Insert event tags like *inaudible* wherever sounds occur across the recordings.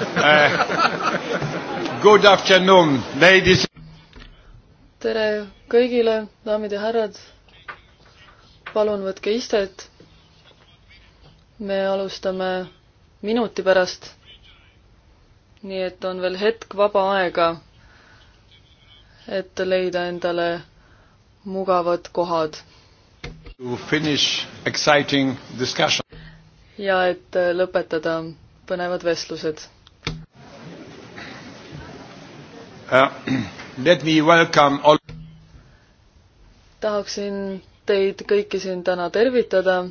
Eh, good afternoon, ladies. tere kõigile, daamid ja härrad. palun võtke istet. me alustame minuti pärast. nii et on veel hetk vaba aega, et leida endale mugavad kohad. To finish exciting discussion ja et lõpetada põnevad vestlused uh,. *clears throat* Let me welcome all. tahaksin teid kõiki siin täna tervitada.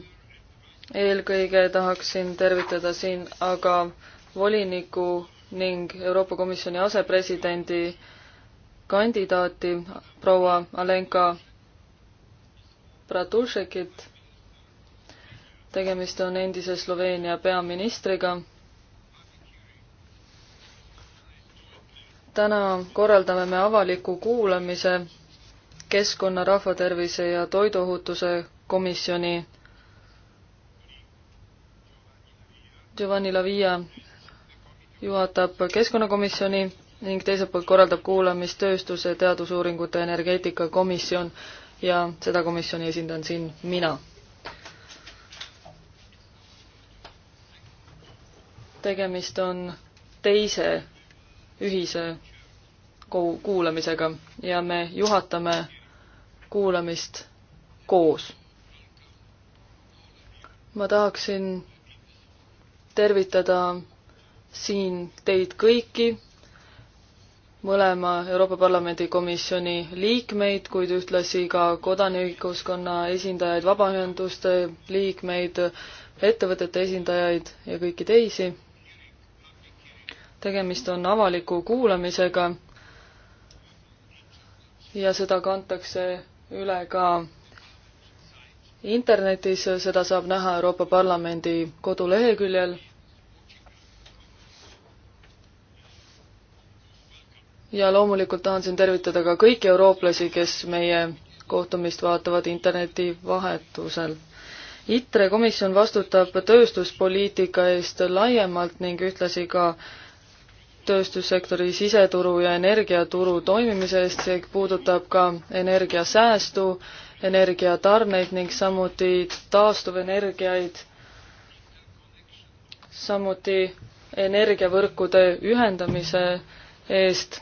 eelkõige tahaksin tervitada siin aga voliniku ning Euroopa Komisjoni asepresidendi kandidaati proua Alenka Bratušekit. tegemist on endise Sloveenia peaministriga täna korraldame me avaliku kuulamise Keskkonna, Rahvatervise ja Toiduohutuse Komisjoni Giovanni Lavia juhatab Keskkonnakomisjoni ning teiselt poolt korraldab kuulamist Tööstuse, Teadusuuringute ja Energeetika Komisjon ja seda komisjoni esindan siin mina. tegemist on teise ühise kuulamisega ja me juhatame kuulamist koos. ma tahaksin tervitada siin teid kõiki, mõlema Euroopa Parlamendi komisjoni liikmeid, kuid ühtlasi ka kodanikuühiskonna esindajaid, vabaühenduste liikmeid, ettevõtete esindajaid ja kõiki teisi tegemist on avaliku kuulamisega ja seda kantakse üle ka internetis, seda saab näha Euroopa Parlamendi koduleheküljel. ja loomulikult tahan siin tervitada ka kõiki eurooplasi, kes meie kohtumist vaatavad interneti vahetusel. ITRE komisjon vastutab tööstuspoliitika eest laiemalt ning ühtlasi ka äh, tööstussektori siseturu ja energiaturu toimimise eest, see puudutab ka energiasäästu, energiatarneid ning samuti taastuvenergiaid, samuti energiavõrkude ühendamise eest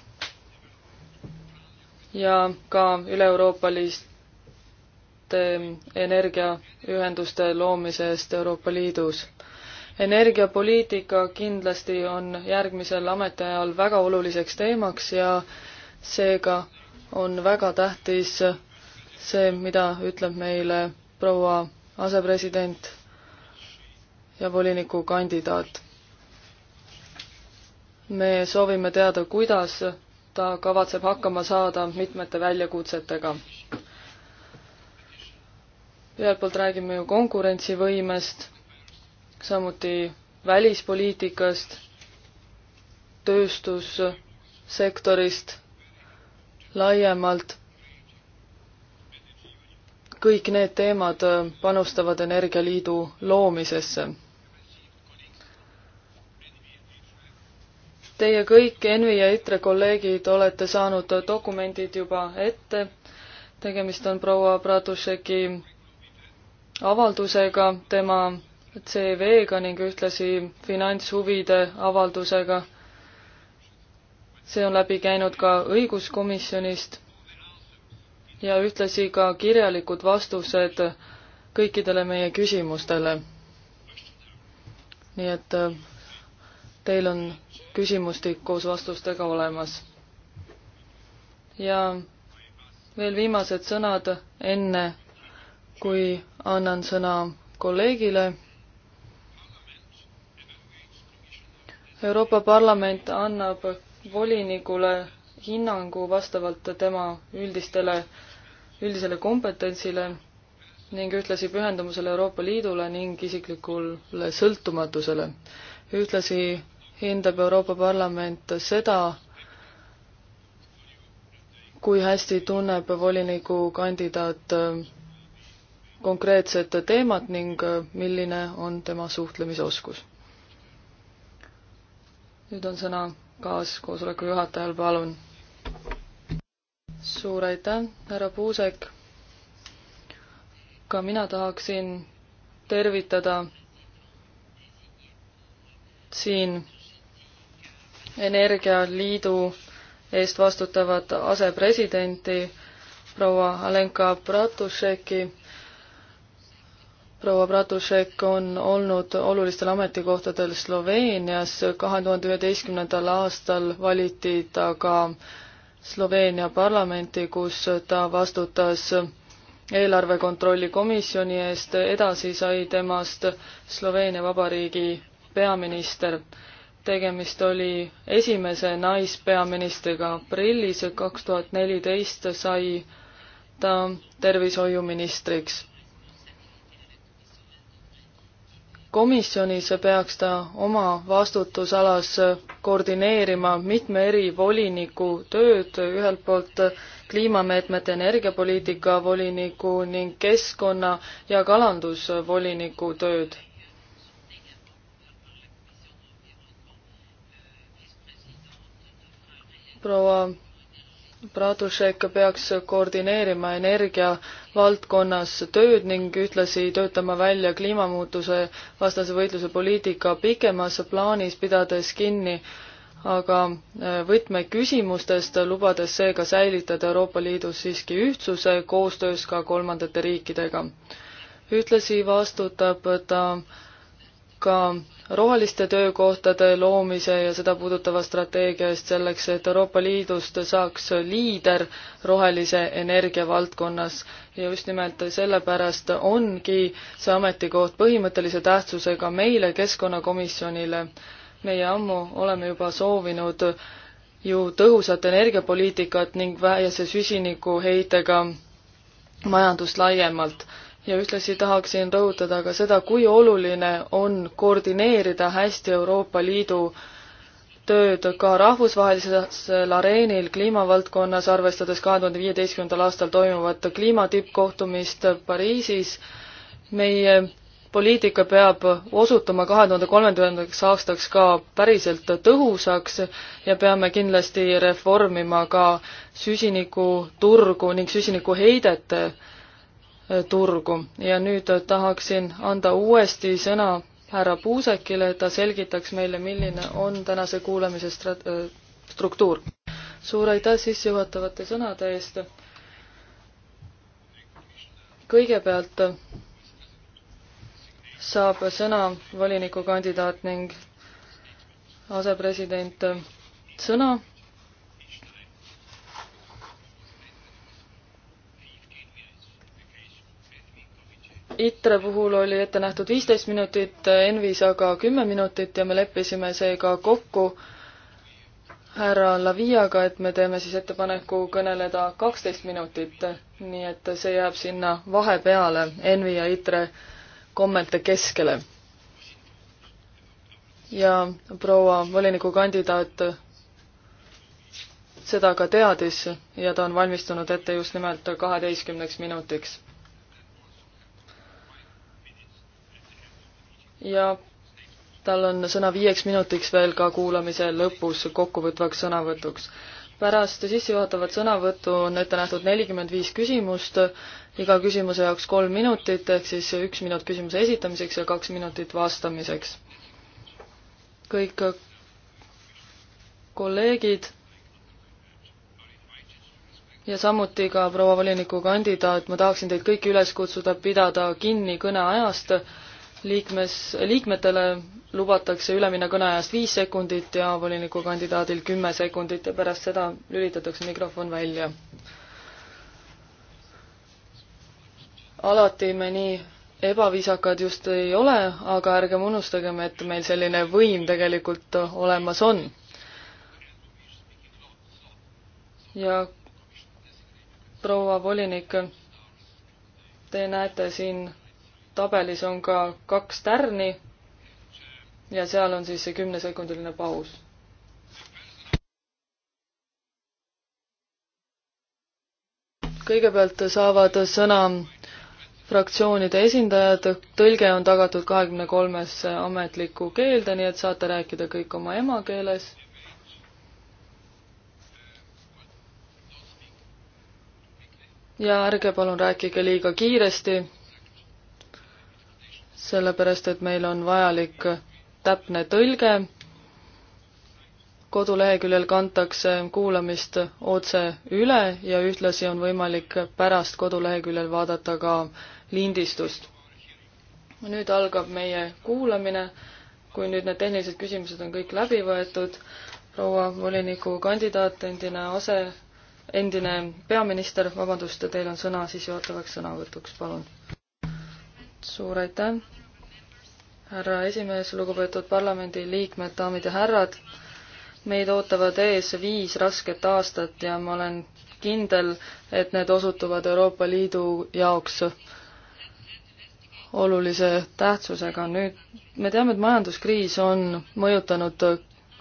ja ka üle-euroopaliste energiaühenduste loomise eest Euroopa Liidus energiapoliitika kindlasti on järgmisel ametiajal väga oluliseks teemaks ja seega on väga tähtis see, mida ütleb meile proua asepresident ja volinikukandidaat. me soovime teada, kuidas ta kavatseb hakkama saada mitmete väljakutsetega. ühelt poolt räägime ju konkurentsivõimest samuti välispoliitikast, tööstussektorist laiemalt. kõik need teemad panustavad Energialiidu loomisesse. Teie kõik ENVI ja ITRE kolleegid olete saanud dokumendid juba ette. tegemist on proua Bratušeki avaldusega, tema CV-ga ning ühtlasi finantshuvide avaldusega. see on läbi käinud ka õiguskomisjonist ja ühtlasi ka kirjalikud vastused kõikidele meie küsimustele. nii et äh, teil on küsimustik koos vastustega olemas. ja veel viimased sõnad enne, kui annan sõna kolleegile Euroopa Parlament annab volinikule hinnangu vastavalt tema üldistele, üldisele kompetentsile ning ühtlasi pühendumusele Euroopa Liidule ning isiklikule sõltumatusele. ühtlasi hindab Euroopa Parlament seda, kui hästi tunneb voliniku kandidaat konkreetset teemat ning milline on tema suhtlemisoskus nüüd on sõna kaaskoosoleku juhatajal, palun. suur aitäh, härra Puusek. ka mina tahaksin tervitada siin Energialiidu eest vastutavat asepresidenti proua Alenka Bratušeki proua Bratušek on olnud olulistel ametikohtadel Sloveenias, kahe tuhande üheteistkümnendal aastal valiti ta ka Sloveenia parlamenti, kus ta vastutas eelarve kontrolli komisjoni eest, edasi sai temast Sloveenia Vabariigi peaminister. tegemist oli esimese naispeaministriga aprillis kaks tuhat neliteist sai ta tervishoiuministriks komisjonis peaks ta oma vastutusalas koordineerima mitme eri voliniku tööd, ühelt poolt kliimameetmete energiapoliitika voliniku ning keskkonna- ja kalandusvoliniku tööd. proua Pradušek peaks koordineerima energia valdkonnas tööd ning ühtlasi töötama välja kliimamuutuse vastase võitluse poliitika pikemas plaanis, pidades kinni aga äh, võtmeküsimustest, lubades seega säilitada Euroopa Liidus siiski ühtsuse koostöös ka kolmandate riikidega. ühtlasi vastutab ta äh, ka roheliste töökohtade loomise ja seda puudutava strateegia eest selleks, et Euroopa Liidust saaks liider rohelise energia valdkonnas. ja just nimelt sellepärast ongi see ametikoht põhimõttelise tähtsusega meile, Keskkonnakomisjonile. meie ammu oleme juba soovinud ju tõhusat energiapoliitikat ning vähese süsinikuheitega majandust laiemalt ja ühtlasi tahaksin rõhutada ka seda, kui oluline on koordineerida hästi Euroopa Liidu tööd ka rahvusvahelisel areenil kliimavaldkonnas, arvestades kahe tuhande viieteistkümnendal aastal toimuvat kliimatippkohtumist Pariisis. meie poliitika peab osutuma kahe tuhande kolmekümnendaks aastaks ka päriselt tõhusaks ja peame kindlasti reformima ka süsinikuturgu ning süsinikuheidete turgu ja nüüd tahaksin anda uuesti sõna härra Puusekile, et ta selgitaks meile, milline on tänase kuulamise strat-, äh, struktuur. suur aitäh sissejuhatavate sõnade eest. kõigepealt saab sõna volinikukandidaat ning asepresident sõna ITRE puhul oli ette nähtud viisteist minutit, ENVis aga kümme minutit ja me leppisime seega kokku härra Laviaga, et me teeme siis ettepaneku kõneleda kaksteist minutit, nii et see jääb sinna vahepeale ENVi ja ITRE kommete keskele. ja proua volinikukandidaat seda ka teadis ja ta on valmistunud ette just nimelt kaheteistkümneks minutiks ja tal on sõna viieks minutiks veel ka kuulamise lõpus kokkuvõtvaks sõnavõtuks. pärast sissejuhatavat sõnavõttu on ette nähtud nelikümmend viis küsimust, iga küsimuse jaoks kolm minutit, ehk siis üks minut küsimuse esitamiseks ja kaks minutit vastamiseks. kõik kolleegid ja samuti ka proua volinikukandidaat, ma tahaksin teid kõiki üles kutsuda pidada kinni kõneajast, liikmes, liikmetele lubatakse üle minna kõneajast viis sekundit ja volinikukandidaadil kümme sekundit ja pärast seda lülitatakse mikrofon välja. alati me nii ebaviisakad just ei ole, aga ärgem unustagem, et meil selline võim tegelikult olemas on. ja proua volinik, te näete siin tabelis on ka kaks tärni ja seal on siis see kümnesekundiline paus kõigepealt saavad sõna fraktsioonide esindajad, tõlge on tagatud kahekümne kolmesse ametlikku keelde, nii et saate rääkida kõik oma emakeeles. ja ärge palun rääkige liiga kiiresti, sellepärast et meil on vajalik täpne tõlge. koduleheküljel kantakse kuulamist otse üle ja ühtlasi on võimalik pärast koduleheküljel vaadata ka lindistust. nüüd algab meie kuulamine. kui nüüd need tehnilised küsimused on kõik läbi võetud, proua volinikukandidaat, endine ase endine peaminister, vabandust, teil on sõna sissejuhatavaks sõnavõtuks, palun suur aitäh, härra esimees, lugupeetud parlamendiliikmed, daamid ja härrad. meid ootavad ees viis rasket aastat ja ma olen kindel, et need osutuvad Euroopa Liidu jaoks olulise tähtsusega. nüüd me teame, et majanduskriis on mõjutanud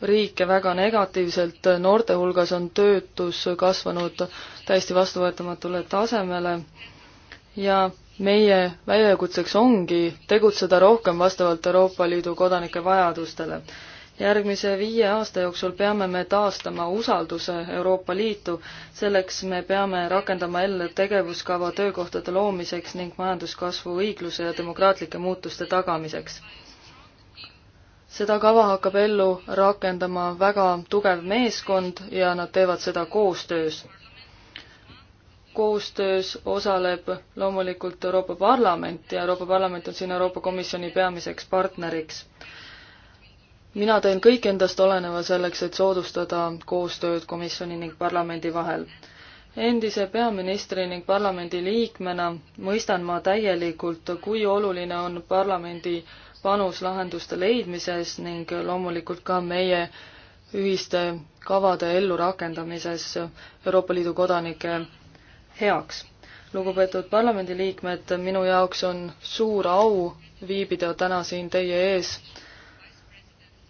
riike väga negatiivselt, noorte hulgas on töötus kasvanud täiesti vastuvõetamatule tasemele ja meie väljakutseks ongi tegutseda rohkem vastavalt Euroopa Liidu kodanike vajadustele. järgmise viie aasta jooksul peame me taastama usalduse Euroopa Liitu, selleks me peame rakendama jälle tegevuskava töökohtade loomiseks ning majanduskasvu õigluse ja demokraatlike muutuste tagamiseks. seda kava hakkab ellu rakendama väga tugev meeskond ja nad teevad seda koostöös koostöös osaleb loomulikult Euroopa Parlament ja Euroopa Parlament on siin Euroopa Komisjoni peamiseks partneriks. mina teen kõik endast oleneva selleks, et soodustada koostööd komisjoni ning parlamendi vahel. endise peaministri ning parlamendi liikmena mõistan ma täielikult, kui oluline on parlamendi panus lahenduste leidmises ning loomulikult ka meie ühiste kavade ellurakendamises Euroopa Liidu kodanike heaks. lugupeetud parlamendiliikmed, minu jaoks on suur au viibida täna siin teie ees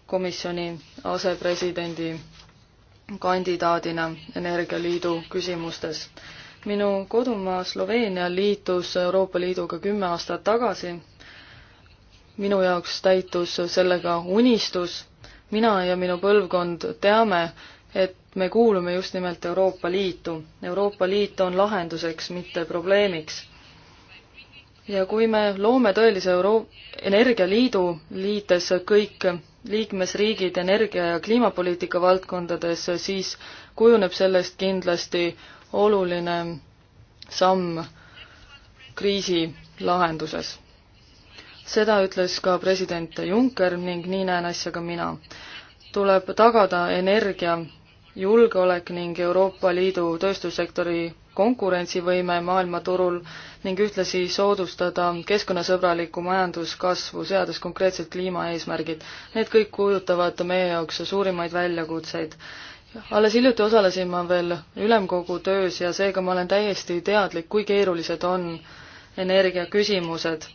komisjoni asepresidendi kandidaadina Energialiidu küsimustes. minu kodumaa Sloveenia liitus Euroopa Liiduga kümme aastat tagasi. minu jaoks täitus sellega unistus. mina ja minu põlvkond teame, et me kuulume just nimelt Euroopa Liitu. Euroopa Liit on lahenduseks, mitte probleemiks. ja kui me loome tõelise Euro-, energialiidu, liites kõik liikmesriigid energia- ja kliimapoliitika valdkondades, siis kujuneb sellest kindlasti oluline samm kriisi lahenduses. seda ütles ka president Juncker ning nii näen asja ka mina tuleb tagada energia julgeolek ning Euroopa Liidu tööstussektori konkurentsivõime maailmaturul ning ühtlasi soodustada keskkonnasõbralikku majanduskasvu, seades konkreetsed kliimaeesmärgid. Need kõik kujutavad meie jaoks suurimaid väljakutseid. alles hiljuti osalesin ma veel ülemkogu töös ja seega ma olen täiesti teadlik, kui keerulised on energiaküsimused.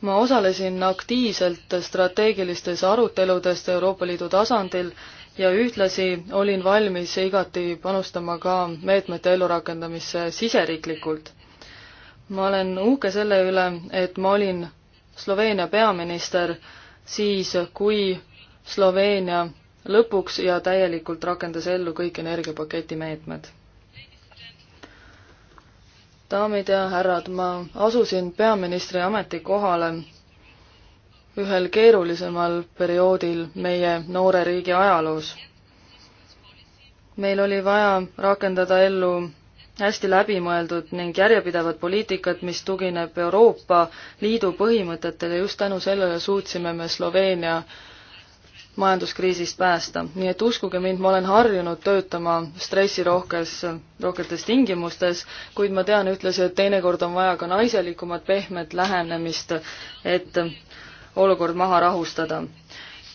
ma osalesin aktiivselt strateegilistes aruteludest Euroopa Liidu tasandil ja ühtlasi olin valmis igati panustama ka meetmete ellurakendamisse siseriiklikult. ma olen uhke selle üle, et ma olin Sloveenia peaminister siis, kui Sloveenia lõpuks ja täielikult rakendas ellu kõik energiapaketi meetmed. daamid ja härrad, ma asusin peaministri ametikohale ühel keerulisemal perioodil meie noore riigi ajaloos. meil oli vaja rakendada ellu hästi läbimõeldud ning järjepidevat poliitikat, mis tugineb Euroopa Liidu põhimõtetele, just tänu sellele suutsime me Sloveenia majanduskriisist päästa. nii et uskuge mind, ma olen harjunud töötama stressirohkes, rohketes tingimustes, kuid ma tean ühtlasi, et teinekord on vaja ka naiselikumat, pehmet lähenemist, et olukord maha rahustada.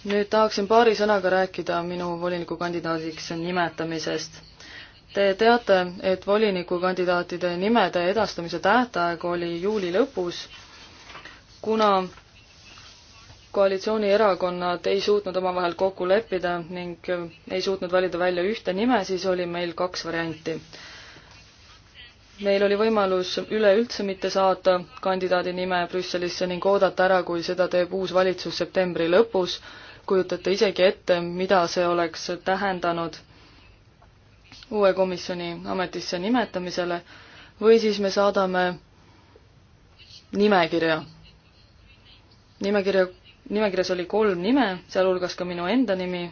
nüüd tahaksin paari sõnaga rääkida minu volinikukandidaadiks nimetamisest. Te teate, et volinikukandidaatide nimede edastamise tähtaeg oli juuli lõpus, kuna koalitsioonierakonnad ei suutnud omavahel kokku leppida ning ei suutnud valida välja ühte nime, siis oli meil kaks varianti meil oli võimalus üleüldse mitte saata kandidaadi nime Brüsselisse ning oodata ära, kui seda teeb uus valitsus septembri lõpus. kujutate isegi ette, mida see oleks tähendanud uue komisjoni ametisse nimetamisele või siis me saadame nimekirja. nimekirja, nimekirjas oli kolm nime, sealhulgas ka minu enda nimi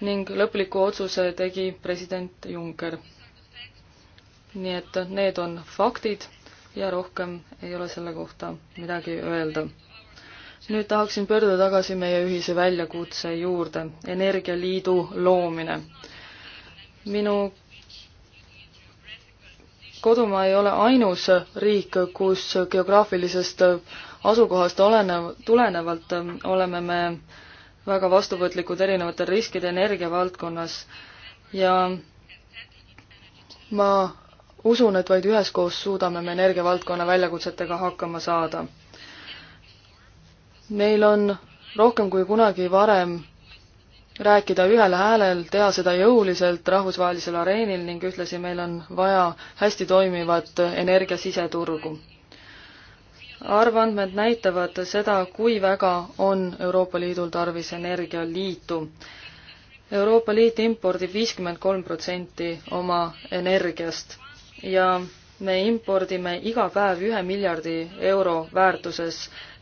ning lõpliku otsuse tegi president Juncker nii et need on faktid ja rohkem ei ole selle kohta midagi öelda. nüüd tahaksin pöörduda tagasi meie ühise väljakutse juurde, Energialiidu loomine. minu kodumaa ei ole ainus riik, kus geograafilisest asukohast olenev, tulenevalt oleme me väga vastuvõtlikud erinevate riskide energiavaldkonnas ja ma usun, et vaid üheskoos suudame me energiavaldkonna väljakutsetega hakkama saada. meil on rohkem kui kunagi varem rääkida ühel häälel, teha seda jõuliselt rahvusvahelisel areenil ning ühtlasi meil on vaja hästi toimivat energiasiseturgu. arvandmed näitavad seda, kui väga on Euroopa Liidul tarvis energialiitu. Euroopa Liit impordib viiskümmend kolm protsenti oma energiast ja me impordime iga päev ühe miljardi euro väärtuses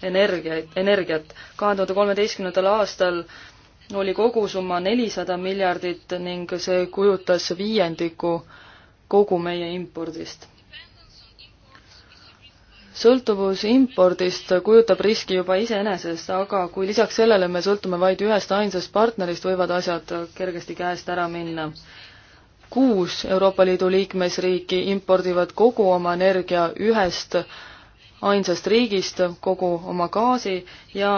energiaid, energiat. kahe tuhande kolmeteistkümnendal aastal oli kogusumma nelisada miljardit ning see kujutas viiendiku kogu meie impordist. sõltuvus impordist kujutab riski juba iseenesest, aga kui lisaks sellele me sõltume vaid ühest ainsast partnerist, võivad asjad kergesti käest ära minna kuus Euroopa Liidu liikmesriiki impordivad kogu oma energia ühest ainsast riigist, kogu oma gaasi ja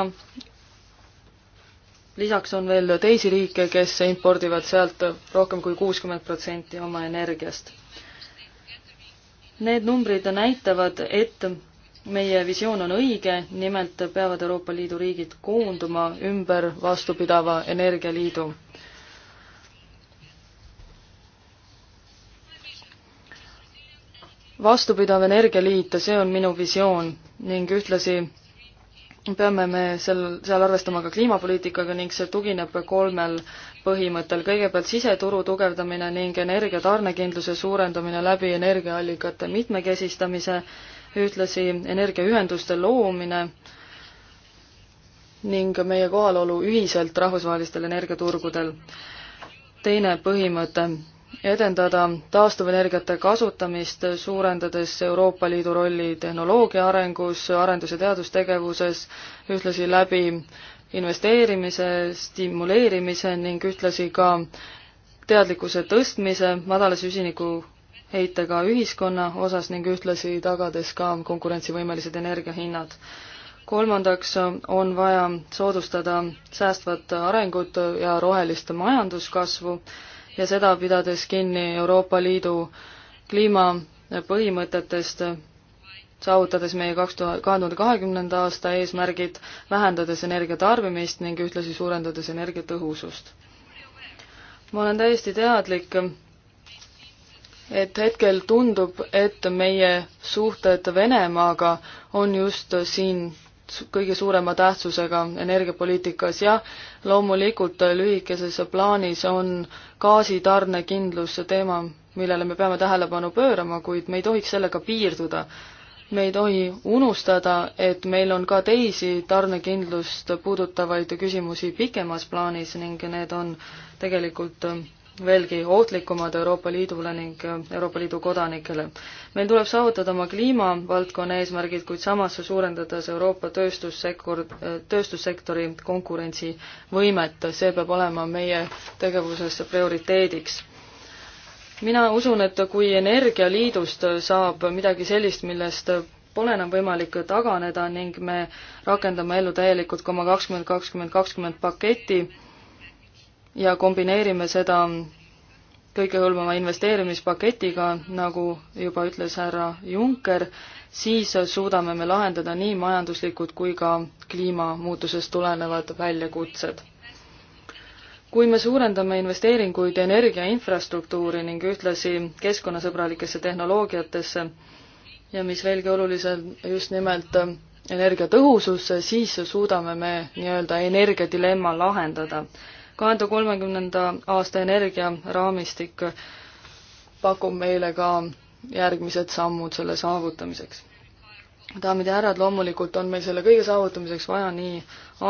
lisaks on veel teisi riike, kes impordivad sealt rohkem kui kuuskümmend protsenti oma energiast. Need numbrid näitavad, et meie visioon on õige, nimelt peavad Euroopa Liidu riigid koonduma ümber vastupidava energialiidu vastupidav energialiit, see on minu visioon ning ühtlasi peame me seal, seal arvestama ka kliimapoliitikaga ning see tugineb kolmel põhimõttel. kõigepealt siseturu tugevdamine ning energia tarnekindluse suurendamine läbi energiaallikate mitmekesistamise, ühtlasi energiaühenduste loomine ning meie kohalolu ühiselt rahvusvahelistel energiaturgudel. teine põhimõte edendada taastuvenergiate kasutamist, suurendades Euroopa Liidu rolli tehnoloogia arengus, arendus- ja teadustegevuses, ühtlasi läbi investeerimise stimuleerimise ning ühtlasi ka teadlikkuse tõstmise madala süsiniku heitega ühiskonna osas ning ühtlasi tagades ka konkurentsivõimelised energiahinnad. kolmandaks on vaja soodustada säästvat arengut ja rohelist majanduskasvu ja seda pidades kinni Euroopa Liidu kliimapõhimõtetest, saavutades meie kaks tuhat, kahe tuhande kahekümnenda aasta eesmärgid, vähendades energia tarbimist ning ühtlasi suurendades energiatõhusust. ma olen täiesti teadlik, et hetkel tundub, et meie suhted Venemaaga on just siin kõige suurema tähtsusega energiapoliitikas ja loomulikult lühikeses plaanis on gaasitarnekindlus teema, millele me peame tähelepanu pöörama, kuid me ei tohiks sellega piirduda. me ei tohi unustada, et meil on ka teisi tarnekindlust puudutavaid küsimusi pikemas plaanis ning need on tegelikult veelgi ohtlikumad Euroopa Liidule ning Euroopa Liidu kodanikele. meil tuleb saavutada oma kliimavaldkonna eesmärgid, kuid samas suurendades Euroopa tööstussektor, tööstussektori konkurentsivõimet, see peab olema meie tegevuses prioriteediks. mina usun, et kui Energialiidust saab midagi sellist, millest pole enam võimalik taganeda ning me rakendame ellu täielikult koma kakskümmend kakskümmend kakskümmend paketti, ja kombineerime seda kõikehõlmava investeerimispaketiga, nagu juba ütles härra Juncker, siis suudame me lahendada nii majanduslikud kui ka kliimamuutusest tulenevad väljakutsed. kui me suurendame investeeringuid energia infrastruktuuri ning ühtlasi keskkonnasõbralikesse tehnoloogiatesse ja mis veelgi olulisem, just nimelt energiatõhususse, siis suudame me nii-öelda energiadilemma lahendada kahe tuhande kolmekümnenda aasta energiaraamistik pakub meile ka järgmised sammud selle saavutamiseks. daamid ja härrad, loomulikult on meil selle kõige saavutamiseks vaja nii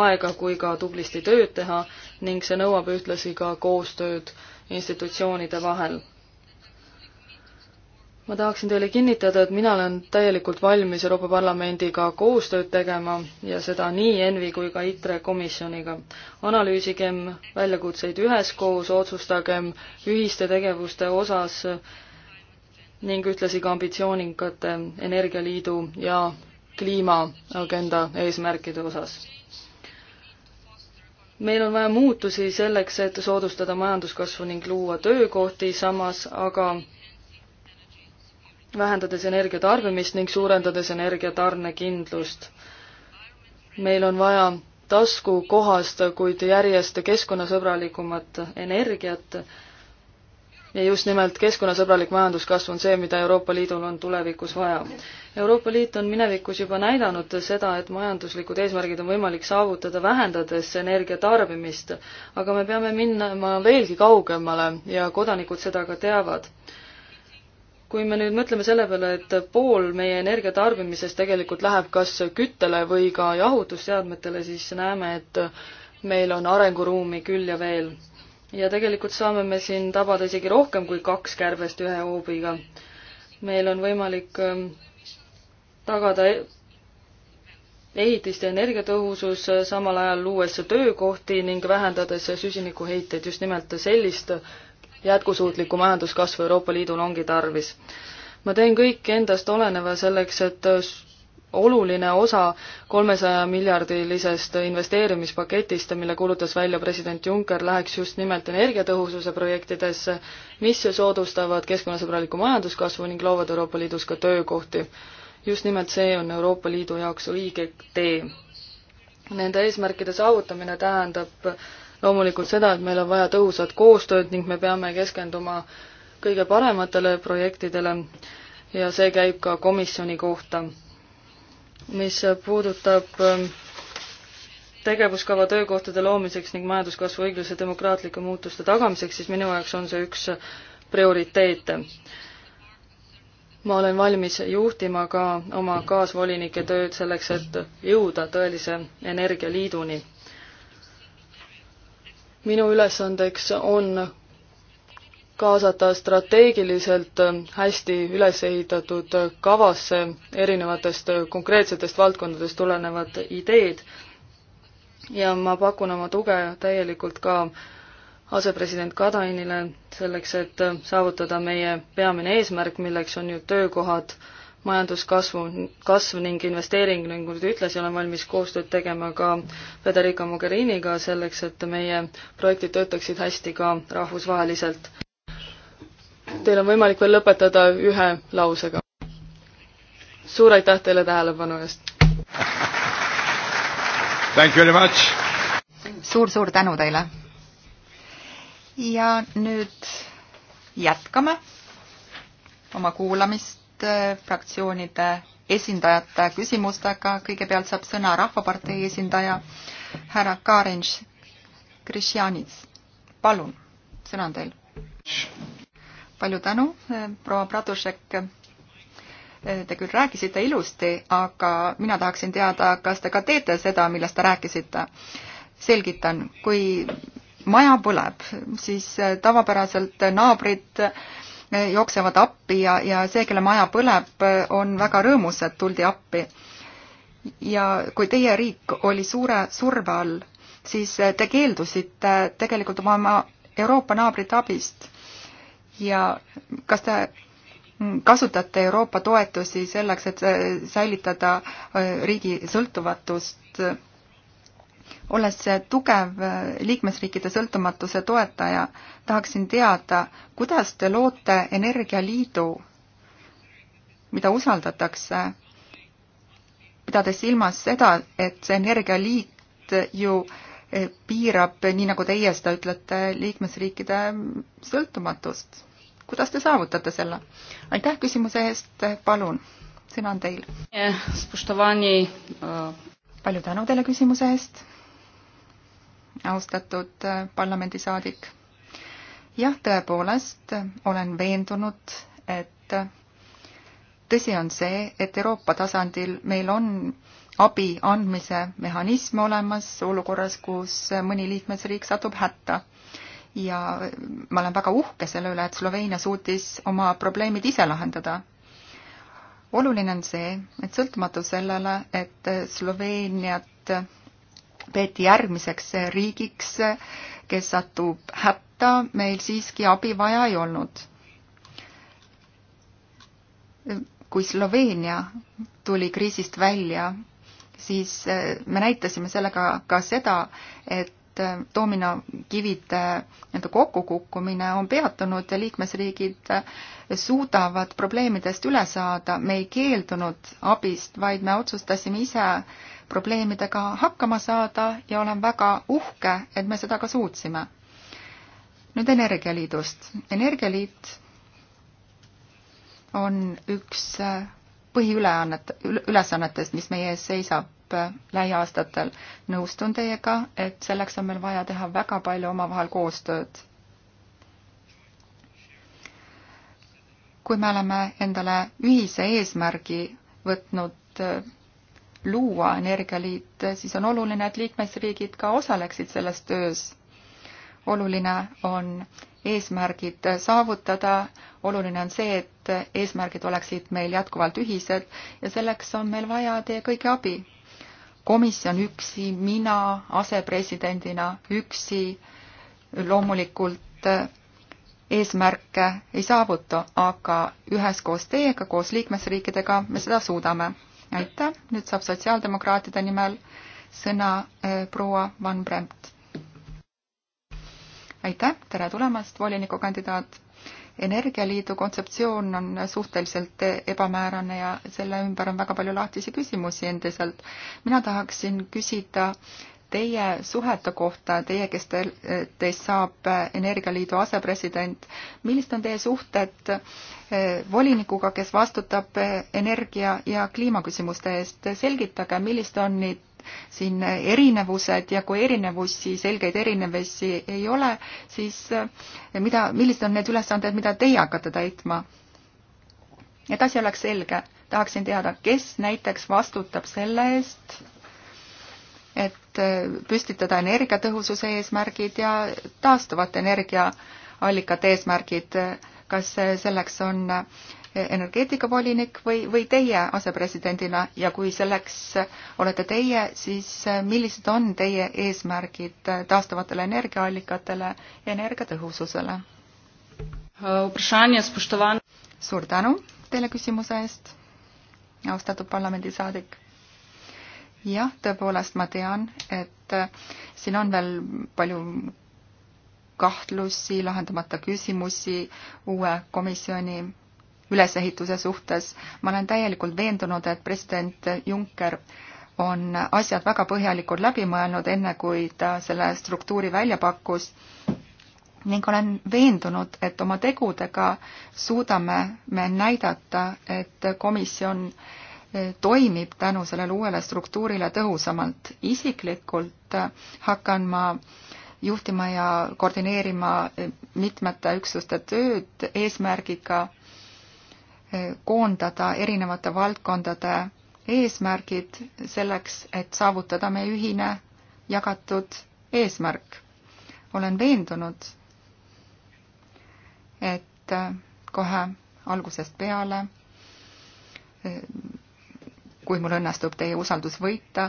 aega kui ka tublisti tööd teha ning see nõuab ühtlasi ka koostööd institutsioonide vahel ma tahaksin teile kinnitada, et mina olen täielikult valmis Euroopa Parlamendiga koostööd tegema ja seda nii ENVI kui ka ITRE komisjoniga. analüüsigem väljakutseid üheskoos, otsustagem ühiste tegevuste osas ning ühtlasi ka ambitsioonikate Energialiidu ja kliimaagenda eesmärkide osas. meil on vaja muutusi selleks, et soodustada majanduskasvu ning luua töökohti, samas aga vähendades energia tarbimist ning suurendades energia tarnekindlust. meil on vaja taskukohast, kuid järjest keskkonnasõbralikumat energiat ja just nimelt keskkonnasõbralik majanduskasv on see, mida Euroopa Liidul on tulevikus vaja. Euroopa Liit on minevikus juba näidanud seda, et majanduslikud eesmärgid on võimalik saavutada, vähendades energia tarbimist, aga me peame minema veelgi kaugemale ja kodanikud seda ka teavad kui me nüüd mõtleme selle peale, et pool meie energiatarbimisest tegelikult läheb kas küttele või ka jahutusseadmetele, siis näeme, et meil on arenguruumi küll ja veel. ja tegelikult saame me siin tabada isegi rohkem kui kaks kärbest ühe hoobiga. meil on võimalik ähm, tagada ehitiste energiatõhusus, äh, samal ajal luues töökohti ning vähendades süsinikuheiteid, just nimelt sellist jätkusuutlikku majanduskasvu Euroopa Liidul ongi tarvis. ma teen kõik endast oleneva selleks, et oluline osa kolmesaja miljardilisest investeerimispaketist, mille kuulutas välja president Juncker, läheks just nimelt energiatõhususe projektidesse, mis soodustavad keskkonnasõbralikku majanduskasvu ning loovad Euroopa Liidus ka töökohti. just nimelt see on Euroopa Liidu jaoks õige tee. Nende eesmärkide saavutamine tähendab loomulikult seda, et meil on vaja tõhusat koostööd ning me peame keskenduma kõige parematele projektidele ja see käib ka komisjoni kohta. mis puudutab ähm, tegevuskava töökohtade loomiseks ning majanduskasvu õigluse demokraatlike muutuste tagamiseks, siis minu jaoks on see üks prioriteete. ma olen valmis juhtima ka oma kaasvolinike tööd selleks, et jõuda tõelise energialiiduni minu ülesandeks on kaasata strateegiliselt hästi üles ehitatud kavasse erinevatest konkreetsetest valdkondadest tulenevad ideed ja ma pakun oma tuge täielikult ka asepresident Katainile selleks, et saavutada meie peamine eesmärk, milleks on ju töökohad äh, majanduskasvu, kasv ning investeering ning nagu ta ütles, olen valmis koostööd tegema ka Federica Mogheriniga selleks, et meie projektid töötaksid hästi ka rahvusvaheliselt. Teil on võimalik veel lõpetada ühe lausega. suur aitäh teile tähelepanu eest! suur-suur tänu teile! ja nüüd jätkame oma kuulamist nüüd fraktsioonide esindajate küsimustega. kõigepealt saab sõna Rahvapartei esindaja härra Karinš Krisjanits. palun, sõna on teil. palju tänu, proua Pradušek te küll rääkisite ilusti, aga mina tahaksin teada, kas te ka teete seda, millest te rääkisite. selgitan, kui maja põleb, siis tavapäraselt naabrid jooksevad appi ja, ja see, kelle maja põleb, on väga rõõmus, et tuldi appi. ja kui teie riik oli suure surve all, siis te keeldusite tegelikult oma Euroopa naabrit abist. ja kas te kasutate Euroopa toetusi selleks, et säilitada riigi sõltuvatust olles tugev liikmesriikide sõltumatuse toetaja, tahaksin teada, kuidas te loote energialiidu, mida usaldatakse, pidades silmas seda, et see energialiit ju eh, piirab, nii nagu teie seda ütlete, liikmesriikide sõltumatust. kuidas te saavutate selle? aitäh küsimuse eest, palun, sõna on teil. Eh, eh, palju tänu teile küsimuse eest austatud äh, parlamendisaadik. jah, tõepoolest olen veendunud, et tõsi on see, et Euroopa tasandil meil on abi andmise mehhanism olemas olukorras, kus mõni liikmesriik satub hätta. ja ma olen väga uhke selle üle, et Sloveenia suutis oma probleemid ise lahendada. oluline on see, et sõltumatu sellele, et Sloveeniat peeti järgmiseks riigiks, kes satub hätta, meil siiski abi vaja ei olnud. kui Sloveenia tuli kriisist välja, siis eh, me näitasime sellega ka seda, et doominokivide eh, nii-öelda kokkukukkumine on peatunud ja liikmesriigid eh, suudavad probleemidest üle saada. me ei keeldunud abist, vaid me otsustasime ise probleemidega hakkama saada ja olen väga uhke, et me seda ka suutsime. nüüd Energialiidust. energialiit on üks äh, põhiüleannet, ülesannetest, mis meie ees seisab äh, lähiaastatel. nõustun teiega, et selleks on meil vaja teha väga palju omavahel koostööd. kui me oleme endale ühise eesmärgi võtnud äh, luua energialiit, siis on oluline, et liikmesriigid ka osaleksid selles töös. oluline on eesmärgid saavutada, oluline on see, et eesmärgid oleksid meil jätkuvalt ühised ja selleks on meil vaja teie kõigi abi. komisjon üksi, mina asepresidendina üksi loomulikult eesmärke ei saavuta, aga üheskoos teiega, koos liikmesriikidega me seda suudame aitäh, nüüd saab sotsiaaldemokraatide nimel sõna äh, proua Van Bremt. aitäh, tere tulemast, volinikukandidaat. energialiidu kontseptsioon on suhteliselt äh, ebamäärane ja selle ümber on väga palju lahtisi küsimusi endiselt. mina tahaksin küsida äh, teie suhete kohta, teie, kes te, teist saab Energialiidu asepresident, millised on teie suhted eh, volinikuga, kes vastutab eh, energia ja kliimaküsimuste eest, selgitage, millised on nüüd siin erinevused ja kui erinevusi, selgeid erinevusi ei ole, siis eh, mida, millised on need ülesanded, mida teie hakkate täitma? et asi oleks selge, tahaksin teada, kes näiteks vastutab selle eest, et äh, püstitada energiatõhususe eesmärgid ja taastuvate energiaallikate eesmärgid. kas äh, selleks on äh, energeetikavolinik või, või teie asepresidendina ja kui selleks olete teie, siis millised on teie eesmärgid taastuvatele energiaallikatele ja energiatõhususele? suur tänu teile küsimuse eest, austatud parlamendisaadik jah, tõepoolest ma tean, et äh, siin on veel palju kahtlusi, lahendamata küsimusi uue komisjoni ülesehituse suhtes. ma olen täielikult veendunud, et president Juncker on asjad väga põhjalikult läbi mõelnud, enne kui ta selle struktuuri välja pakkus ning olen veendunud, et oma tegudega suudame me näidata, et komisjon äh, toimib tänu sellele uuele struktuurile tõhusamalt. isiklikult hakkan ma juhtima ja koordineerima mitmete üksuste tööd eesmärgiga eh, koondada erinevate valdkondade eesmärgid selleks, et saavutada meie ühine jagatud eesmärk. olen veendunud, et kohe algusest peale eh, kui mul õnnestub teie usaldus võita,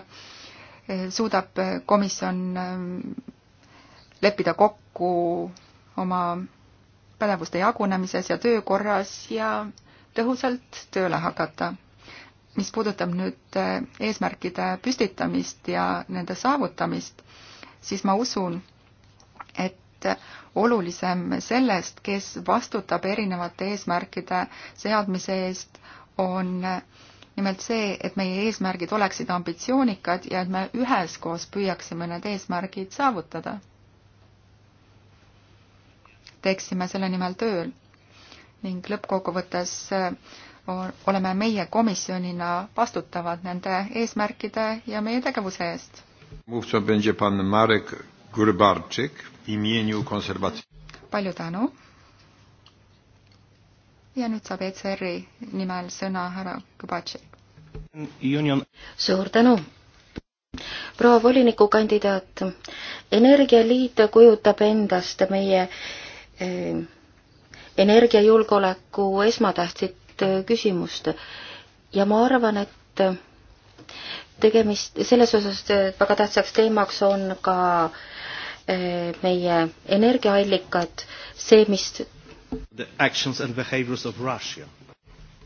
suudab komisjon ähm, leppida kokku oma pädevuste jagunemises ja töökorras ja tõhusalt tööle hakata. mis puudutab nüüd äh, eesmärkide püstitamist ja nende saavutamist, siis ma usun, et olulisem sellest, kes vastutab erinevate eesmärkide seadmise eest, on äh, nimelt see, et meie eesmärgid oleksid ambitsioonikad ja et me üheskoos püüaksime need eesmärgid saavutada. teeksime selle nimel tööl ning lõppkokkuvõttes äh, oleme meie komisjonina vastutavad nende eesmärkide ja meie tegevuse eest. palju tänu ja nüüd saab ECR-i nimel sõna härra Kubatšik. suur tänu proua volinikukandidaat, Energialiit kujutab endast meie eh, energiajulgeoleku esmatähtsit eh, küsimust ja ma arvan, et tegemist, selles osas eh, väga tähtsaks teemaks on ka meie energiaallikad, see, mis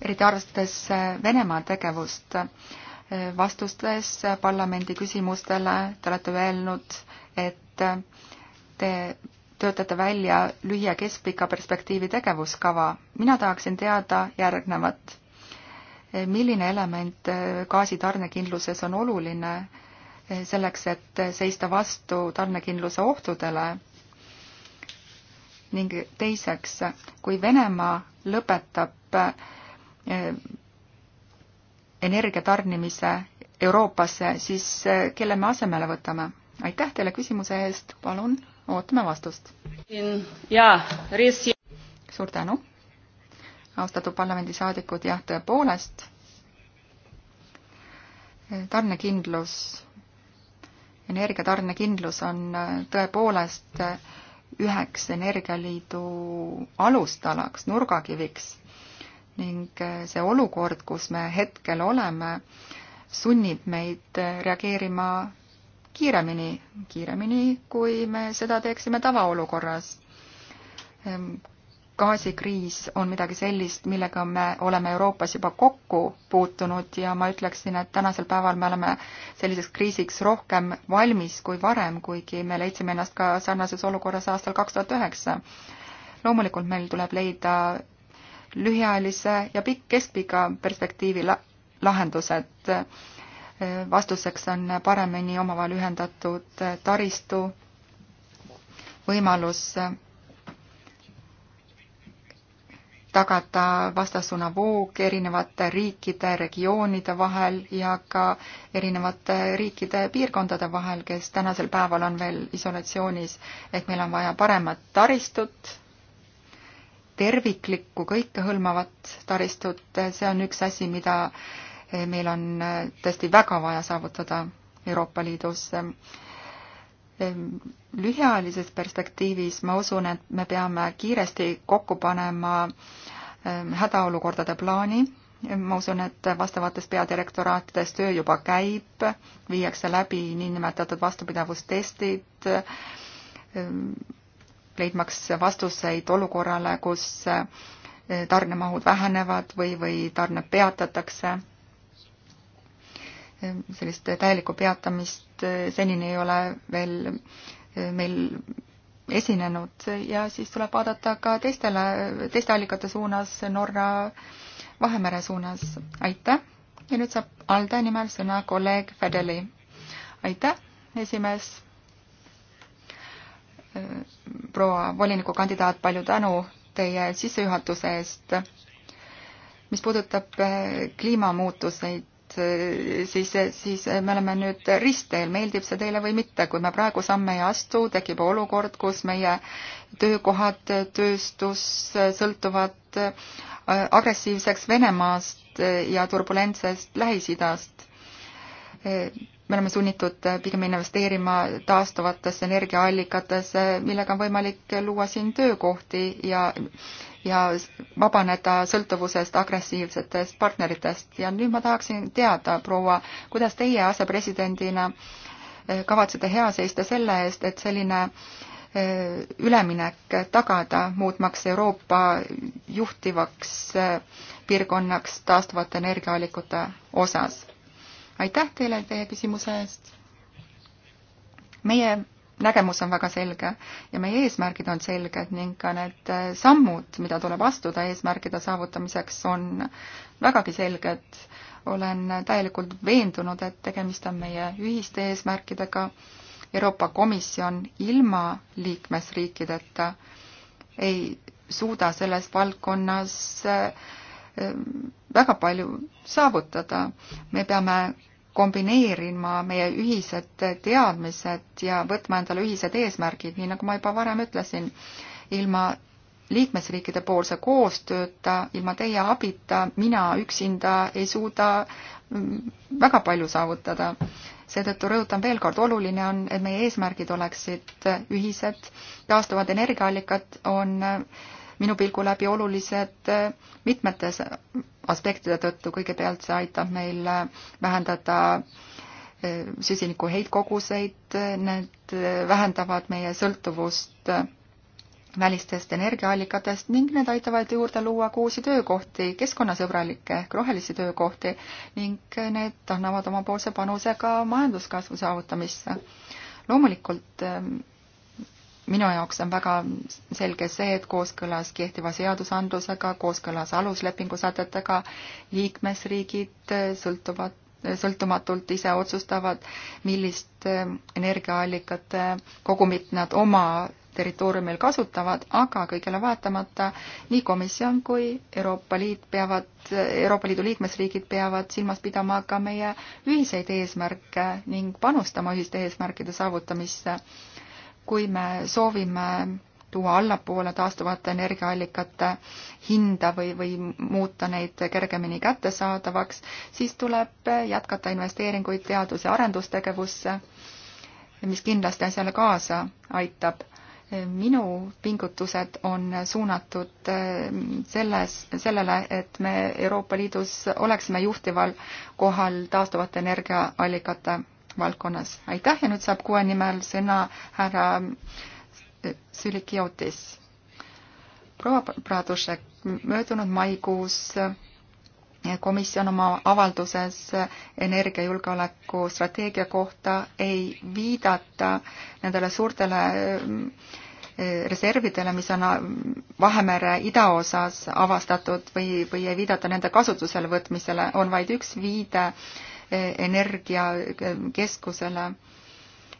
eriti arvestades eh, Venemaa tegevust, eh, vastustes eh, parlamendi küsimustele te olete öelnud, et te töötate välja lühi- ja keskpika perspektiivi tegevuskava. mina tahaksin teada järgnevat. milline element gaasitarnekindluses on oluline selleks, et seista vastu tarnekindluse ohtudele ning teiseks, kui Venemaa lõpetab eh, energia tarnimise Euroopasse, siis eh, kelle me asemele võtame? aitäh teile küsimuse eest, palun ootame vastust. jaa, Riis. suur tänu, austatud parlamendisaadikud, jah, tõepoolest, eh, tarnekindlus, energia tarnekindlus on tõepoolest üheks Energialiidu alustalaks, nurgakiviks. ning äh, see olukord, kus me hetkel oleme, sunnib meid äh, reageerima kiiremini, kiiremini, kui me seda teeksime tavaolukorras. Ehm, gaasikriis on midagi sellist, millega me oleme Euroopas juba kokku puutunud ja ma ütleksin, et tänasel päeval me oleme selliseks kriisiks rohkem valmis kui varem, kuigi me leidsime ennast ka sarnases olukorras aastal kaks tuhat üheksa. loomulikult meil tuleb leida lühiajalise ja pikk, keskpika perspektiivi lahendused. vastuseks on paremini omavahel ühendatud taristu, võimalus tagada vastassuuna voog erinevate riikide, regioonide vahel ja ka erinevate riikide, piirkondade vahel, kes tänasel päeval on veel isolatsioonis. ehk meil on vaja paremat taristut, terviklikku, kõikehõlmavat taristut, see on üks asi, mida meil on tõesti väga vaja saavutada Euroopa Liidus lühiajalises perspektiivis ma usun, et me peame kiiresti kokku panema hädaolukordade plaani. ma usun, et vastavates peadirektoraatides töö juba käib, viiakse läbi niinimetatud vastupidavustestid, leidmaks vastuseid olukorrale, kus eh, tarnemahud vähenevad või, või tarne peatatakse sellist täielikku peatamist eh, senini ei ole veel eh, meil esinenud ja siis tuleb vaadata ka teistele, teiste allikate suunas, Norra Vahemere suunas. aitäh ja nüüd saab Alde nimel sõna kolleeg Fedeli. aitäh, esimees. Eh, proua volinikukandidaat, palju tänu teie sissejuhatuse eest. mis puudutab kliimamuutuseid, Eh, siis, eh, siis eh, me oleme nüüd ristteel, meeldib see teile või mitte. kui me praegu samme ei astu, tekib olukord, kus meie töökohad, tööstus sõltuvad agressiivseks Venemaast ja turbulentsest Lähis-Idast me oleme sunnitud pigem investeerima taastuvatesse energiaallikatesse, millega on võimalik luua siin töökohti ja ja vabaneda sõltuvusest agressiivsetest partneritest ja nüüd ma tahaksin teada, proua, kuidas teie asepresidendina eh, kavatsete hea seista selle eest, et selline eh, üleminek tagada, muutmaks Euroopa juhtivaks eh, piirkonnaks taastuvate energiaallikute osas? aitäh teile teie küsimuse eest. meie nägemus on väga selge ja meie eesmärgid on selged ning ka need äh, sammud, mida tuleb astuda eesmärgide saavutamiseks, on vägagi selged. olen täielikult veendunud, et tegemist on meie ühiste eesmärkidega. Euroopa Komisjon ilma liikmesriikideta ei suuda selles valdkonnas äh, äh, väga palju saavutada. me peame kombineerima meie ühised teadmised ja võtma endale ühised eesmärgid, nii nagu ma juba varem ütlesin, ilma liikmesriikide poolse koostööta, ilma teie abita mina üksinda ei suuda mm, väga palju saavutada. seetõttu rõhutan veel kord, oluline on, et meie eesmärgid oleksid ühised, taastuvad energiaallikad on äh, minu pilgu läbi olulised eh, mitmetes aspektide tõttu. kõigepealt see aitab meil eh, vähendada eh, süsiniku heitkoguseid, need vähendavad meie sõltuvust välistest energiaallikatest ning need aitavad juurde luua ka uusi töökohti, keskkonnasõbralikke ehk rohelisi töökohti ning need annavad omapoolse panuse ka majanduskasvu saavutamisse. loomulikult minu jaoks on väga selge see, et kooskõlas kehtiva seadusandlusega, kooskõlas aluslepingu sätetega liikmesriigid eh, sõltuvad, eh, sõltumatult ise otsustavad, millist eh, energiaallikate kogumit nad oma territooriumil kasutavad, aga kõigele vaatamata nii komisjon kui Euroopa Liit peavad, Euroopa Liidu liikmesriigid peavad silmas pidama ka meie ühiseid eesmärke ning panustama ühiste eesmärkide saavutamisse kui me soovime tuua allapoole taastuvate energiaallikate hinda või, või muuta neid kergemini kättesaadavaks, siis tuleb jätkata investeeringuid teadus- ja arendustegevusse, mis kindlasti asjale kaasa aitab. minu pingutused on suunatud ehm, selles, sellele, et me Euroopa Liidus oleksime juhtival kohal taastuvate energiaallikate valdkonnas. aitäh ja nüüd saab kuue nimel sõna härra Sülikiotis. proua Pradušek, möödunud maikuus komisjon oma avalduses energiajulgeoleku strateegia kohta ei viidata nendele suurtele mm, reservidele, mis on Vahemere idaosas avastatud või, või ei viidata nende kasutusele võtmisele, on vaid üks viide äh, energiakeskusele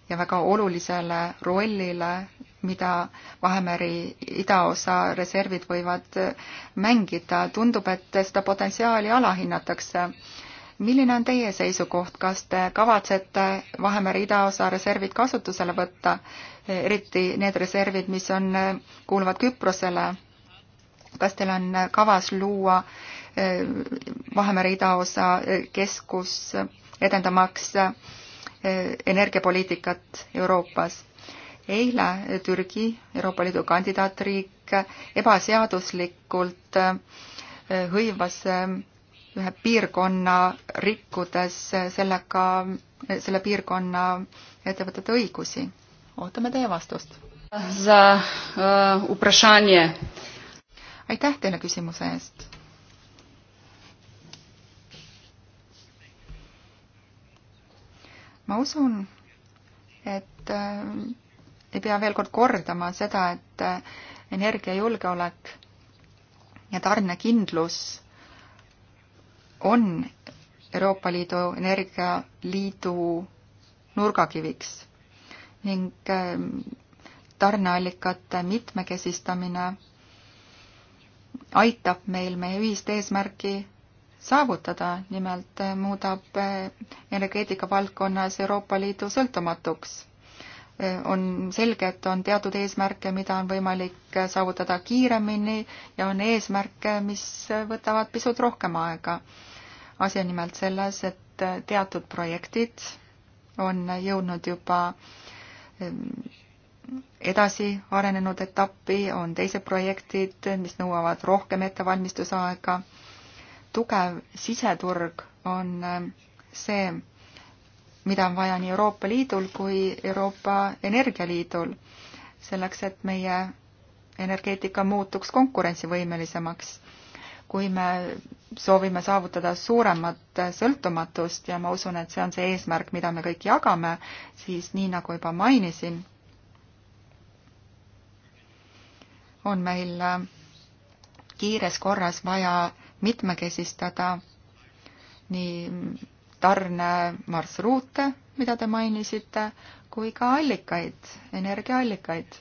ja väga olulisele rollile, mida Vahemeri idaosa reservid võivad mängida. tundub, et seda potentsiaali alahinnatakse. milline on teie seisukoht, kas te kavatsete Vahemere idaosa reservid kasutusele võtta, eriti need reservid, mis on, kuuluvad Küprosele? kas teil on kavas luua Vahemere idaosa eh, keskus eh, edendamaks eh, energiapoliitikat Euroopas. eile Türgi, Euroopa Liidu kandidaatriik, ebaseaduslikult hõivas ühe piirkonna, rikkudes sellega, selle piirkonna ettevõtete õigusi. ootame teie vastust. aitäh teile küsimuse eest ma usun, et äh, ei pea veel kord kordama seda, et äh, energiajulgeolek ja tarnekindlus on Euroopa Liidu Energialiidu nurgakiviks ning äh, tarneallikate mitmekesistamine aitab meil meie ühist eesmärki saavutada, nimelt eh, muudab eh, energeetika valdkonnas Euroopa Liidu sõltumatuks. Eh, on selge, et on teatud eesmärke, mida on võimalik saavutada kiiremini ja on eesmärke, mis võtavad pisut rohkem aega. asi on nimelt selles, et teatud projektid on jõudnud juba edasi arenenud etappi, on teised projektid, mis nõuavad rohkem ettevalmistusaega tugev siseturg on äh, see, mida on vaja nii Euroopa Liidul kui Euroopa Energialiidul, selleks et meie energeetika muutuks konkurentsivõimelisemaks. kui me soovime saavutada suuremat sõltumatust ja ma usun, et see on see eesmärk, mida me kõik jagame, siis nii nagu juba mainisin, on meil äh, kiires korras vaja mitmekesistada nii tarnemarsruute, mida te mainisite, kui ka allikaid, energiaallikaid.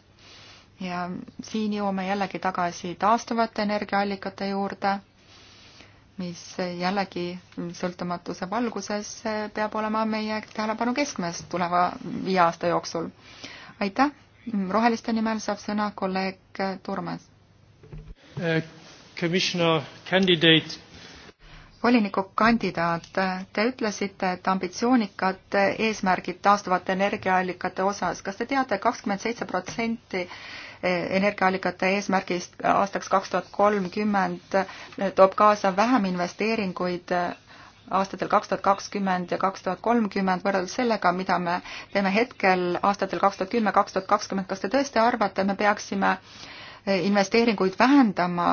ja siin jõuame jällegi tagasi taastuvate energiaallikate juurde, mis jällegi sõltumatuse valguses peab olema meie tähelepanu keskmes tuleva viie aasta jooksul. aitäh, roheliste nimel saab sõna kolleeg Turmas. Eh, volinikukandidaat, te ütlesite, et ambitsioonikad eesmärgid taastuvate energiaallikate osas, kas te teate, kakskümmend seitse protsenti energiaallikate eesmärgist aastaks kaks tuhat kolmkümmend toob kaasa vähem investeeringuid aastatel kaks tuhat kakskümmend ja kaks tuhat kolmkümmend võrreldes sellega, mida me teeme hetkel aastatel kaks tuhat kümme, kaks tuhat kakskümmend, kas te tõesti arvate, et me peaksime investeeringuid vähendama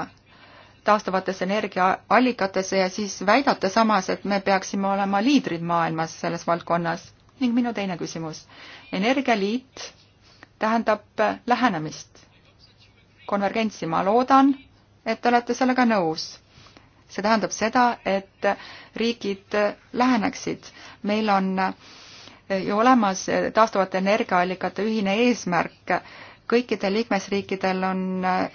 taastuvatesse energiaallikatesse ja siis väidate samas, et me peaksime olema liidrid maailmas selles valdkonnas. ning minu teine küsimus. energialiit tähendab lähenemist, konvergentsi, ma loodan, et te olete sellega nõus. see tähendab seda, et riigid läheneksid. meil on ju olemas taastuvate energiaallikate ühine eesmärk, kõikidel liikmesriikidel on äh,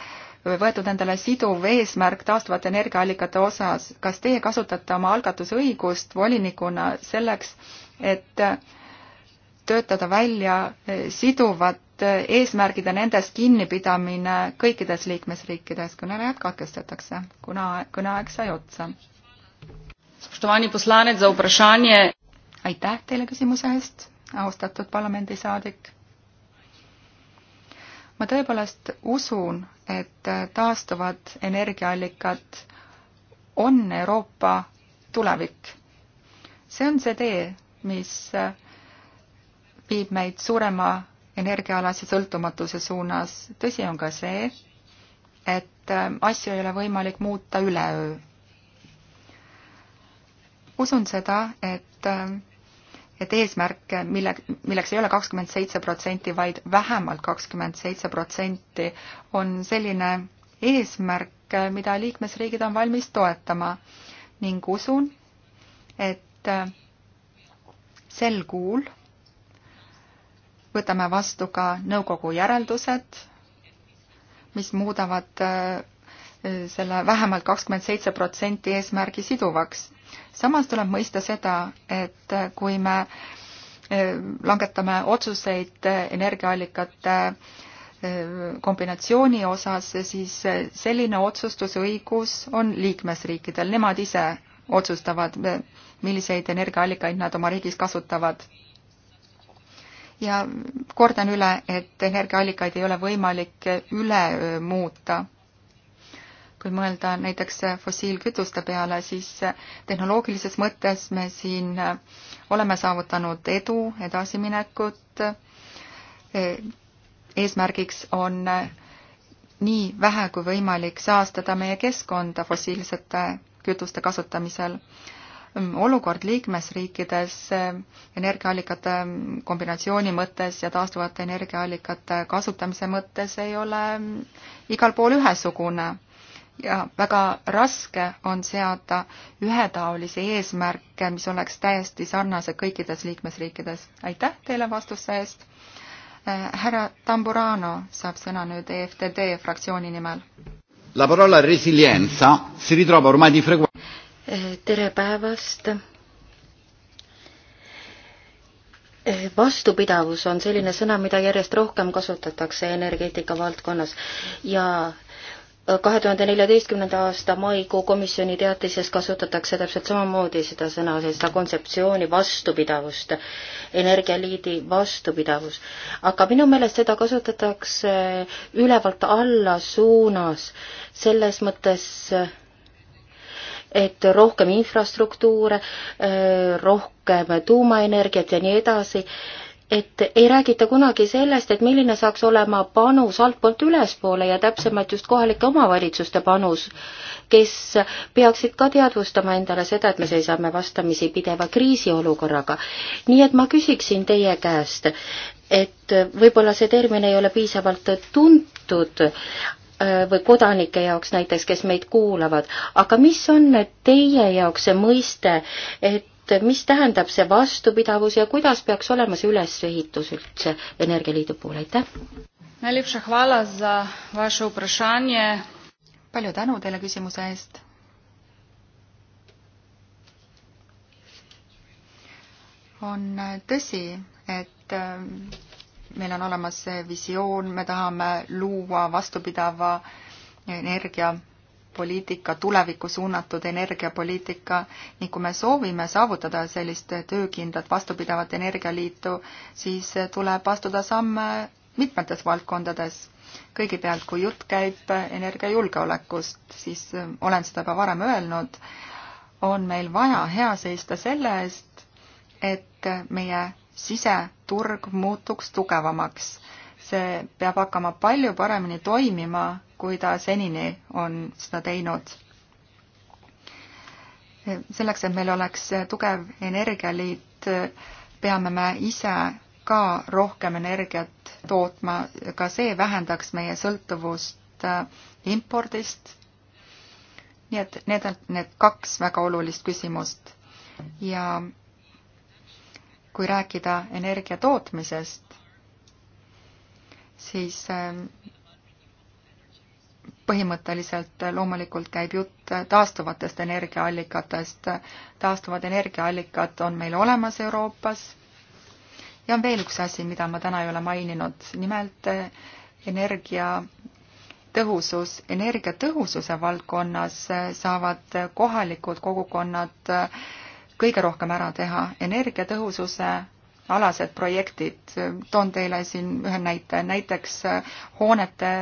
võetud endale siduv eesmärk taastuvate energiaallikate osas. kas teie kasutate oma algatusõigust volinikuna selleks, et töötada välja eh, siduvad eh, eesmärgid ja nendest kinnipidamine kõikides liikmesriikides, kõnelejad katkestatakse, kuna kõneaeg sai otsa. aitäh teile küsimuse eest, austatud parlamendisaadik ma tõepoolest usun, et taastuvad energiaallikad on Euroopa tulevik. see on see tee, mis viib meid suurema energiaalase sõltumatuse suunas. tõsi on ka see, et asju ei ole võimalik muuta üleöö. usun seda, et et eesmärk, mille, milleks ei ole kakskümmend seitse protsenti, vaid vähemalt kakskümmend seitse protsenti, on selline eesmärk, mida liikmesriigid on valmis toetama ning usun, et sel kuul võtame vastu ka nõukogu järeldused, mis muudavad äh, selle vähemalt kakskümmend seitse protsenti eesmärgi siduvaks samas tuleb mõista seda, et kui me e, langetame otsuseid energiaallikate e, kombinatsiooni osas, siis selline otsustusõigus on liikmesriikidel, nemad ise otsustavad, e, milliseid energiaallikaid nad oma riigis kasutavad. ja kordan üle, et energiaallikaid ei ole võimalik üleöö muuta kui mõelda näiteks fossiilkütuste peale, siis tehnoloogilises mõttes me siin äh, oleme saavutanud edu, edasiminekut. Äh, eesmärgiks on äh, nii vähe kui võimalik saastada meie keskkonda fossiilsete kütuste kasutamisel. Ähm, olukord liikmesriikides energiaallikate ähm, kombinatsiooni mõttes ja taastuvate energiaallikate kasutamise mõttes ei ole ähm, igal pool ühesugune ja väga raske on seada ühetaolisi eesmärke, mis oleks täiesti sarnased kõikides liikmesriikides. aitäh teile vastuse eest. Äh, härra Tamburano saab sõna nüüd EFTD fraktsiooni nimel. La parola resilienza si ritrova ormai di fregu-. Äh, tere päevast äh, vastupidavus on selline sõna, mida järjest rohkem kasutatakse energeetika valdkonnas ja kahe tuhande neljateistkümnenda aasta maikuu komisjoni teatises kasutatakse täpselt samamoodi seda sõna, seda kontseptsiooni vastupidavust, energialiidi vastupidavus. aga minu meelest seda kasutatakse ülevalt alla suunas, selles mõttes et rohkem infrastruktuure, rohkem tuumaenergiat ja nii edasi et ei räägita kunagi sellest, et milline saaks olema panus altpoolt ülespoole ja täpsemalt just kohalike omavalitsuste panus, kes peaksid ka teadvustama endale seda, et me seisame vastamisi pideva kriisiolukorraga. nii et ma küsiksin teie käest, et võib-olla see termin ei ole piisavalt tuntud, äh, või kodanike jaoks näiteks, kes meid kuulavad, aga mis on teie jaoks see mõiste, et et mis tähendab see vastupidavus ja kuidas peaks olema see ülesehitus üldse Energialiidu puhul, aitäh! palju tänu teile küsimuse eest! on tõsi, et äh, meil on olemas see visioon, me tahame luua vastupidava energia poliitika, tulevikku suunatud energiapoliitika ning kui me soovime saavutada sellist töökindlat vastupidavat energialiitu, siis tuleb astuda samme mitmetes valdkondades. kõigepealt, kui jutt käib energiajulgeolekust, siis olen seda juba varem öelnud, on meil vaja hea seista selle eest, et meie siseturg muutuks tugevamaks. see peab hakkama palju paremini toimima kui ta senini on seda teinud. selleks, et meil oleks tugev energialiit, peame me ise ka rohkem energiat tootma, ka see vähendaks meie sõltuvust impordist. nii et need on need kaks väga olulist küsimust ja kui rääkida energia tootmisest, siis ähm, põhimõtteliselt loomulikult käib jutt taastuvatest energiaallikatest. taastuvad energiaallikad on meil olemas Euroopas. ja on veel üks asi, mida ma täna ei ole maininud, nimelt energia tõhusus, energiatõhususe valdkonnas saavad kohalikud kogukonnad kõige rohkem ära teha. energiatõhususe alased projektid, toon teile siin ühe näite, näiteks hoonete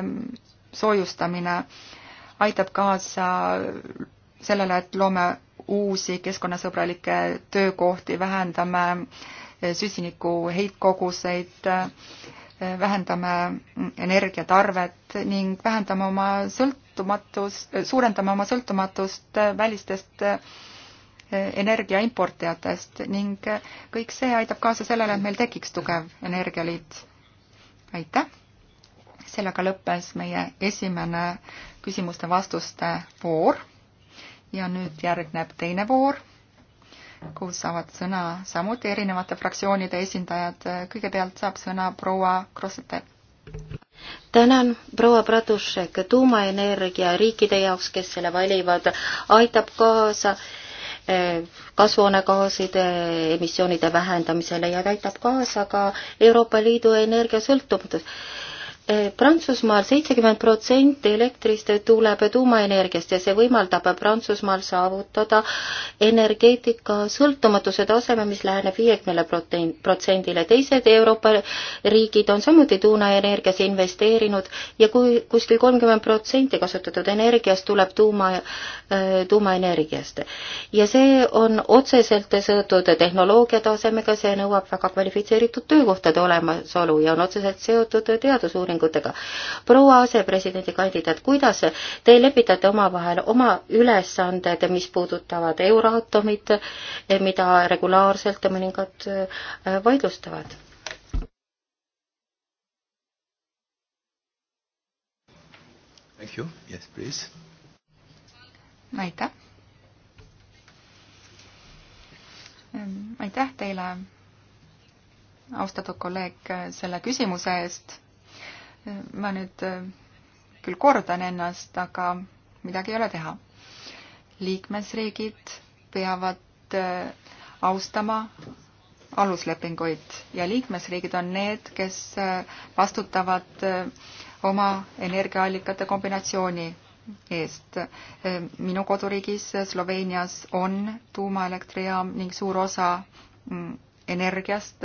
soojustamine aitab kaasa sellele, et loome uusi keskkonnasõbralikke töökohti, vähendame süsiniku heitkoguseid, vähendame energiatarvet ning vähendame oma sõltumatus, suurendame oma sõltumatust välistest energiaimportijatest ning kõik see aitab kaasa sellele, et meil tekiks tugev energialiit. aitäh! sellega lõppes meie esimene küsimuste-vastuste voor ja nüüd järgneb teine voor, kus saavad sõna samuti erinevate fraktsioonide esindajad. kõigepealt saab sõna proua Krossete. tänan, proua Pradušek, tuumaenergia riikide jaoks, kes selle valivad, aitab kaasa eh, kasvuhoonegaaside emissioonide vähendamisele ja ta aitab kaasa ka Euroopa Liidu energiasõltumatus Äh, Prantsusmaal seitsekümmend protsenti elektrist tuleb tuumaenergiast ja see võimaldab Prantsusmaal saavutada energeetika sõltumatuse taseme, mis läheneb viiekümnele protsendile. teised Euroopa riigid on samuti tuumaenergiasse investeerinud ja kui kuskil kolmkümmend protsenti kasutatud energiast tuleb tuuma, äh, tuumaenergiast. ja see on otseselt seotud tehnoloogia tasemega, see nõuab väga kvalifitseeritud töökohtade olemasolu ja on otseselt seotud teadusuuringutega arengutega. proua asepresidendi kandidaat, kuidas te lepitate omavahel oma ülesanded, mis puudutavad Euratomit, mida regulaarselt mõningad äh, vaidlustavad? Thank you. Yes, please. aitäh. Ähm, aitäh teile, austatud kolleeg, äh, selle küsimuse eest ma nüüd äh, küll kordan ennast, aga midagi ei ole teha. liikmesriigid peavad äh, austama aluslepinguid ja liikmesriigid on need, kes äh, vastutavad oma energiaallikate kombinatsiooni eest. minu koduriigis Sloveenias on tuumaelektrijaam ning suur osa mm, energiast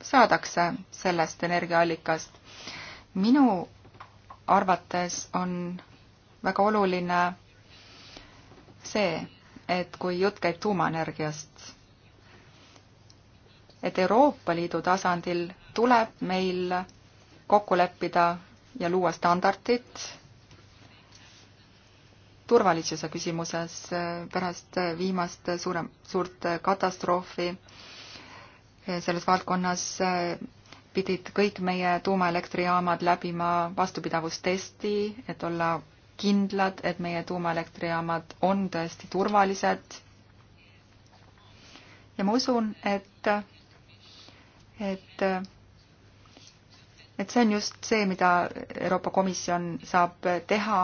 saadakse sellest energiaallikast minu arvates on väga oluline see, et kui jutt käib tuumaenergiast, et Euroopa Liidu tasandil tuleb meil kokku leppida ja luua standardid turvalisuse küsimuses eh, pärast viimast suurem, suurt eh, katastroofi eh, selles valdkonnas pidid kõik meie tuumaelektrijaamad läbima vastupidavustesti, et olla kindlad, et meie tuumaelektrijaamad on tõesti turvalised. ja ma usun, et, et, et see on just see, mida Euroopa Komisjon saab teha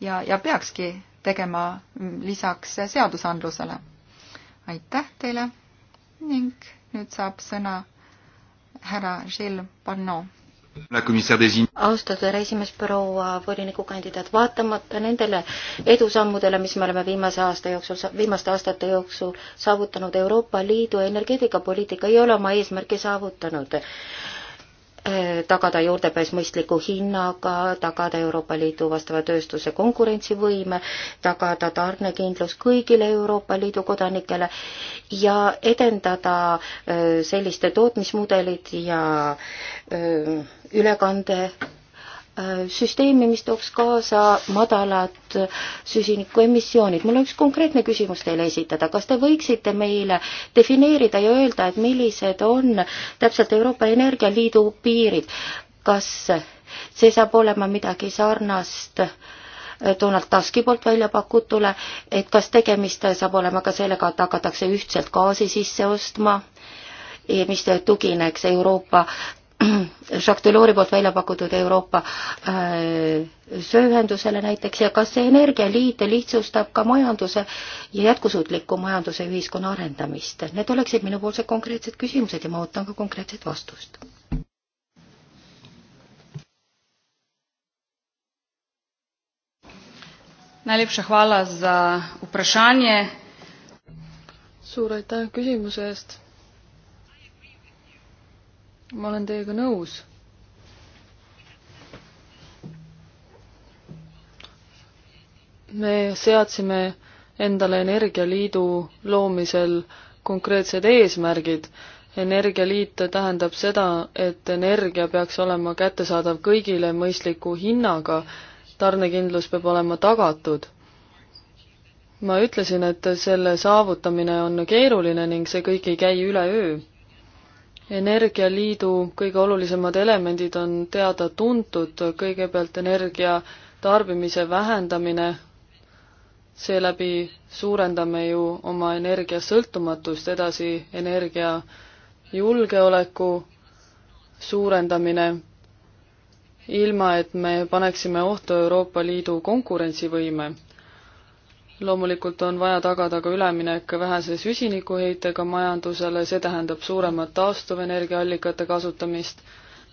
ja, ja peakski tegema lisaks seadusandlusele. aitäh teile ning nüüd saab sõna härra Gilles Barnot. austatud esimees proua volinikukandidaat, vaatamata nendele edusammudele, mis me oleme viimase aasta jooksul, viimaste aastate jooksul saavutanud, Euroopa Liidu energeetikapoliitika ei ole oma eesmärki saavutanud Äh, tagada juurdepääs mõistliku hinnaga, tagada Euroopa Liidu vastava tööstuse konkurentsivõime, tagada tarnekindlus kõigile Euroopa Liidu kodanikele ja edendada äh, selliste tootmismudelid ja äh, ülekande Äh, süsteemi, mis tooks kaasa madalad süsinikuemissioonid. mul on üks konkreetne küsimus teile esitada. kas te võiksite meile defineerida ja öelda, et millised on täpselt Euroopa Energialiidu piirid? kas see saab olema midagi sarnast äh, Donald Tuski poolt välja pakutule, et kas tegemist saab olema ka sellega, et hakatakse ühtselt gaasi sisse ostma? Eh, mis tugineks Euroopa Jacques Delors'i *clears throat* poolt välja pakutud Euroopa äh, sööühendusele näiteks ja kas see energialiit lihtsustab ka majanduse ja jätkusuutliku majanduse ühiskonna arendamist? Need oleksid minupoolsed konkreetsed küsimused ja ma ootan ka konkreetset vastust. Najlepša hvala za vprašanje. suur aitäh küsimuse eest ma olen teiega nõus. me seadsime endale Energialiidu loomisel konkreetsed eesmärgid. energialiit tähendab seda, et energia peaks olema kättesaadav kõigile mõistliku hinnaga, tarnekindlus peab olema tagatud. ma ütlesin, et selle saavutamine on keeruline ning see kõik ei käi üleöö energialiidu kõige olulisemad elemendid on teada-tuntud, kõigepealt energia tarbimise vähendamine, seeläbi suurendame ju oma energiasõltumatust, edasi energiajulgeoleku suurendamine, ilma et me paneksime ohtu Euroopa Liidu konkurentsivõime loomulikult on vaja tagada ka üleminek vähese süsinikuheitega majandusele, see tähendab suuremat taastuvenergiaallikate kasutamist,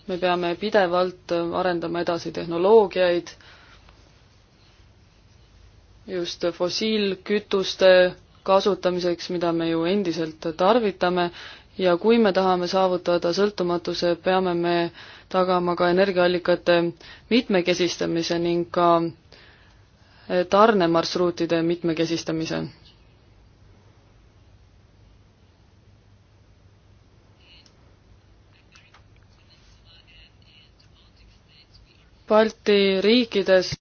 me peame pidevalt arendama edasi tehnoloogiaid, just fossiilkütuste kasutamiseks, mida me ju endiselt tarvitame, ja kui me tahame saavutada sõltumatuse, peame me tagama ka energiaallikate mitmekesistamise ning ka tarnemarsruutide mitmekesistamise. Balti riikides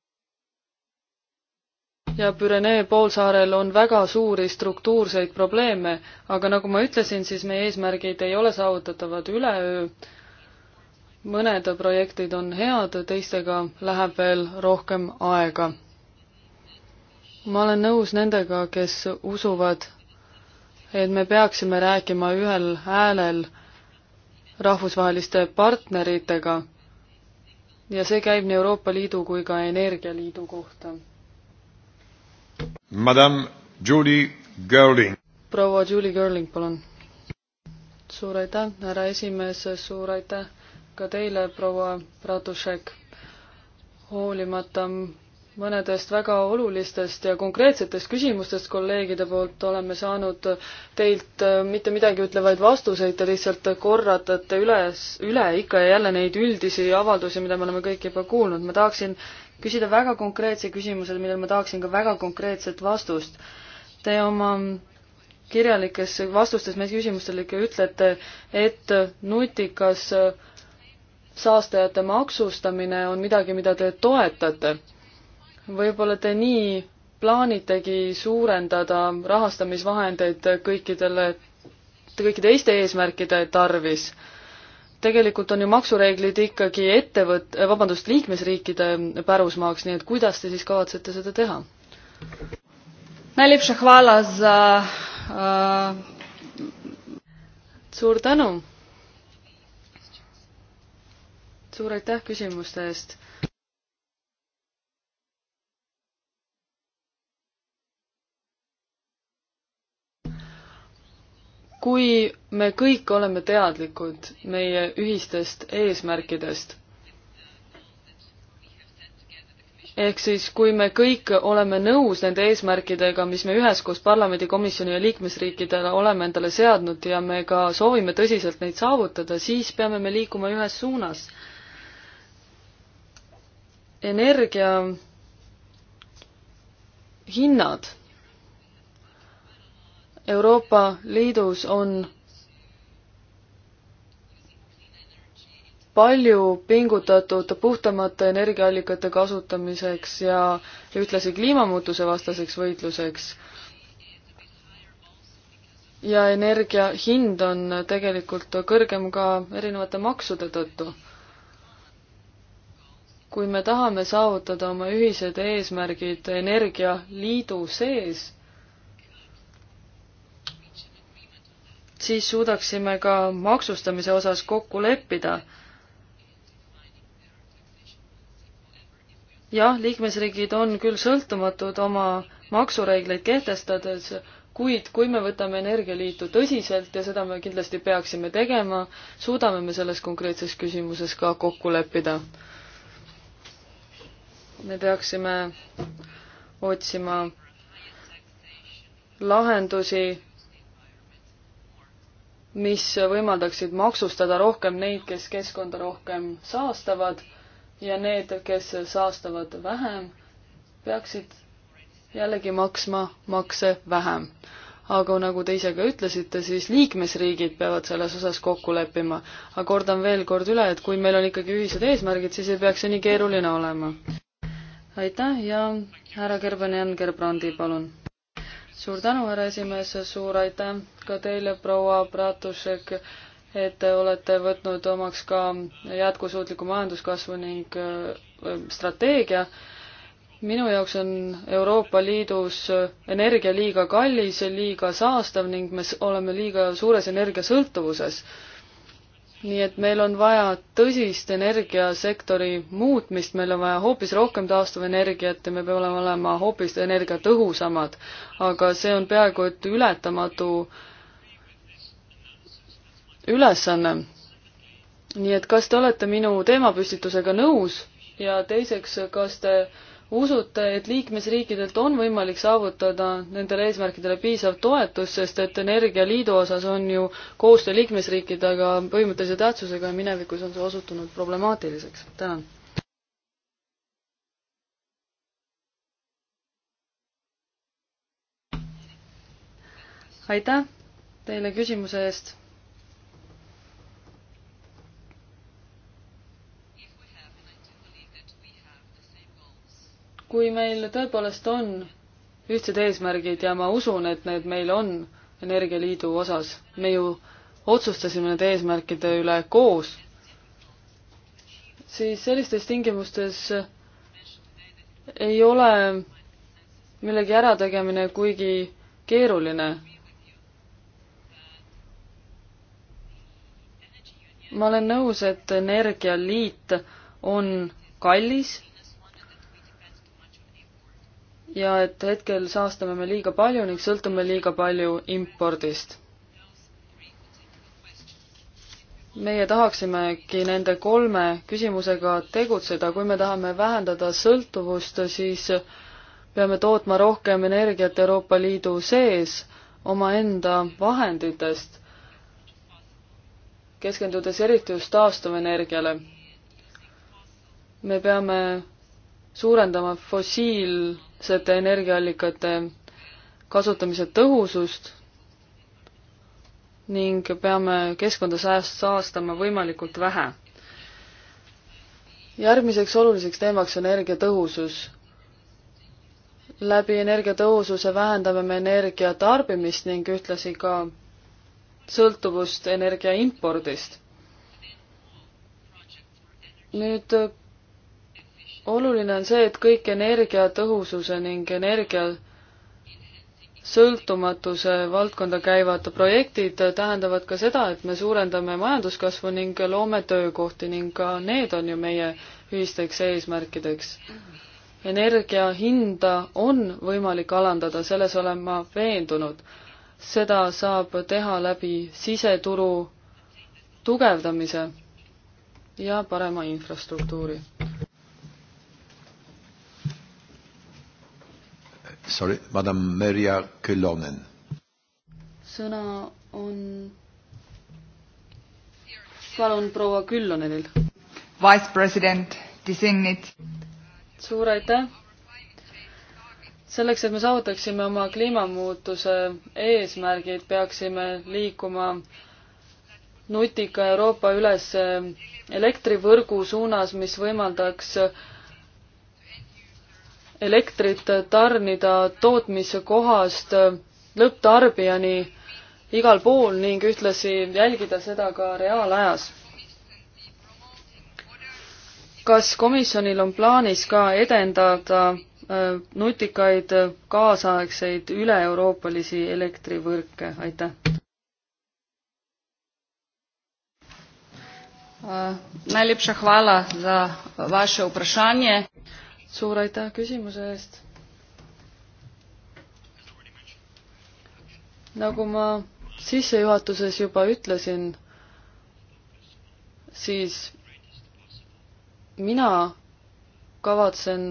ja Pürenee poolsaarel on väga suuri struktuurseid probleeme, aga nagu ma ütlesin, siis meie eesmärgid ei ole saavutatavad üleöö. mõned projektid on head, teistega läheb veel rohkem aega ma olen nõus nendega, kes usuvad, et me peaksime rääkima ühel häälel rahvusvaheliste partneritega ja see käib nii Euroopa Liidu kui ka Energialiidu kohta. Madame Julie Gerling. proua Julie Gerling, palun. suur aitäh, härra esimees, suur aitäh ka teile, proua Pratušek. hoolimata mõnedest väga olulistest ja konkreetsetest küsimustest kolleegide poolt oleme saanud teilt äh, mitte midagi ütlevaid vastuseid, te lihtsalt korratate üles, üle ikka ja jälle neid üldisi avaldusi, mida me oleme kõik juba kuulnud. ma tahaksin küsida väga konkreetse küsimuse, millele ma tahaksin ka väga konkreetset vastust. Te oma kirjalikes vastustes meie küsimustele ikka ütlete, et nutikas saastajate maksustamine on midagi, mida te toetate võib-olla te nii plaanitegi suurendada rahastamisvahendeid kõikidele, kõikide teiste eesmärkide tarvis. tegelikult on ju maksureeglid ikkagi ettevõt-, äh, vabandust, liikmesriikide pärusmaaks, nii et kuidas te siis kavatsete seda teha? Najlepša hvala za uh... suur tänu! suur aitäh küsimuste eest kui me kõik oleme teadlikud meie ühistest eesmärkidest, ehk siis, kui me kõik oleme nõus nende eesmärkidega, mis me üheskoos parlamendikomisjoni ja liikmesriikidele oleme endale seadnud ja me ka soovime tõsiselt neid saavutada, siis peame me liikuma ühes suunas. energia hinnad Euroopa Liidus on palju pingutatud puhtamate energiaallikate kasutamiseks ja ühtlasi kliimamuutuse vastaseks võitluseks. ja energia hind on tegelikult kõrgem ka erinevate maksude tõttu. kui me tahame saavutada oma ühised eesmärgid Energialiidu sees, siis suudaksime ka maksustamise osas kokku leppida. jah, liikmesriigid on küll sõltumatud oma maksureegleid kehtestades, kuid kui me võtame Energialiitu tõsiselt ja seda me kindlasti peaksime tegema, suudame me selles konkreetses küsimuses ka kokku leppida. me peaksime otsima lahendusi mis võimaldaksid maksustada rohkem neid, kes keskkonda rohkem saastavad ja need, kes saastavad vähem, peaksid jällegi maksma makse vähem. aga nagu te ise ka ütlesite, siis liikmesriigid peavad selles osas kokku leppima. aga kordan veel kord üle, et kui meil on ikkagi ühised eesmärgid, siis ei peaks see nii keeruline olema. aitäh ja härra Gerben-Jan Gerbrandi, palun suur tänu, härra esimees, suur aitäh ka teile, proua Bratušek, et te olete võtnud omaks ka jätkusuutliku majanduskasvu ning äh, strateegia minu jaoks on Euroopa Liidus äh, energia liiga kallis ja liiga saastav ning me oleme liiga suures energiasõltuvuses nii et meil on vaja tõsist energiasektori muutmist, meil on vaja hoopis rohkem taastuvenergiat ja me peame olema hoopis energiatõhusamad. aga see on peaaegu et ületamatu ülesanne. nii et kas te olete minu teemapüstitusega nõus ja teiseks, kas te äh, usute, et liikmesriikidelt on võimalik saavutada nendele eesmärkidele piisav toetus, sest et Energialiidu osas on ju koostöö liikmesriikidega põhimõttelise tähtsusega ja minevikus on see osutunud problemaatiliseks. tänan. aitäh teile küsimuse eest kui meil tõepoolest on ühtsed eesmärgid ja ma usun, et need meil on Energialiidu osas, me ju otsustasime nende eesmärkide üle koos, siis sellistes tingimustes ei ole millegi ärategemine kuigi keeruline. ma olen nõus, et Energialiit on kallis ja et hetkel saastame me liiga palju ning sõltume liiga palju impordist. meie tahaksimegi nende kolme küsimusega tegutseda, kui me tahame vähendada sõltuvust, siis peame tootma rohkem energiat Euroopa Liidu sees omaenda vahenditest, keskendudes eriti just taastuvenergiale. me peame suurendama fossiilsete energiaallikate kasutamise tõhusust ning peame keskkonda sääst-, saastama võimalikult vähe. järgmiseks oluliseks teemaks on energiatõhusus. läbi energiatõhususe vähendame me energia tarbimist ning ühtlasi ka sõltuvust energia impordist. nüüd oluline on see, et kõik energiatõhususe ning energia sõltumatuse valdkonda käivad projektid tähendavad ka seda, et me suurendame majanduskasvu ning loome töökohti ning ka need on ju meie ühisteks eesmärkideks. energia hinda on võimalik alandada, selles olen ma veendunud. seda saab teha läbi siseturu tugevdamise ja parema infrastruktuuri. Sorry, madam Merja Kylonen. sõna on, palun proua Küllonenil. Vice president, designid. suur aitäh. selleks, et me saavutaksime oma kliimamuutuse eesmärgid, peaksime liikuma nutika Euroopa üles eh, elektrivõrgu suunas, mis võimaldaks äh, elektrit tarnida tootmiskohast lõpptarbijani igal pool ning ühtlasi jälgida seda ka reaalajas. kas komisjonil on plaanis ka edendada äh, nutikaid kaasaegseid üle-euroopalisi elektrivõrke, aitäh! Äh, najlepša hvala za vaše vprašanje suur aitäh küsimuse eest. nagu ma sissejuhatuses juba ütlesin, siis mina kavatsen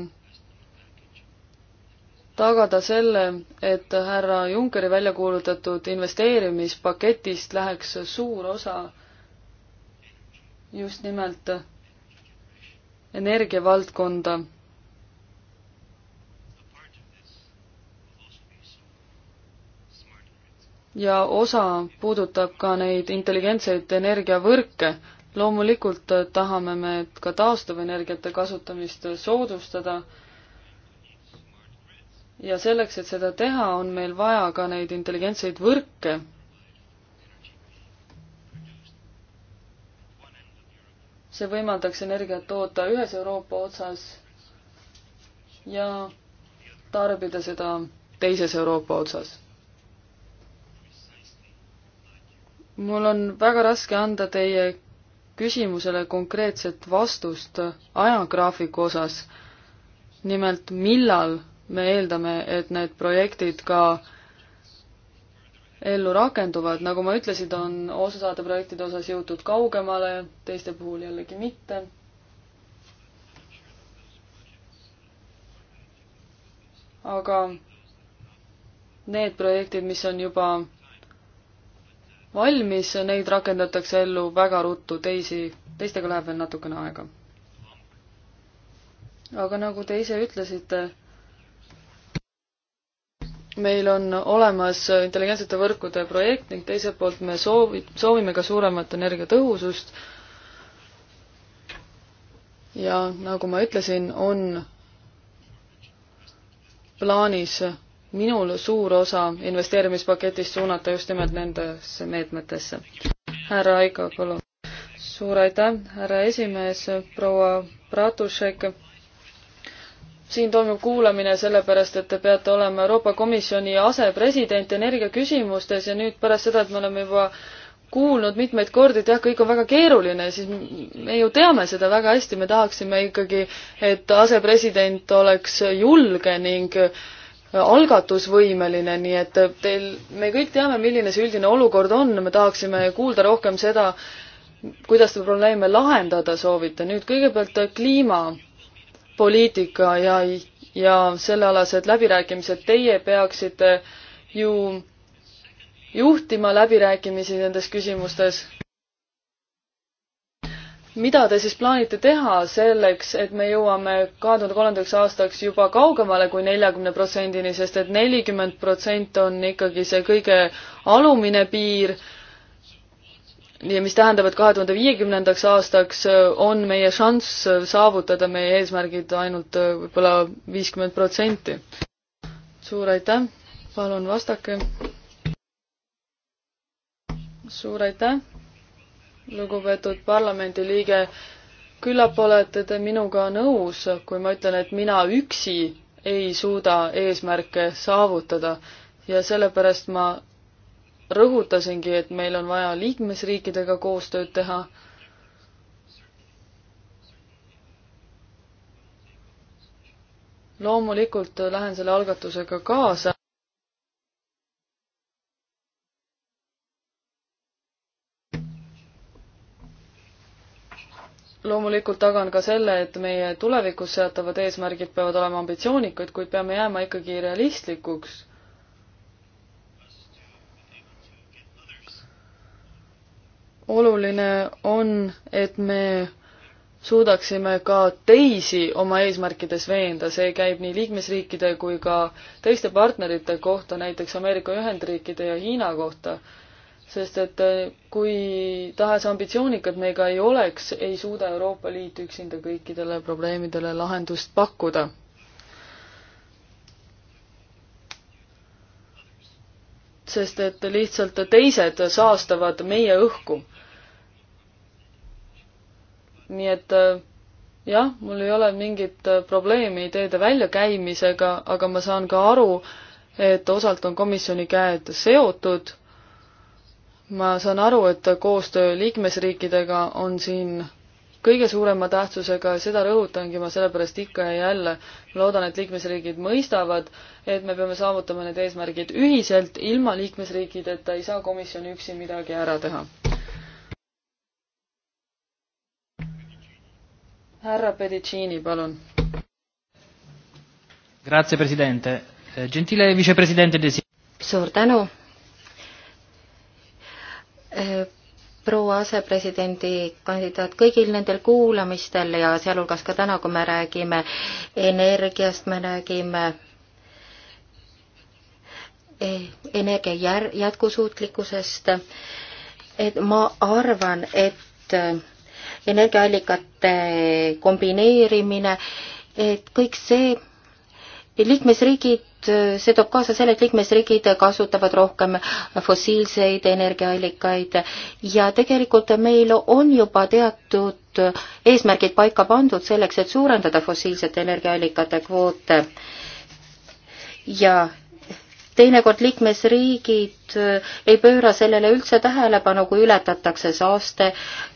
tagada selle, et härra Junckeri välja kuulutatud investeerimispaketist läheks suur osa just nimelt energiavaldkonda ja osa puudutab ka neid intelligentseid energiavõrke. loomulikult tahame me ka taastuvenergiate kasutamist soodustada ja selleks, et seda teha, on meil vaja ka neid intelligentseid võrke. see võimaldaks energiat toota ühes Euroopa otsas ja tarbida seda teises Euroopa otsas mul on väga raske anda teie küsimusele konkreetset vastust ajagraafiku osas. nimelt, millal me eeldame, et need projektid ka ellu rakenduvad, nagu ma ütlesin, on osasaade projektide osas jõutud kaugemale, teiste puhul jällegi mitte aga need projektid, mis on juba valmis, neid rakendatakse ellu väga ruttu, teisi, teistega läheb veel natukene aega. aga nagu te ise ütlesite, meil on olemas intelligentsete võrkude projekt ning teiselt poolt me soovi, soovime ka suuremat energiatõhusust. ja nagu ma ütlesin, on plaanis minul suur osa investeerimispaketist suunata just nimelt nendesse meetmetesse. härra Aiko Kolo. suur aitäh, härra esimees, proua Bratušek. siin toimub kuulamine sellepärast, et te peate olema Euroopa Komisjoni asepresident energiaküsimustes ja nüüd pärast seda, et me oleme juba kuulnud mitmeid kordi, et jah, kõik on väga keeruline, siis me ju teame seda väga hästi, me tahaksime ikkagi, et asepresident oleks julge ning äh, algatusvõimeline, nii et äh, teil, me kõik teame, milline see üldine olukord on, me tahaksime kuulda rohkem seda, kuidas te probleeme lahendada soovite. nüüd kõigepealt äh, kliimapoliitika ja, ja sellealased läbirääkimised, teie peaksite ju juhtima läbirääkimisi nendes küsimustes mida te siis plaanite teha selleks, et me jõuame kahe tuhande kolmandaks aastaks juba kaugemale kui neljakümne protsendini, sest et nelikümmend protsent on ikkagi see kõige alumine piir ja mis tähendab, et kahe tuhande viiekümnendaks aastaks on meie šanss saavutada meie eesmärgid ainult võib-olla viiskümmend protsenti. suur aitäh, palun vastake. suur aitäh lugupeetud parlamendiliige, küllap olete te minuga nõus, kui ma ütlen, et mina üksi ei suuda eesmärke saavutada ja sellepärast ma rõhutasingi, et meil on vaja liikmesriikidega koostööd teha. loomulikult lähen selle algatusega kaasa. loomulikult tagan ka selle, et meie tulevikus seatavad eesmärgid peavad olema ambitsioonikad, kuid peame jääma ikkagi realistlikuks. oluline on, et me suudaksime ka teisi oma eesmärkides veenda, see käib nii liikmesriikide kui ka teiste partnerite kohta, näiteks Ameerika Ühendriikide ja Hiina kohta sest et äh, kui tahes ambitsioonikad me ka ei oleks, ei suuda Euroopa Liit üksinda kõikidele probleemidele lahendust pakkuda. sest et lihtsalt teised saastavad meie õhku. nii et äh, jah, mul ei ole mingit äh, probleemi ideede väljakäimisega, aga ma saan ka aru, et osalt on komisjoni käed seotud ma saan aru, et koostöö liikmesriikidega on siin kõige suurema tähtsusega ja seda rõhutangi ma sellepärast ikka ja jälle. loodan, et liikmesriigid mõistavad, et me peame saavutama need eesmärgid ühiselt, ilma liikmesriikideta ei saa komisjon üksi midagi ära teha. härra Pedicini, palun. Grazie, president. Eh, gentile vicepresidente Desi-. suur tänu, proua asepresidendi kandidaat, kõigil nendel kuulamistel ja sealhulgas ka täna, kui me räägime energiast, me räägime e, energia jär-, jätkusuutlikkusest, et ma arvan, et energiaallikate kombineerimine, et kõik see, liikmesriigid Äh, see toob kaasa selle, et liikmesriigid kasutavad rohkem fossiilseid energiaallikaid ja tegelikult meil on juba teatud eesmärgid paika pandud selleks, et suurendada fossiilsete energiaallikate kvoote ja teinekord liikmesriigid eh, ei pööra sellele üldse tähelepanu, kui ületatakse saaste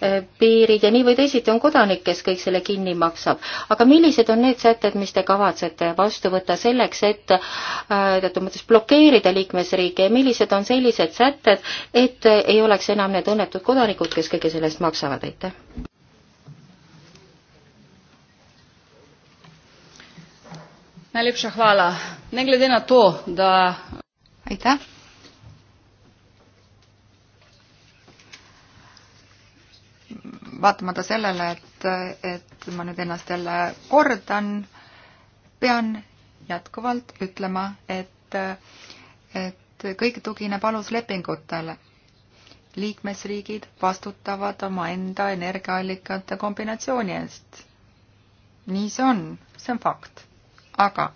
eh, piirid ja nii või teisiti on kodanik, kes kõik selle kinni maksab. aga millised on need sätted, mis te kavatsete vastu võtta selleks, et eh, teatud mõttes blokeerida liikmesriike ja millised on sellised sätted, et ei oleks enam need õnnetud kodanikud, kes kõige selle eest maksavad, aitäh? Najlepša hvala. Ne glede na to, da. aitäh. vaatamata sellele, et, et ma nüüd ennast jälle kordan, pean jätkuvalt ütlema, et, et kõik tugineb aluslepingutele. liikmesriigid vastutavad omaenda energiaallikate kombinatsiooni eest. nii see on, see on fakt aga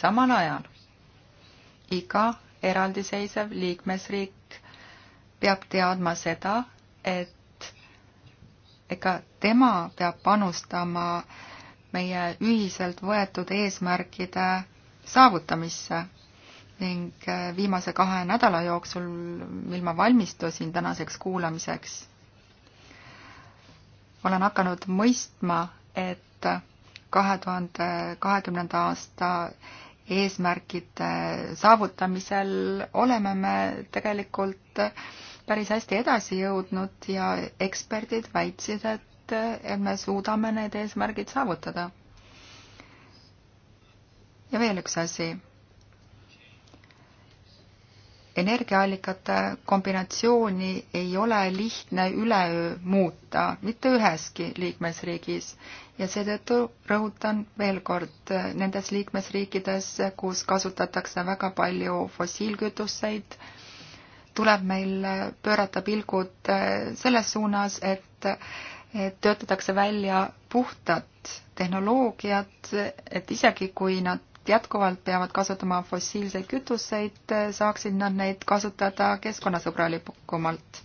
samal ajal iga eraldiseisev liikmesriik peab teadma seda, et ega tema peab panustama meie ühiselt võetud eesmärkide saavutamisse ning äh, viimase kahe nädala jooksul, mil ma valmistusin tänaseks kuulamiseks, olen hakanud mõistma, et kahe tuhande kahekümnenda aasta eesmärkide saavutamisel oleme me tegelikult päris hästi edasi jõudnud ja eksperdid väitsid, et, et me suudame need eesmärgid saavutada. ja veel üks asi. energiaallikate kombinatsiooni ei ole lihtne üleöö muuta mitte üheski liikmesriigis ja seetõttu rõhutan veel kord, äh, nendes liikmesriikides, äh, kus kasutatakse väga palju fossiilkütuseid, tuleb meil äh, pöörata pilgud selles suunas, et, et töötatakse välja puhtad tehnoloogiad, et isegi kui nad jätkuvalt peavad kasutama fossiilseid kütuseid, saaksid nad neid kasutada keskkonnasõbralikumalt.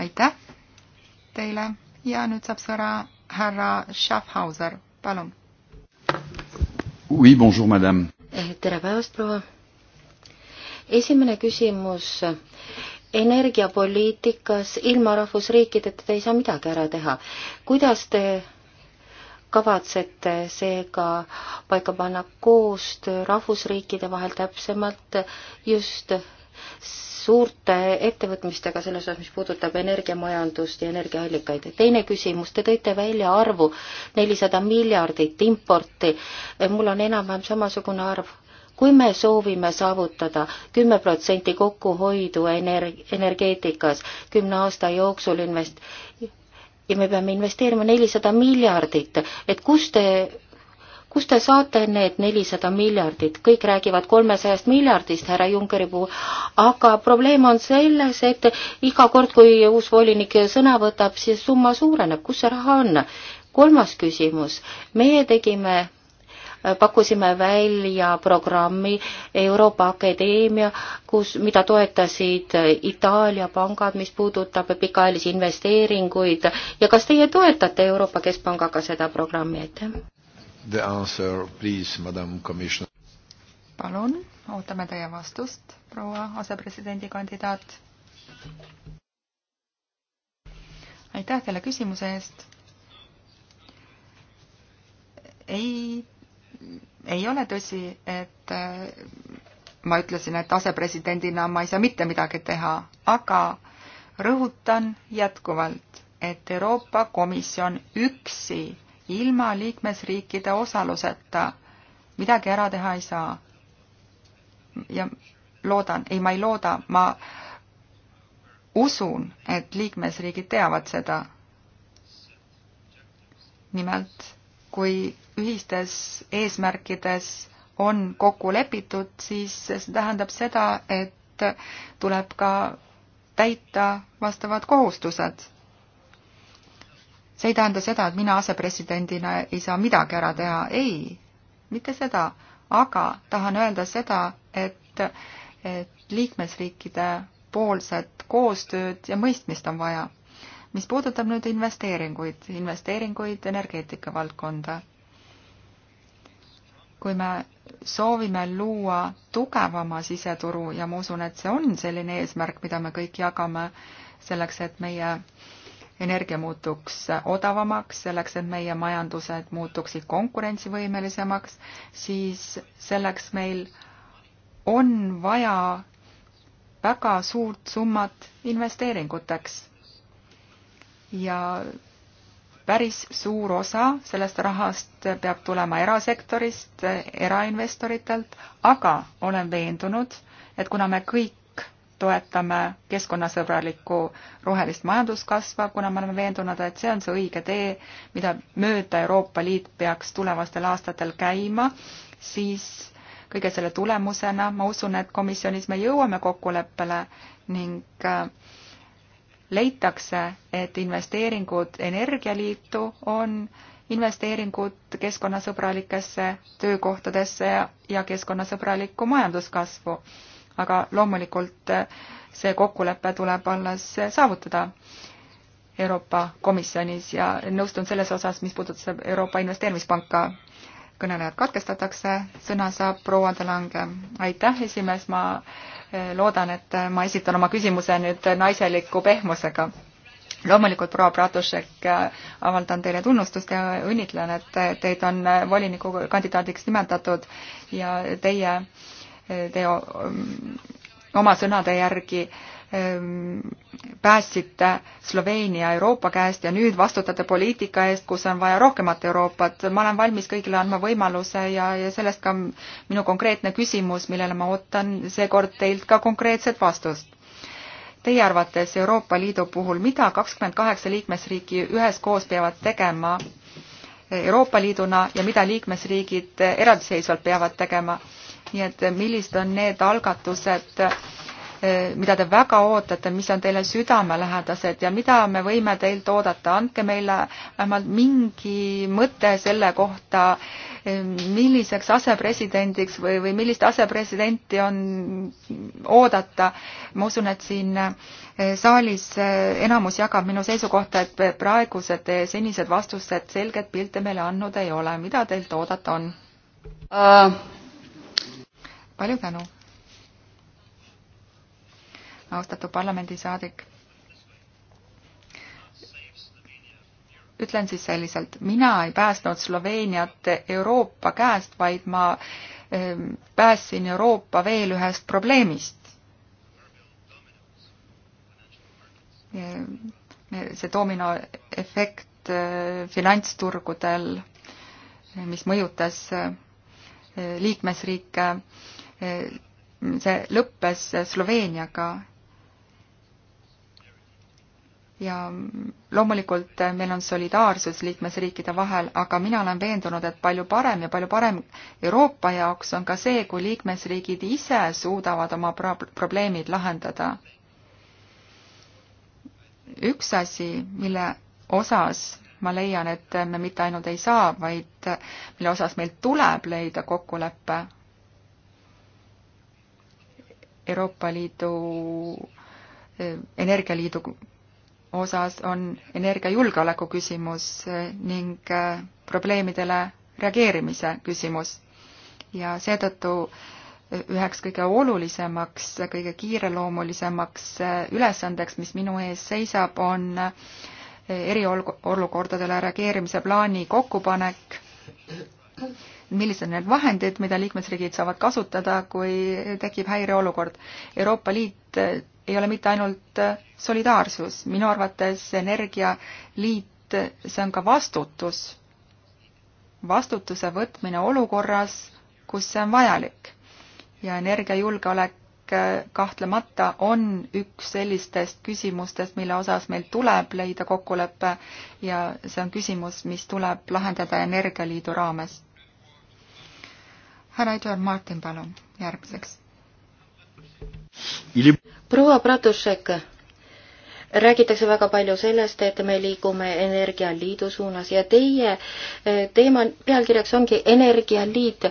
aitäh teile ja nüüd saab sõna härra Schaffhauser, palun. Oui, bonjour, madame. Eh, tere päevast, proua. esimene küsimus energiapoliitikas ilma rahvusriikideta te ei saa midagi ära teha. kuidas te kavatsete seega paika panna koostöö rahvusriikide vahel täpsemalt just suurte ettevõtmistega selles osas, mis puudutab energiamajandust ja energiaallikaid. teine küsimus, te tõite välja arvu nelisada miljardit importi. mul on enam-vähem samasugune arv kui me soovime saavutada kümme protsenti kokkuhoidu energ-, energeetikas kümne aasta jooksul invest- ja me peame investeerima nelisada miljardit, et kus te kus te saate need nelisada miljardit, kõik räägivad kolmesajast miljardist härra Junckeri puhul, aga probleem on selles, et iga kord, kui uus volinik sõna võtab, siis summa suureneb, kus see raha on? kolmas küsimus, meie tegime pakkusime välja programmi Euroopa Akadeemia, kus, mida toetasid Itaalia pangad, mis puudutab pikaajalisi investeeringuid ja kas teie toetate Euroopa Keskpangaga seda programmi, aitäh? the answer, please, madam commissioner. palun, ootame teie vastust, proua asepresidendi kandidaat. aitäh teile küsimuse eest. ei, ei ole tõsi, et äh, ma ütlesin, et asepresidendina ma ei saa mitte midagi teha, aga rõhutan jätkuvalt, et Euroopa Komisjon üksi ilma liikmesriikide osaluseta midagi ära teha ei saa. ja loodan, ei, ma ei looda, ma usun, et liikmesriigid teavad seda. nimelt, kui ühistes eesmärkides on kokku lepitud, siis see tähendab seda, et tuleb ka täita vastavad kohustused see ei tähenda seda, et mina asepresidendina ei saa midagi ära teha, ei, mitte seda, aga tahan öelda seda, et, et liikmesriikide poolset koostööd ja mõistmist on vaja. mis puudutab nüüd investeeringuid, investeeringuid energeetika valdkonda, kui me soovime luua tugevama siseturu ja ma usun, et see on selline eesmärk, mida me kõik jagame, selleks et meie äh, energia muutuks odavamaks, selleks, et meie majandused muutuksid konkurentsivõimelisemaks, siis selleks meil on vaja väga suurt summat investeeringuteks. ja päris suur osa sellest rahast peab tulema erasektorist, erainvestoritelt, aga olen veendunud, et kuna me kõik toetame keskkonnasõbralikku rohelist majanduskasva, kuna me oleme veendunud, et see on see õige tee, mida mööda Euroopa Liit peaks tulevastel aastatel käima, siis kõige selle tulemusena ma usun, et komisjonis me jõuame kokkuleppele ning äh, leitakse, et investeeringud Energialiitu on investeeringud keskkonnasõbralikesse töökohtadesse ja keskkonnasõbralikku majanduskasvu aga loomulikult eh, see kokkulepe tuleb alles saavutada Euroopa Komisjonis ja nõustun selles osas, mis puudutab Euroopa Investeerimispanka. kõnelejad katkestatakse, sõna saab proua Delange. aitäh, esimees, ma eh, loodan, et ma esitan oma küsimuse nüüd naiseliku pehmusega loomulikult proua Bratušek, eh, avaldan teile tunnustust ja õnnitlen, et teid on volinikukandidaadiks nimetatud ja teie äh, te ähm, oma sõnade järgi ähm, päästsite Sloveenia Euroopa käest ja nüüd vastutate poliitika eest, kus on vaja rohkemat Euroopat. ma olen valmis kõigile andma võimaluse ja, ja sellest ka minu konkreetne küsimus, millele ma ootan seekord teilt ka konkreetset vastust. Teie arvates Euroopa Liidu puhul, mida kakskümmend kaheksa liikmesriiki üheskoos peavad tegema Euroopa Liiduna ja mida liikmesriigid eraldiseisvalt peavad tegema? nii et eh, millised on need algatused, eh, mida te väga ootate, mis on teile südamelähedased ja mida me võime teilt oodata, andke meile vähemalt mingi mõte selle kohta, eh, milliseks asepresidendiks või, või millist asepresidenti on oodata. ma usun, et siin saalis enamus jagab minu seisukohta, et praegused senised vastused selget pilti meile andnud ei ole, mida teilt oodata on uh,? palju tänu! austatud parlamendisaadik. ütlen siis selliselt, mina ei päästnud Sloveeniat Euroopa käest, vaid ma ehm, päästsin Euroopa veel ühest probleemist. Ehm, see dominoefekt ehm, finantsturgudel, mis mõjutas liikmesriike see lõppes Sloveeniaga. ja loomulikult meil on solidaarsus liikmesriikide vahel, aga mina olen veendunud, et palju parem ja palju parem Euroopa jaoks on ka see, kui liikmesriigid ise suudavad oma probleemid lahendada. üks asi, mille osas ma leian, et me mitte ainult ei saa, vaid mille osas meil tuleb leida kokkulepe Euroopa Liidu e, energialiidu osas on energiajulgeoleku küsimus e, ning e, probleemidele reageerimise küsimus. ja seetõttu üheks kõige olulisemaks, kõige kiireloomulisemaks ülesandeks, mis minu ees seisab, on eriolukordadele reageerimise plaani kokkupanek millised on need vahendid, mida liikmesriigid saavad kasutada, kui tekib häireolukord. Euroopa Liit ei ole mitte ainult solidaarsus, minu arvates energialiit, see on ka vastutus. vastutuse võtmine olukorras, kus see on vajalik. ja energiajulgeolek eh, kahtlemata on üks sellistest küsimustest, mille osas meil tuleb leida kokkulepe ja see on küsimus, mis tuleb lahendada Energialiidu raames härra Eduard Martin, palun, järgmiseks. proua Pratušek, räägitakse väga palju sellest, et me liigume energialiidu suunas ja teie eh, teema pealkirjaks ongi Energialiit,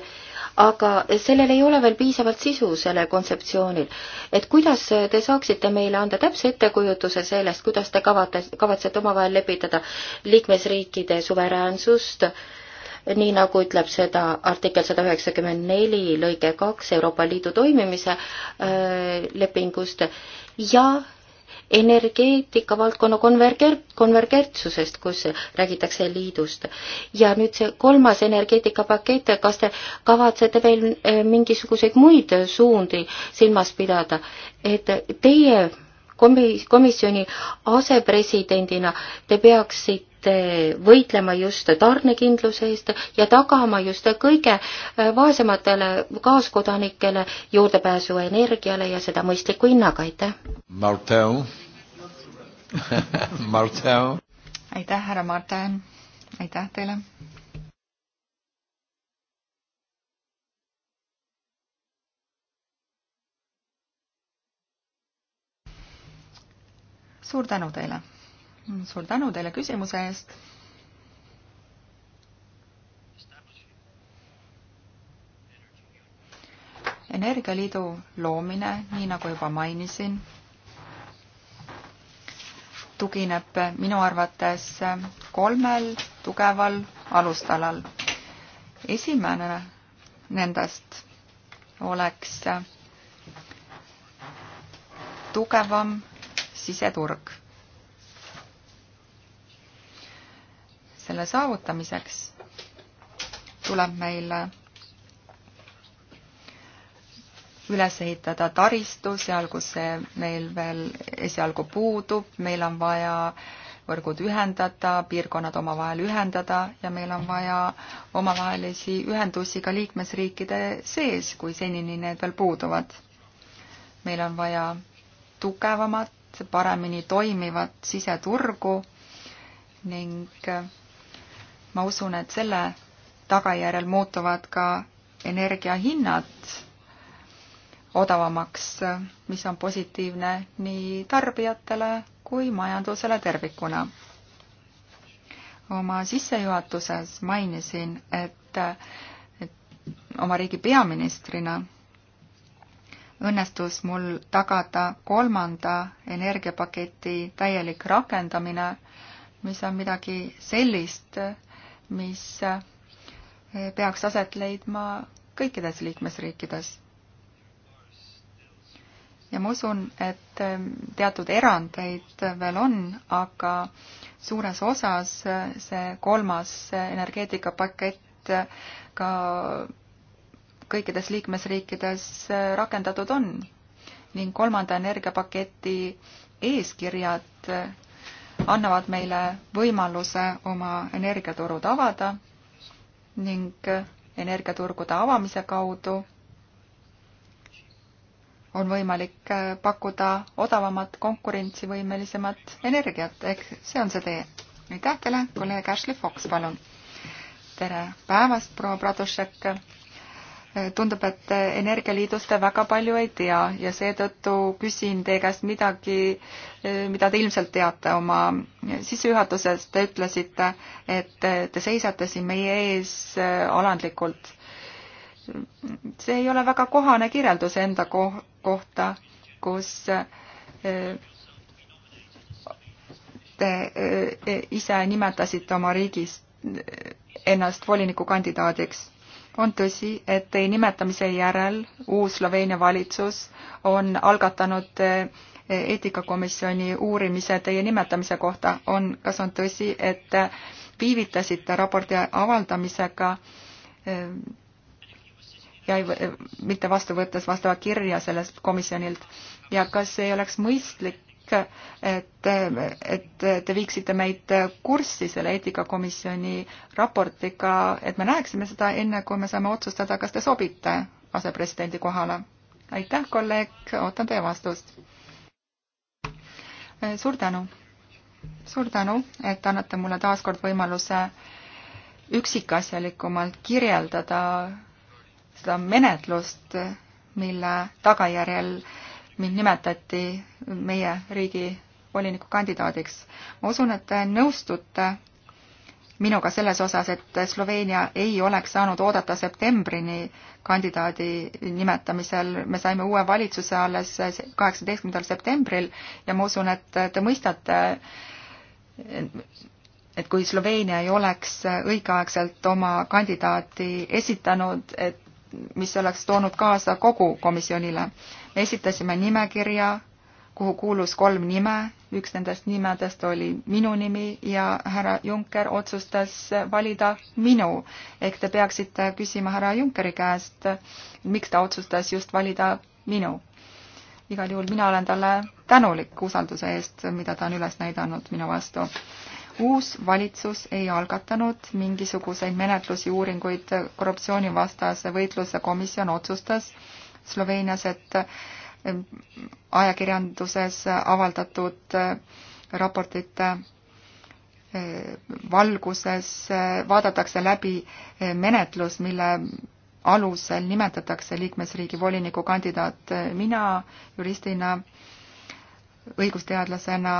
aga sellel ei ole veel piisavalt sisu, sellel kontseptsioonil. et kuidas te saaksite meile anda täpse ettekujutuse sellest, kuidas te kavate, kavatsete omavahel lepitada liikmesriikide suveräänsust äh, nii nagu ütleb seda artikkel sada üheksakümmend neli lõige kaks Euroopa Liidu toimimise äh, lepingust ja energeetika valdkonna konverger-, konvergentsusest, kus räägitakse liidust. ja nüüd see kolmas energeetikapakett, kas te kavatsete veel äh, mingisuguseid muid suundi silmas pidada, et teie komi-, komisjoni asepresidendina te peaksite võitlema just tarnekindluse eest ja tagama just kõige äh, vaesematele kaaskodanikele juurdepääsu energiale ja seda mõistliku hinnaga, aitäh! Martin *laughs* Martin aitäh, härra Martin, aitäh teile! suur tänu teile! suur tänu teile küsimuse eest. energialiidu loomine, nii nagu juba mainisin, tugineb minu arvates kolmel tugeval alustalal. esimene nendest oleks tugevam siseturg selle saavutamiseks tuleb meil üles ehitada taristu seal, kus see meil veel esialgu puudub, meil on vaja võrgud ühendada, piirkonnad omavahel ühendada ja meil on vaja omavahelisi ühendusi ka liikmesriikide sees, kui senini need veel puuduvad. meil on vaja tugevamat, paremini toimivat siseturgu ning ma usun, et selle tagajärjel muutuvad ka energiahinnad odavamaks, mis on positiivne nii tarbijatele kui majandusele tervikuna. oma sissejuhatuses mainisin, et, et oma riigi peaministrina õnnestus mul tagada kolmanda energiapaketi täielik rakendamine, mis on midagi sellist, mis eh, peaks aset leidma kõikides liikmesriikides. ja ma usun, et eh, teatud erandeid veel on, aga suures osas eh, see kolmas energeetikapakett ka kõikides liikmesriikides rakendatud on ning kolmanda energiapaketi eeskirjad annavad meile võimaluse oma energiaturud avada ning energiaturgude avamise kaudu on võimalik pakkuda odavamat, konkurentsivõimelisemat energiat, ehk see on see tee. aitäh teile, kolleeg Ashley Fox, palun. tere päevast, proua Pradušek tundub, et Energialiidust te väga palju ei tea ja seetõttu küsin teie käest midagi, mida te ilmselt teate oma sissejuhatuses. Te ütlesite, et te seisate siin meie ees äh, alandlikult. see ei ole väga kohane kirjeldus enda ko kohta, kus äh, te äh, ise nimetasite oma riigis ennast volinikukandidaadiks on tõsi, et teie nimetamise järel uus Sloveenia valitsus on algatanud eh, eetikakomisjoni uurimise teie nimetamise kohta. on, kas on tõsi, et viivitasite raporti avaldamisega eh, ja ei, mitte vastu võttes vastavat kirja sellest komisjonilt ja kas ei oleks mõistlik kõik, et, et te viiksite meid kurssi selle eetikakomisjoni raportiga, et me näeksime seda enne, kui me saame otsustada, kas te sobite asepresidendi kohale. aitäh, kolleeg, ootan teie vastust. suur tänu. suur tänu, et annate mulle taas kord võimaluse üksikasjalikumalt kirjeldada seda menetlust, mille tagajärjel äh, mind nimetati meie riigi volinikukandidaadiks. ma usun, et te nõustute minuga selles osas, et Sloveenia ei oleks saanud oodata septembrini kandidaadi nimetamisel, me saime uue valitsuse alles kaheksateistkümnendal septembril ja ma usun, et te mõistate, et kui Sloveenia ei oleks õigeaegselt oma kandidaati esitanud, et mis oleks toonud kaasa kogu komisjonile. me esitasime nimekirja, kuhu kuulus kolm nime, üks nendest nimedest oli minu nimi ja härra Juncker otsustas valida minu. ehk te peaksite küsima härra Junckeri käest, miks ta otsustas just valida minu. igal juhul mina olen talle tänulik usalduse eest, mida ta on üles näidanud minu vastu uus valitsus ei algatanud mingisuguseid menetlusi, uuringuid, korruptsioonivastase võitluse komisjon otsustas Sloveenias, et eh, ajakirjanduses avaldatud eh, raportite eh, valguses vaadatakse läbi menetlus, mille alusel nimetatakse liikmesriigi voliniku kandidaat. mina juristina, õigusteadlasena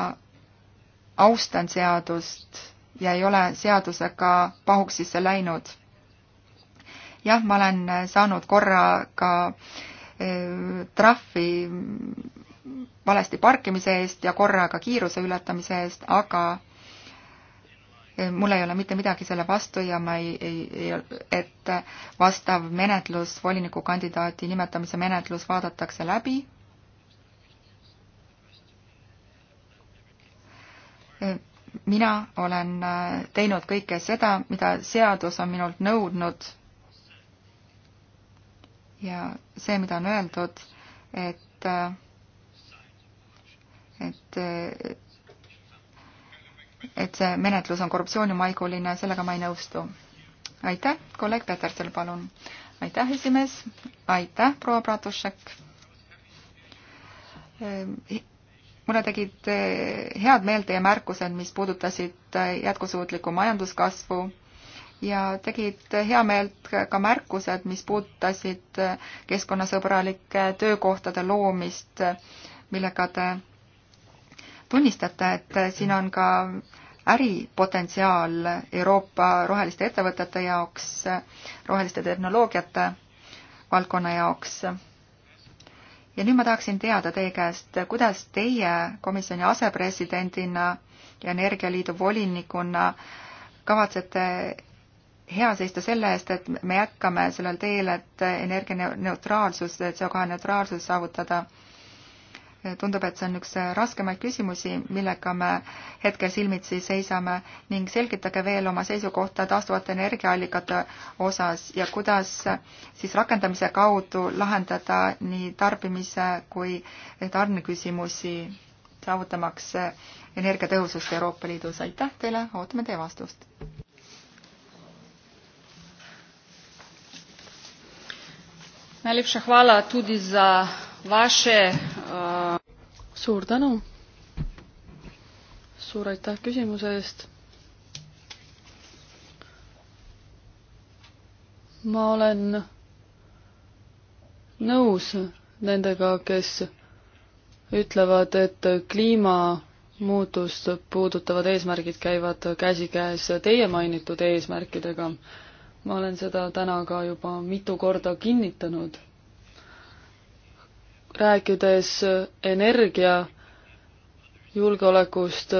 austan seadust ja ei ole seadusega pahuksisse läinud. jah, ma olen saanud korra ka e, trahvi valesti parkimise eest ja korra ka kiiruse ületamise eest, aga e, mul ei ole mitte midagi selle vastu ja ma ei, ei, et vastav menetlus, volinikukandidaadi nimetamise menetlus vaadatakse läbi mina olen äh, teinud kõike seda, mida seadus on minult nõudnud. ja see, mida on öeldud, et, äh, et, äh, et see menetlus on korruptsioonimaiguline, sellega ma ei nõustu. aitäh, kolleeg Peterson, palun. aitäh, esimees, aitäh, proua Bratušek mulle tegid eh, head meelt teie märkused, mis puudutasid eh, jätkusuutlikku majanduskasvu ja tegid eh, hea meelt ka märkused, mis puudutasid keskkonnasõbralike töökohtade loomist, millega te tunnistate, et siin on ka äripotentsiaal Euroopa roheliste ettevõtete jaoks, roheliste tehnoloogiate valdkonna jaoks ja nüüd ma tahaksin teada teie käest, kuidas teie komisjoni asepresidendina ja Energialiidu volinikuna kavatsete hea seista selle eest, et me jätkame sellel teel, et energianeutraalsus, CO2 neutraalsus saavutada tundub, et see on üks äh, raskemaid küsimusi, millega me hetkel silmitsi seisame ning selgitage veel oma seisukohta taastuvate energiaallikate osas ja kuidas äh, siis rakendamise kaudu lahendada nii tarbimise kui äh, tarneküsimusi, saavutamaks energiatõhusust Euroopa Liidus. aitäh teile, ootame teie vastust. Najlepša hvala tudi za vaše Äh, suur tänu. suur aitäh küsimuse eest. ma olen nõus nendega, kes ütlevad, et kliimamuutust puudutavad eesmärgid käivad käsikäes teie mainitud eesmärkidega. ma olen seda täna ka juba mitu korda kinnitanud rääkides energiajulgeolekust,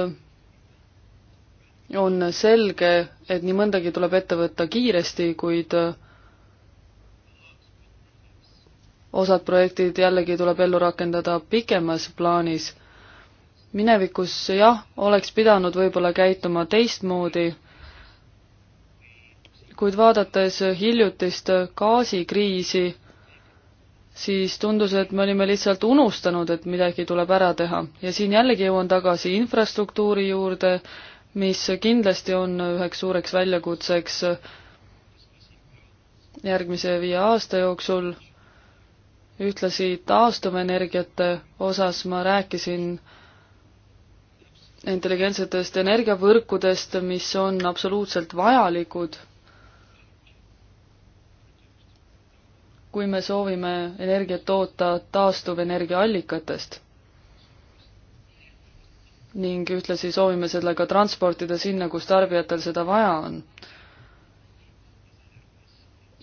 on selge, et nii mõndagi tuleb ette võtta kiiresti, kuid osad projektid jällegi tuleb ellu rakendada pikemas plaanis. minevikus jah, oleks pidanud võib-olla käituma teistmoodi, kuid vaadates hiljutist gaasikriisi, siis tundus, et me olime lihtsalt unustanud, et midagi tuleb ära teha. ja siin jällegi jõuan tagasi infrastruktuuri juurde, mis kindlasti on üheks suureks väljakutseks järgmise viie aasta jooksul. ühtlasi taastuvenergiate osas ma rääkisin intelligentsetest energiavõrkudest, mis on absoluutselt vajalikud kui me soovime energiat toota taastuvenergiaallikatest. ning ühtlasi soovime selle ka transportida sinna, kus tarbijatel seda vaja on.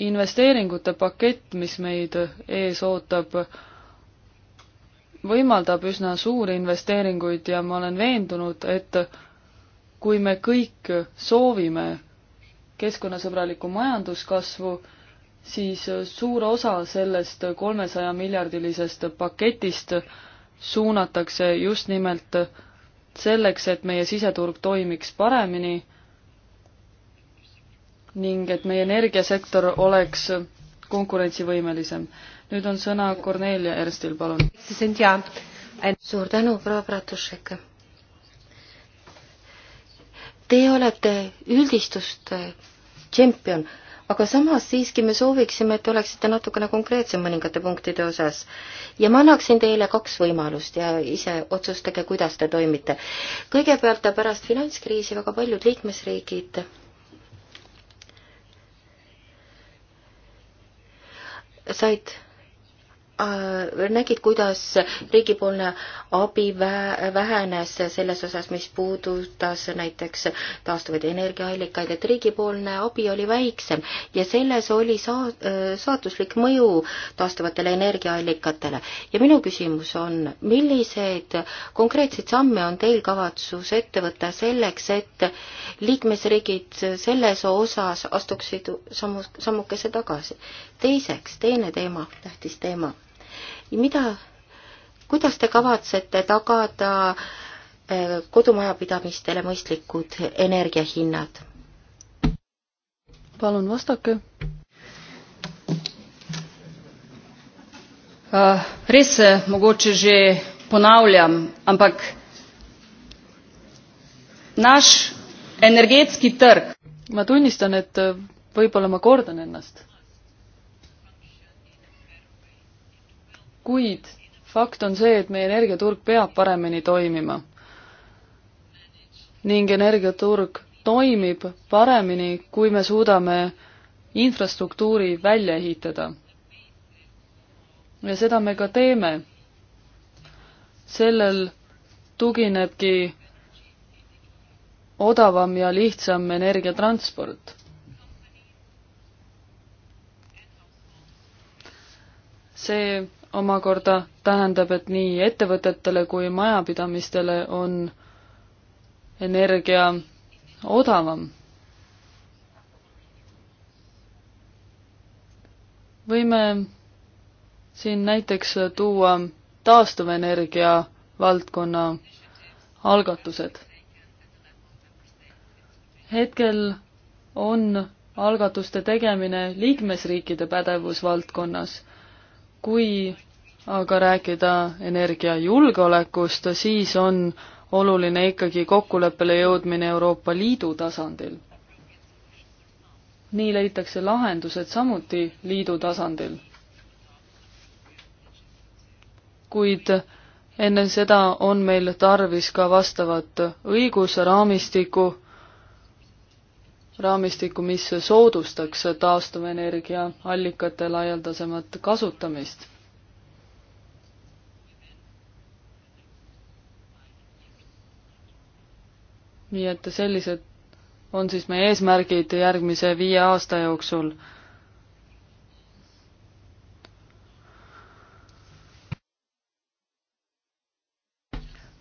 investeeringute pakett, mis meid ees ootab, võimaldab üsna suuri investeeringuid ja ma olen veendunud, et kui me kõik soovime keskkonnasõbralikku majanduskasvu, siis äh, suur osa sellest kolmesaja miljardilisest paketist suunatakse just nimelt selleks, et meie siseturg toimiks paremini ning et meie energiasektor oleks konkurentsivõimelisem. nüüd on sõna Kornelia Erstil, palun. suur tänu, proua Bratušek. Te olete üldistuste äh, tšempion aga samas siiski me sooviksime, et oleksite natukene konkreetsem mõningate punktide osas. ja ma annaksin teile kaks võimalust ja ise otsustage, kuidas te toimite. kõigepealt pärast finantskriisi väga paljud liikmesriigid said Äh, nägid, kuidas riigipoolne abi vä-, vähenes selles osas, mis puudutas näiteks taastuvaid energiaallikaid, et riigipoolne abi oli väiksem ja selles oli saa-, äh, saatuslik mõju taastuvatele energiaallikatele. ja minu küsimus on, milliseid konkreetseid samme on teil kavatsus ette võtta selleks, et liikmesriigid selles osas astuksid sammu, sammukese tagasi? teiseks, teine teema, tähtis teema mida, kuidas te kavatsete tagada äh, kodumajapidamistele mõistlikud energiahinnad? palun vastake Uh, res se äh, mogoče že ponavljam ampak naš energetski trg ma tunnistan et võib-olla ma kordan ennast kuid fakt on see, et meie energiaturg peab paremini toimima. ning energiaturg toimib paremini, kui me suudame infrastruktuuri välja ehitada. ja seda me ka teeme. sellel tuginebki odavam ja lihtsam energiatransport. see omakorda tähendab, et nii ettevõtetele kui majapidamistele on energia odavam. võime siin näiteks tuua taastuvenergia valdkonna algatused. hetkel on algatuste tegemine liikmesriikide pädevusvaldkonnas kui aga rääkida energiajulgeolekust, siis on oluline ikkagi kokkuleppele jõudmine Euroopa Liidu tasandil. nii leitakse lahendused samuti liidu tasandil. kuid enne seda on meil tarvis ka vastavat õigusraamistikku raamistikku, mis soodustaks taastuvenergia allikate laialdasemat kasutamist. nii et sellised on siis meie eesmärgid järgmise viie aasta jooksul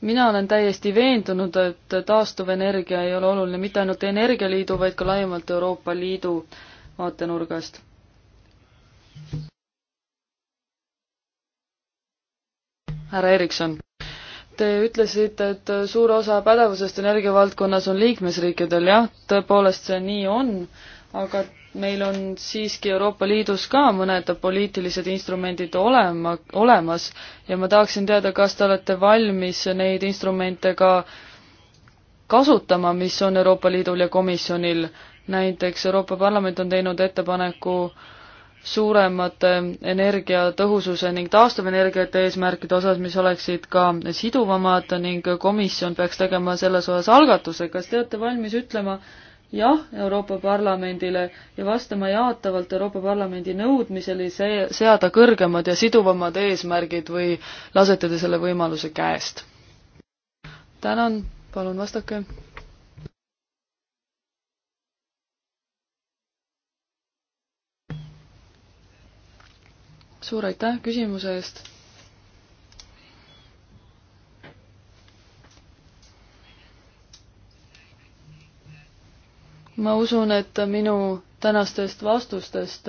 mina olen täiesti veendunud, et taastuvenergia ei ole oluline mitte ainult Energialiidu, vaid ka laiemalt Euroopa Liidu vaatenurgast. härra Erikson, te ütlesite, et suur osa pädevusest energiavaldkonnas on liikmesriikidel, jah, tõepoolest see nii on, aga meil on siiski Euroopa Liidus ka mõned poliitilised instrumendid olema, olemas ja ma tahaksin teada, kas te olete valmis neid instrumente ka kasutama, mis on Euroopa Liidul ja Komisjonil. näiteks Euroopa Parlament on teinud ettepaneku suuremate energiatõhususe ning taastuvenergiate eesmärkide osas, mis oleksid ka siduvamad ning komisjon peaks tegema selles osas algatuse. kas te olete valmis ütlema, jah Euroopa Parlamendile ja vastama jaatavalt Euroopa Parlamendi nõudmisele see, seada kõrgemad ja siduvamad eesmärgid või lasete te selle võimaluse käest? tänan, palun vastake. suur aitäh küsimuse eest ma usun, et minu tänastest vastustest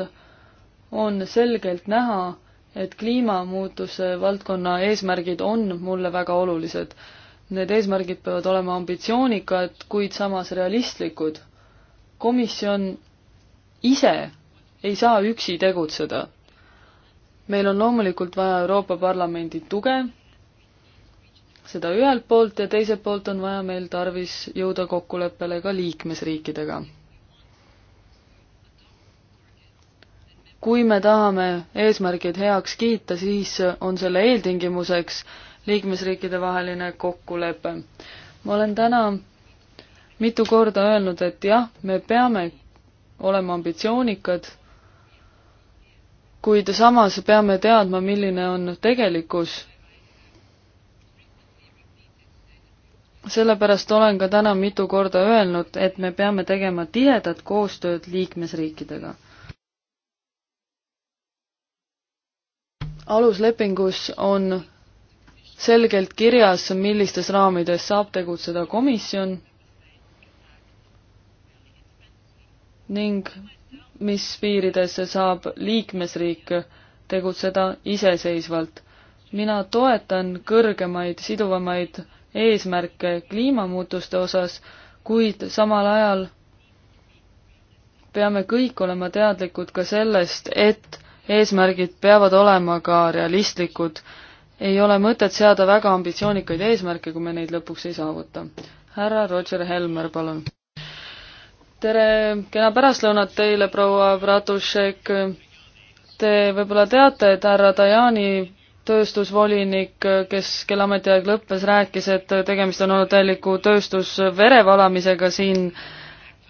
on selgelt näha, et kliimamuutuse valdkonna eesmärgid on mulle väga olulised. Need eesmärgid peavad olema ambitsioonikad, kuid samas realistlikud. komisjon ise ei saa üksi tegutseda. meil on loomulikult vaja Euroopa Parlamendi tuge, seda ühelt poolt ja teiselt poolt on vaja meil tarvis jõuda kokkuleppele ka liikmesriikidega. kui me tahame eesmärgid heaks kiita, siis on selle eeltingimuseks liikmesriikide vaheline kokkulepe. ma olen täna mitu korda öelnud, et jah, me peame olema ambitsioonikad, kuid samas peame teadma, milline on tegelikkus sellepärast olen ka täna mitu korda öelnud, et me peame tegema tihedat koostööd liikmesriikidega. aluslepingus on selgelt kirjas, millistes raamides saab tegutseda komisjon ning mis piirides saab liikmesriik tegutseda iseseisvalt. mina toetan kõrgemaid, siduvamaid eesmärke kliimamuutuste osas, kuid samal ajal peame kõik olema teadlikud ka sellest, et eesmärgid peavad olema ka realistlikud. ei ole mõtet seada väga ambitsioonikaid eesmärke, kui me neid lõpuks ei saavuta. härra Roger Helmer, palun. tere, kena pärastlõunat teile, proua Bratušek. Te võib-olla teate, et härra Tajani tööstusvolinik, kes, kelle ametiaeg lõppes, rääkis, et tegemist on olnud täieliku tööstusverevalamisega siin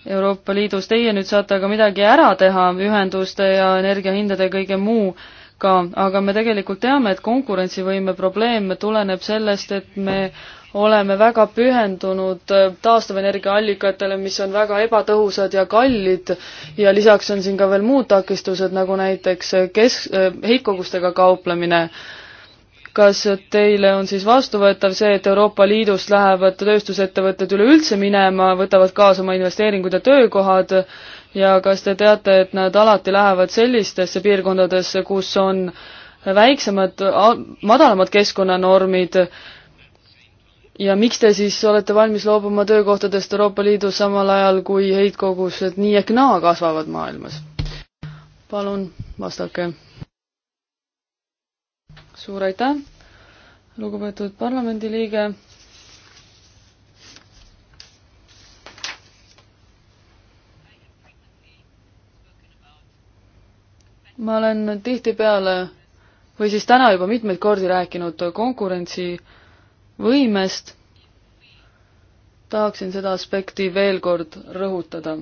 Euroopa Liidus. Teie nüüd saate aga midagi ära teha ühenduste ja energiahindade ja kõige muuga, aga me tegelikult teame, et konkurentsivõime probleem tuleneb sellest, et me oleme väga pühendunud taastuvenergiaallikatele, mis on väga ebatõhusad ja kallid ja lisaks on siin ka veel muud takistused, nagu näiteks kes-, heitkogustega kauplemine kas teile on siis vastuvõetav see, et Euroopa Liidust lähevad tööstusettevõtted üleüldse minema, võtavad kaasa oma investeeringud ja töökohad ja kas te teate, et nad alati lähevad sellistesse piirkondadesse, kus on väiksemad, madalamad keskkonnanormid ja miks te siis olete valmis loobuma töökohtadest Euroopa Liidus samal ajal, kui heitkogused nii ehk naa kasvavad maailmas? palun vastake suur aitäh, lugupeetud parlamendiliige. ma olen tihtipeale või siis täna juba mitmeid kordi rääkinud konkurentsivõimest, tahaksin seda aspekti veel kord rõhutada.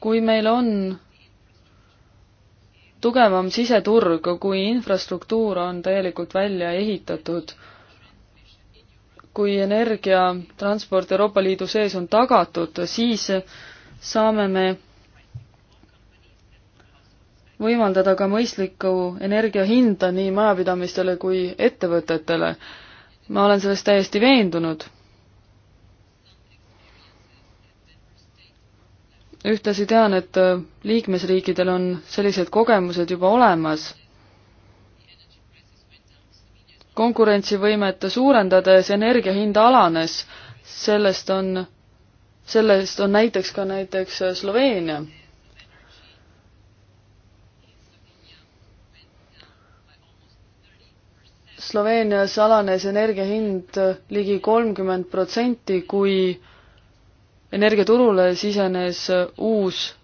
kui meil on tugevam siseturg, kui infrastruktuur on täielikult välja ehitatud, kui energia, transport Euroopa Liidu sees on tagatud, siis saame me võimaldada ka mõistlikku energia hinda nii majapidamistele kui ettevõtetele. ma olen selles täiesti veendunud ühtlasi tean, et äh, liikmesriikidel on sellised kogemused juba olemas. konkurentsivõimet suurendades energia hind alanes, sellest on, sellest on näiteks ka näiteks äh, Sloveenia. Sloveenias alanes energia hind äh, ligi kolmkümmend protsenti, kui energiaturule sisenes uus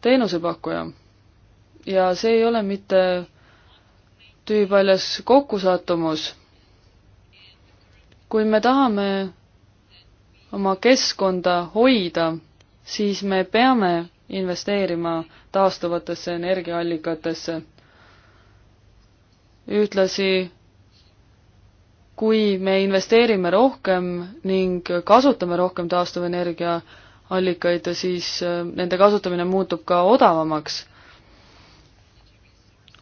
teenusepakkuja. ja see ei ole mitte tüüpaljas kokkusattumus. kui me tahame oma keskkonda hoida, siis me peame investeerima taastuvatesse energiaallikatesse. ühtlasi kui me investeerime rohkem ning kasutame rohkem taastuvenergia allikaid, siis äh, nende kasutamine muutub ka odavamaks.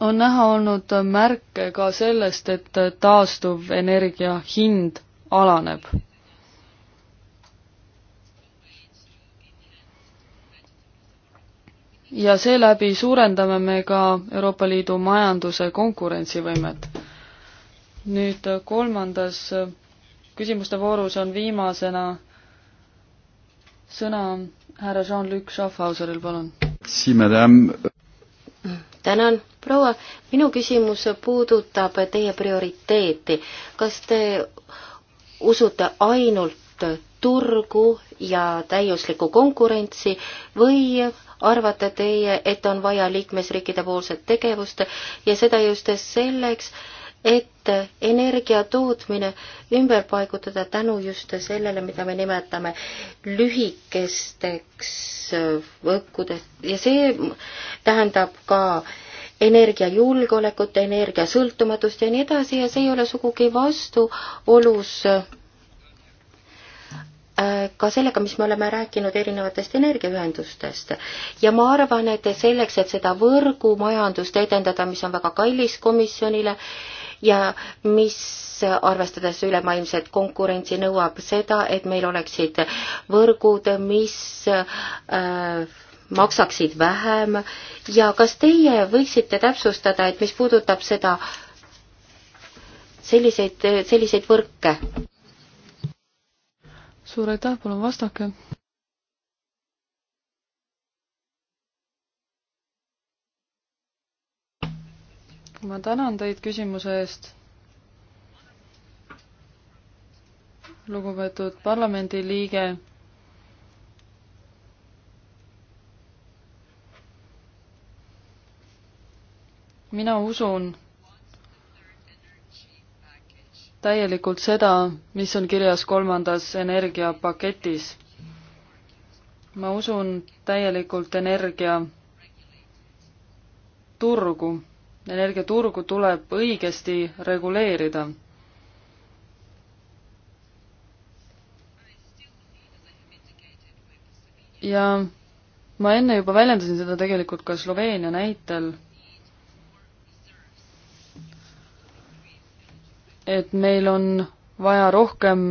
on näha olnud märke ka sellest, et taastuvenergia hind alaneb. ja seeläbi suurendame me ka Euroopa Liidu majanduse konkurentsivõimet nüüd äh, kolmandas äh, küsimuste voorus on viimasena sõna härra Jean-Luc Schaffhauseril, palun. tänan, proua, minu küsimus puudutab teie prioriteeti. kas te usute ainult turgu ja täiuslikku konkurentsi või arvate teie, et on vaja liikmesriikide poolset tegevust ja seda just selleks, et energia tootmine ümber paigutada tänu just sellele, mida me nimetame lühikesteks võkkudeks ja see tähendab ka energiajulgeolekut, energiasõltumatust ja nii edasi ja see ei ole sugugi vastuolus äh, ka sellega, mis me oleme rääkinud erinevatest energiaühendustest. ja ma arvan, et selleks, et seda võrgumajandust edendada, mis on väga kallis komisjonile, ja mis arvestades ülemaailmset konkurentsi, nõuab seda, et meil oleksid võrgud, mis äh, maksaksid vähem ja kas teie võiksite täpsustada, et mis puudutab seda, selliseid, selliseid võrke? suur aitäh, palun vastake. ma tänan teid küsimuse eest. lugupeetud parlamendiliige. mina usun täielikult seda, mis on kirjas kolmandas energiapaketis. ma usun täielikult energia turgu energiaturgu tuleb õigesti reguleerida. ja ma enne juba väljendasin seda tegelikult ka Sloveenia näitel, et meil on vaja rohkem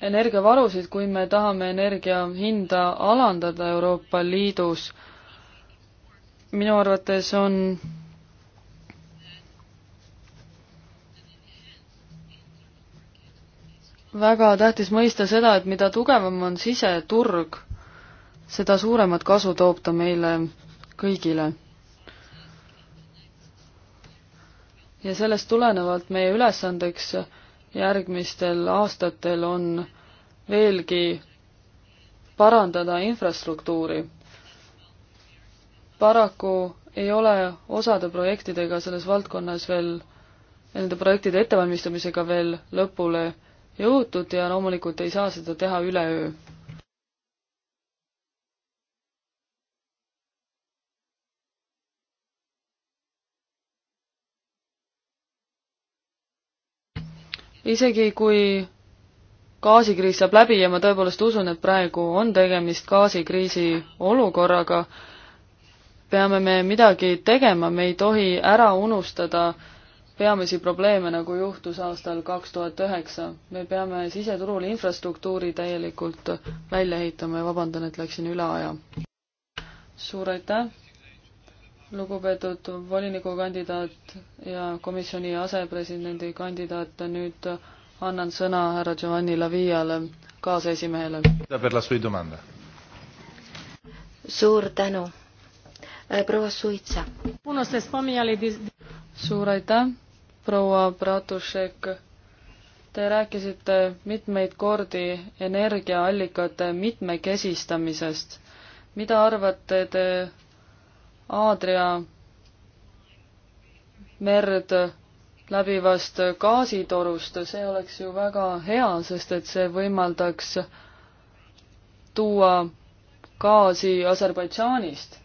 energiavarusid, kui me tahame energia hinda alandada Euroopa Liidus minu arvates on väga tähtis mõista seda, et mida tugevam on siseturg, seda suuremat kasu toob ta meile kõigile. ja sellest tulenevalt meie ülesandeks järgmistel aastatel on veelgi parandada infrastruktuuri paraku ei ole osade projektidega selles valdkonnas veel, nende projektide ettevalmistamisega veel lõpule jõutud ja loomulikult ei saa seda teha üleöö. isegi kui gaasikriis saab läbi ja ma tõepoolest usun, et praegu on tegemist gaasikriisi olukorraga, peame me midagi tegema, me ei tohi ära unustada peamisi probleeme, nagu juhtus aastal kaks tuhat üheksa. me peame siseturul infrastruktuuri täielikult välja ehitama ja vabandan, et läksin üle aja. suur aitäh, lugupeetud volinikukandidaat ja komisjoni asepresidendi kandidaat, nüüd annan sõna härra Giovanni Laviale, kaaseesimehele. suur tänu Eh, proua Suitsa. suur aitäh, proua Bratušek. Te rääkisite mitmeid kordi energiaallikate mitmekesistamisest. mida arvate te Aadria merd läbivast gaasitorust, see oleks ju väga hea, sest et see võimaldaks tuua gaasi Aserbaidžaanist.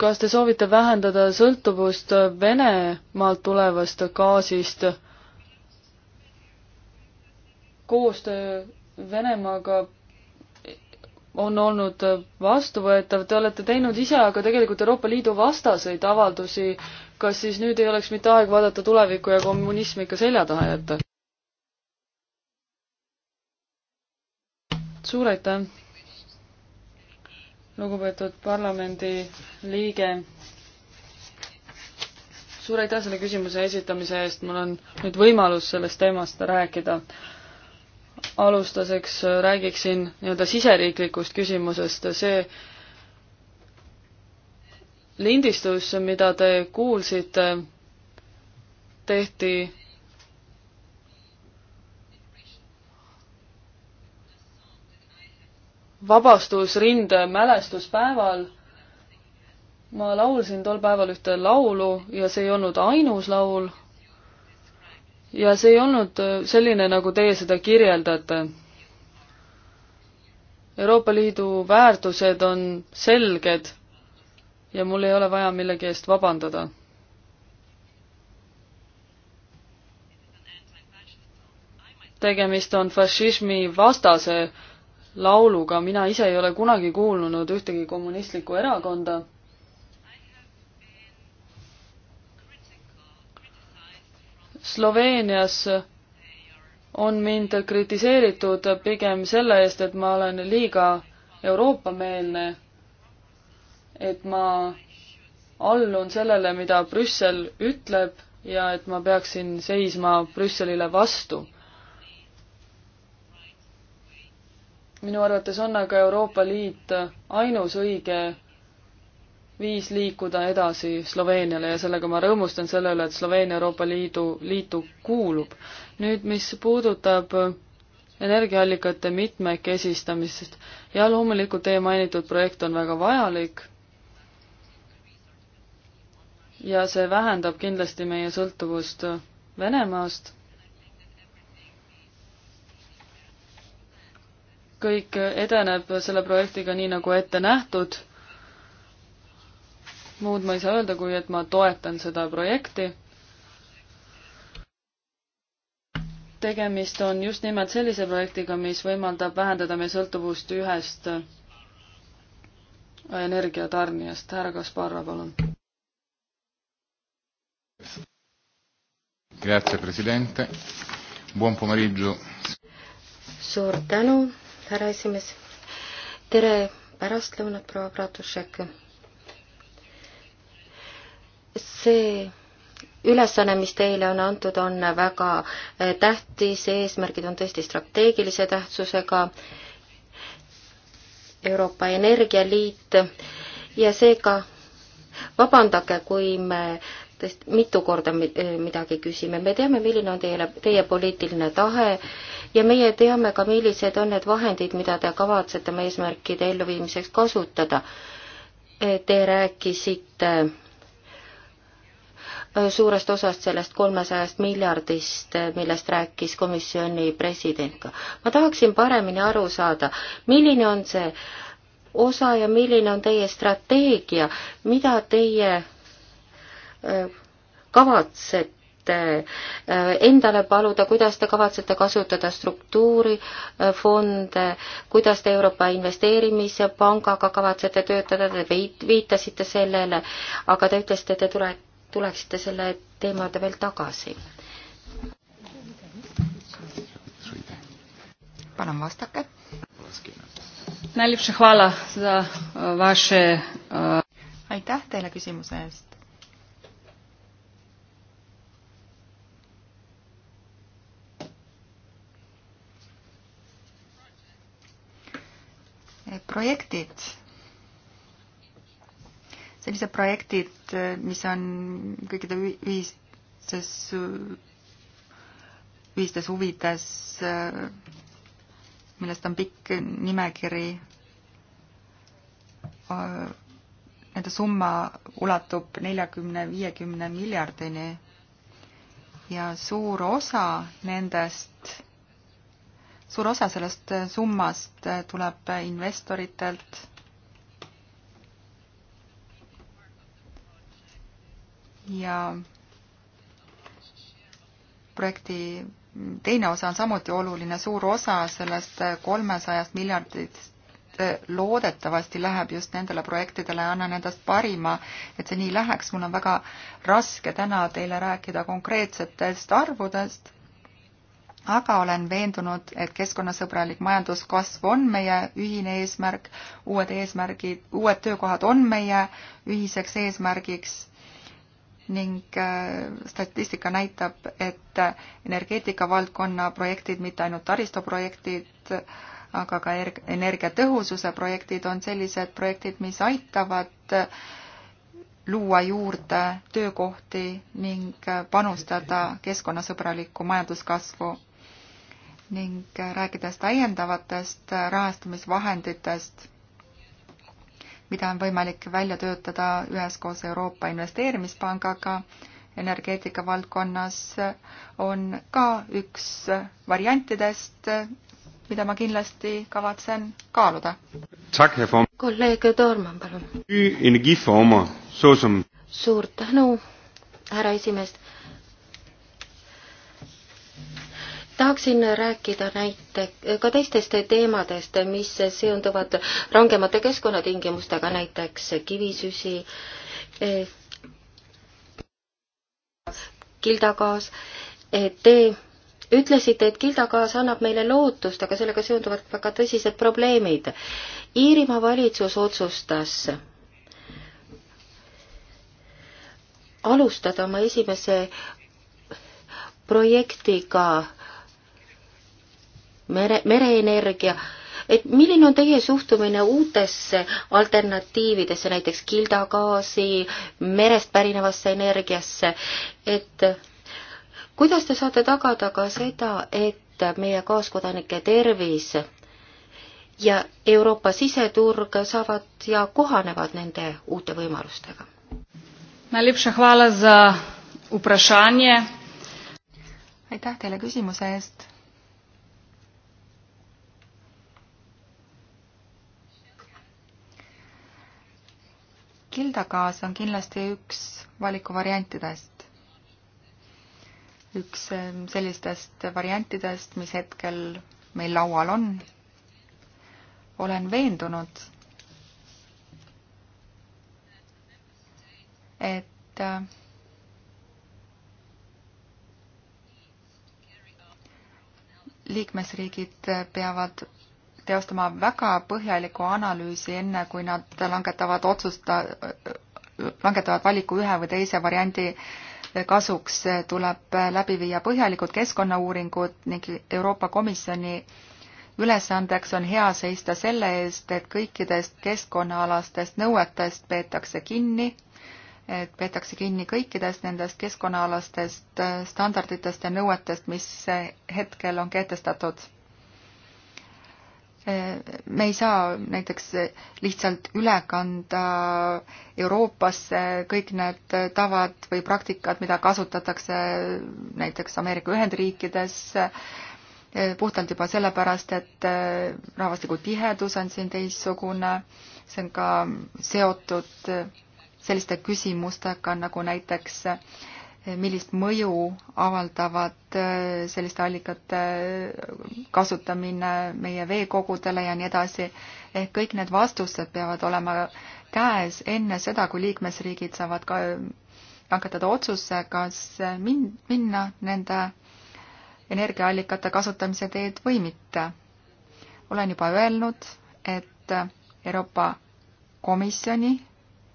kas te soovite vähendada sõltuvust Venemaalt tulevast gaasist? koostöö Venemaaga on olnud vastuvõetav, te olete teinud ise aga tegelikult Euroopa Liidu vastaseid avaldusi. kas siis nüüd ei oleks mitte aeg vaadata tulevikku ja kommunism ikka selja taha jätta? suur aitäh! lugupeetud parlamendi liige. suur aitäh selle küsimuse esitamise eest, mul on nüüd võimalus sellest teemast rääkida. alustuseks räägiksin nii-öelda siseriiklikust küsimusest, see lindistus, mida te kuulsite, tehti vabastusrinde mälestuspäeval ma laulsin tol päeval ühte laulu ja see ei olnud ainus laul. ja see ei olnud äh, selline, nagu teie seda kirjeldate. Euroopa Liidu väärtused on selged ja mul ei ole vaja millegi eest vabandada. tegemist on fašismi vastase lauluga, mina ise ei ole kunagi kuulnud ühtegi kommunistlikku erakonda. Sloveenias on mind kritiseeritud pigem selle eest, et ma olen liiga Euroopa-meelne, et ma allun sellele, mida Brüssel ütleb ja et ma peaksin seisma Brüsselile vastu minu arvates on aga Euroopa Liit ainus õige viis liikuda edasi Sloveeniale ja sellega ma rõõmustan selle üle, et Sloveenia Euroopa Liidu, liitu kuulub. nüüd, mis puudutab energiaallikate mitmekesistamist, ja loomulikult teie mainitud projekt on väga vajalik ja see vähendab kindlasti meie sõltuvust Venemaast kõik edeneb selle projektiga nii, nagu ette nähtud. muud ma ei saa öelda, kui et ma toetan seda projekti. tegemist on just nimelt sellise projektiga, mis võimaldab vähendada meie sõltuvust ühest energiatarnijast. härra Kasparra, palun. Grazie Presidente, buon pomeriggio. suur tänu härra esimees. tere pärastlõunat, proua Pratušek. see ülesanne, mis teile on antud, on väga eh, tähtis, eesmärgid on tõesti strateegilise tähtsusega. Euroopa Energialiit ja seega vabandage, kui me äh, tõesti mitu korda eh, midagi küsime, me teame, milline on teile, teie poliitiline tahe ja meie teame ka, millised on need vahendid, mida te kavatsete oma eesmärkide elluviimiseks kasutada. Eh, te rääkisite eh, suurest osast sellest kolmesajast miljardist, millest rääkis komisjoni president ka. ma tahaksin paremini aru saada, milline on see osa ja milline on teie strateegia, mida teie kavatsete äh, endale paluda, kuidas te kavatsete kasutada struktuurifonde, äh, kuidas te Euroopa Investeerimispangaga kavatsete töötada, te viitasite sellele, aga te ütlesite, te tule, tuleksite selle teema juurde veel tagasi. palun vastake. Najlepša hvala za eh, vaše eh, aitäh teile küsimuse eest. projektid, sellised projektid, mis on kõikide ühistes, ühistes huvides, millest on pikk nimekiri. Nende summa ulatub neljakümne, viiekümne miljardini ja suur osa nendest suur osa sellest äh, summast äh, tuleb äh, investoritelt. ja projekti teine osa on samuti oluline, suur osa sellest kolmesajast miljardist loodetavasti läheb just nendele projektidele ja annan endast parima, et see nii läheks. mul on väga raske täna teile rääkida konkreetsetest arvudest, aga olen veendunud, et keskkonnasõbralik majanduskasv on meie ühine eesmärk, uued eesmärgid, uued töökohad on meie ühiseks eesmärgiks ning äh, statistika näitab, et energeetikavaldkonna projektid, mitte ainult taristuprojektid, aga ka energiatõhususe projektid on sellised projektid, mis aitavad äh, luua juurde töökohti ning äh, panustada keskkonnasõbralikku majanduskasvu ning rääkides täiendavatest rahastamisvahenditest, mida on võimalik välja töötada üheskoos Euroopa Investeerimispangaga energeetika valdkonnas, on ka üks variantidest, mida ma kindlasti kavatsen kaaluda. kolleeg Toormann, palun. suur tänu, härra esimees tahaksin rääkida näite, ka teistest teemadest, mis seonduvad rangemate keskkonnatingimustega, näiteks kivisüsi, kildagaas. Te ütlesite, et kildagaas annab meile lootust, aga sellega seonduvad väga tõsised probleemid. Iirimaa valitsus otsustas alustada oma esimese projektiga äh, mere, mereenergia, et milline on teie suhtumine uutesse alternatiividesse, näiteks kildagaasi, merest pärinevasse energiasse, et kuidas te saate tagada ka seda, et meie kaaskodanike tervis ja Euroopa siseturg saavad ja kohanevad nende uute võimalustega? Najlepša hvala za vprašanje. aitäh teile küsimuse eest kildagaas on kindlasti üks valikuvariantidest. üks ähm, sellistest variantidest, mis hetkel meil laual on. olen veendunud, et äh, liikmesriigid peavad teostama väga põhjaliku analüüsi, enne kui nad langetavad otsusta, langetavad valiku ühe või teise variandi kasuks, tuleb läbi viia põhjalikud keskkonnauuringud ning Euroopa Komisjoni ülesandeks on hea seista selle eest, et kõikidest keskkonnaalastest nõuetest peetakse kinni, et peetakse kinni kõikidest nendest keskkonnaalastest standarditest ja nõuetest, mis hetkel on kehtestatud Eh, me ei saa näiteks lihtsalt üle kanda Euroopasse kõik need tavad või praktikad, mida kasutatakse näiteks Ameerika Ühendriikides eh, puhtalt juba sellepärast, et eh, rahvastiku tihedus on siin teistsugune, see on ka seotud selliste küsimustega nagu näiteks äh, millist mõju avaldavad äh, selliste allikate äh, kasutamine meie veekogudele ja nii edasi. ehk kõik need vastused peavad olema käes enne seda, kui liikmesriigid saavad ka äh, langetada otsuse, kas min-, minna nende energiaallikate kasutamise teed või mitte. olen juba öelnud, et Euroopa Komisjoni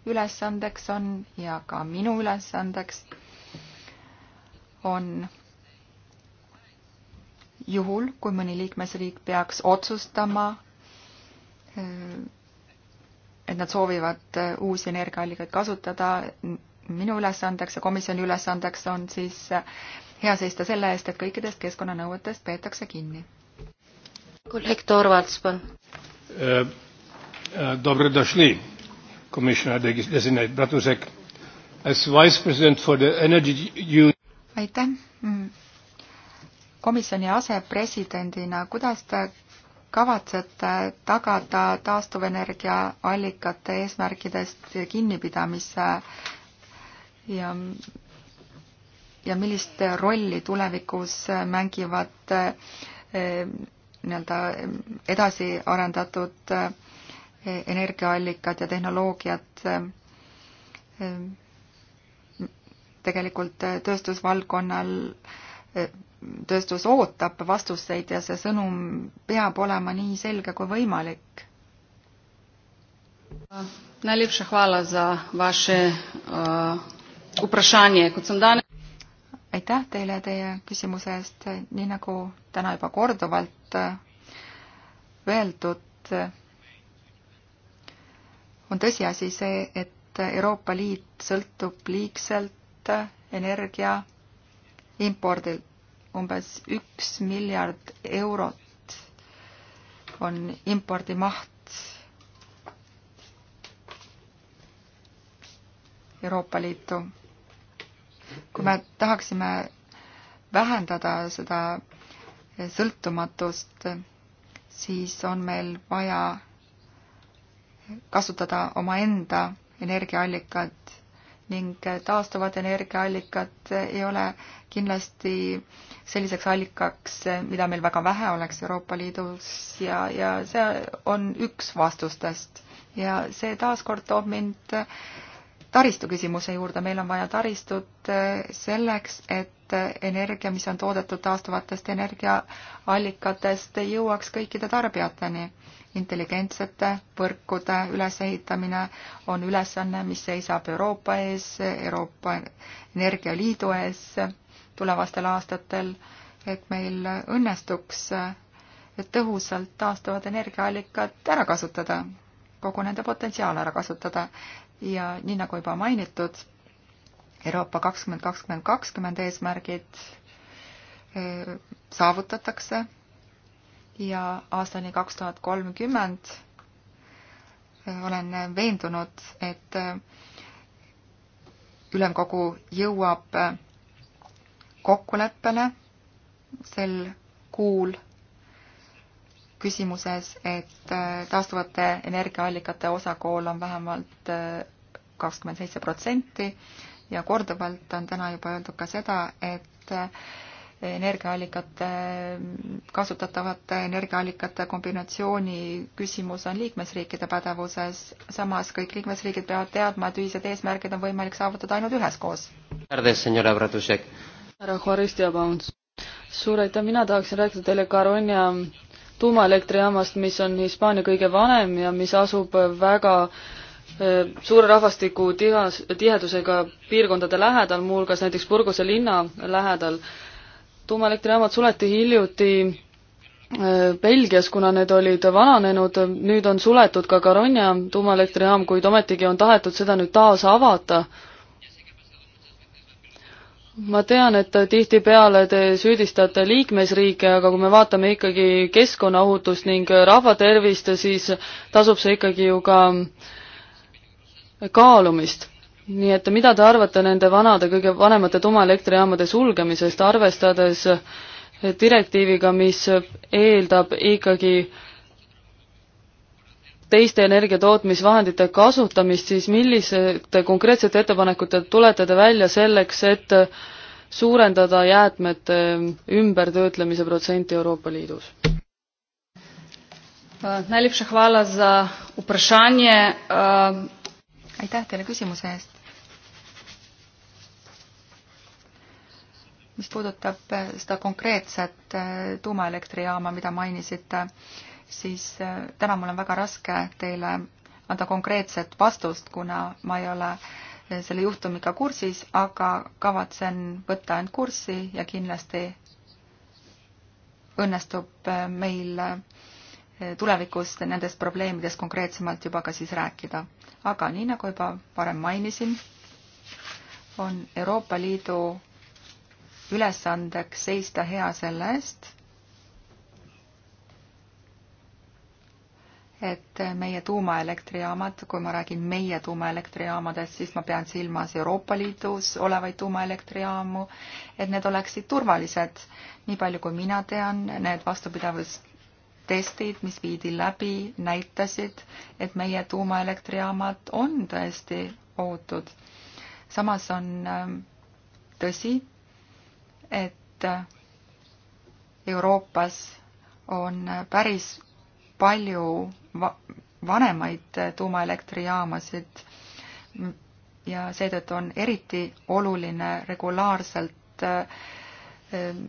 ülesandeks on ja ka minu ülesandeks on juhul, kui mõni liikmesriik peaks otsustama, et nad soovivad äh, uusi energiaallikaid kasutada, minu ülesandeks ja komisjoni ülesandeks on siis äh, hea seista selle eest, et kõikidest keskkonnanõuetest peetakse kinni. kolleeg Torvalds, palun. Äh, Dobro došli, komisjonär Designate Bratusek. As vice president for the energy union aitäh! Mm, komisjoni asepresidendina, kuidas te kavatsete tagada taastuvenergia allikate eesmärkidest kinnipidamise ja, ja millist rolli tulevikus mängivad eh, nii-öelda eh, edasiarendatud eh, energiaallikad ja tehnoloogiad tegelikult äh, tööstusvaldkonnal, äh, tööstus ootab vastuseid ja see sõnum peab olema nii selge kui võimalik. Äh, najlepša hvala za vaše uh, vprašanje. Kot sem danes aitäh teile teie küsimuse eest, nii nagu täna juba korduvalt öeldud, on tõsiasi see, et Euroopa Liit sõltub liigselt toota energia impordilt. umbes üks miljard eurot on impordimaht Euroopa Liitu. kui me tahaksime vähendada seda sõltumatust, siis on meil vaja kasutada omaenda energiaallikad ning taastuvad energiaallikad ei ole kindlasti selliseks allikaks, mida meil väga vähe oleks Euroopa Liidus ja, ja see on üks vastustest. ja see taaskord toob mind taristu küsimuse juurde, meil on vaja taristut eh, selleks, et eh, energia, mis on toodetud taastuvatest energiaallikatest, jõuaks kõikide tarbijateni. intelligentsete võrkude ülesehitamine on ülesanne, mis seisab Euroopa ees, Euroopa Energialiidu ees tulevastel aastatel, et meil õnnestuks eh, tõhusalt taastuvad energiaallikad ära kasutada kogu nende potentsiaal ära kasutada ja nii nagu juba mainitud, Euroopa kakskümmend kakskümmend kakskümmend eesmärgid saavutatakse ja aastani kaks tuhat kolmkümmend olen veendunud, et ülemkogu jõuab kokkuleppele sel kuul küsimuses, et äh, taastuvate energiaallikate osakaal on vähemalt äh, kakskümmend seitse protsenti ja korduvalt on täna juba öeldud ka seda, et äh, energiaallikate, kasutatavate energiaallikate kombinatsiooni küsimus on liikmesriikide pädevuses, samas kõik liikmesriigid peavad teadma, et ühised eesmärgid on võimalik saavutada ainult üheskoos. härra Horist ja Pauns, suur aitäh, mina tahaksin rääkida teile Caronia tuumaelektrijaamast, mis on Hispaania kõige vanem ja mis asub väga suure rahvastiku tihas, tihedusega piirkondade lähedal, muuhulgas näiteks Burgose linna lähedal. tuumaelektrijaamad suleti hiljuti Belgias, kuna need olid vananenud, nüüd on suletud ka Garonia tuumaelektrijaam, kuid ometigi on tahetud seda nüüd taas avada ma tean, et tihtipeale te süüdistate liikmesriike, aga kui me vaatame ikkagi keskkonnaohutust ning rahvatervist, siis tasub see ikkagi ju ka kaalumist. nii et mida te arvate nende vanade, kõige vanemate tuumaelektrijaamade sulgemisest, arvestades direktiiviga, mis eeldab ikkagi äh, teiste energiatootmisvahendite kasutamist, siis millisete konkreetsete ettepanekute tulete te välja selleks, et suurendada jäätmete ümbertöötlemise protsenti Euroopa Liidus? Äh, najlepša hvala za vprašanje. Äh, aitäh teile küsimuse eest. mis puudutab äh, seda konkreetset tuumaelektrijaama, mida mainisite, siis äh, täna mul on väga raske teile anda konkreetset vastust, kuna ma ei ole äh, selle juhtumiga kursis, aga kavatsen võtta end kurssi ja kindlasti õnnestub äh, meil tulevikus nendest probleemidest konkreetsemalt juba ka siis rääkida. aga nii, nagu juba varem mainisin, on Euroopa Liidu ülesandeks seista hea selle eest, et meie tuumaelektrijaamad, kui ma räägin meie tuumaelektrijaamadest, siis ma pean silmas Euroopa Liidus olevaid tuumaelektrijaamu, et need oleksid turvalised. nii palju kui mina tean, need vastupidavustestid, mis viidi läbi, näitasid, et meie tuumaelektrijaamad on tõesti ohutud. samas on ähm, tõsi, et Euroopas on päris palju va vanemaid tuumaelektrijaamasid ja seetõttu on eriti oluline regulaarselt ähm,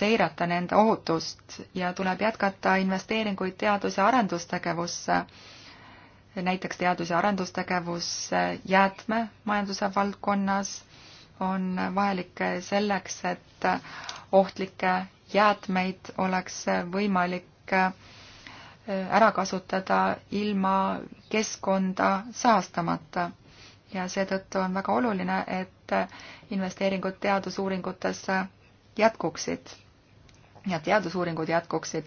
seirata nende ohutust ja tuleb jätkata investeeringuid teadus- ja arendustegevusse, näiteks teadus- ja arendustegevus jäätmemajanduse valdkonnas on vajalik selleks, et ohtlikke jäätmeid oleks võimalik ära kasutada ilma keskkonda saastamata. ja seetõttu on väga oluline, et investeeringud teadusuuringutesse jätkuksid ja teadusuuringud jätkuksid.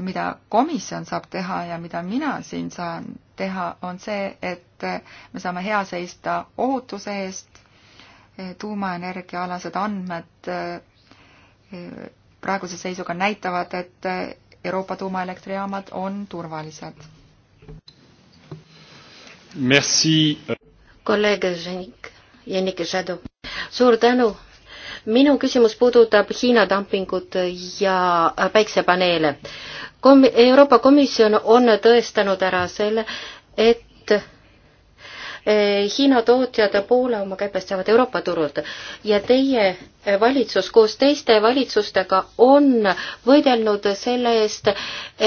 mida komisjon saab teha ja mida mina siin saan teha, on see, et me saame hea seista ohutuse eest, tuumaenergiaalased andmed eh, praeguse seisuga näitavad, et Euroopa tuumaelektrijaamad on turvalised. kolleeg Jennike Šadu, suur tänu. minu küsimus puudutab Hiina dumpingut ja päiksepaneele. Kom-, Euroopa Komisjon on tõestanud ära selle, et Eh, Hiina tootjad poole oma käibest saavad Euroopa turult ja teie eh, valitsus koos teiste valitsustega on võidelnud selle eest,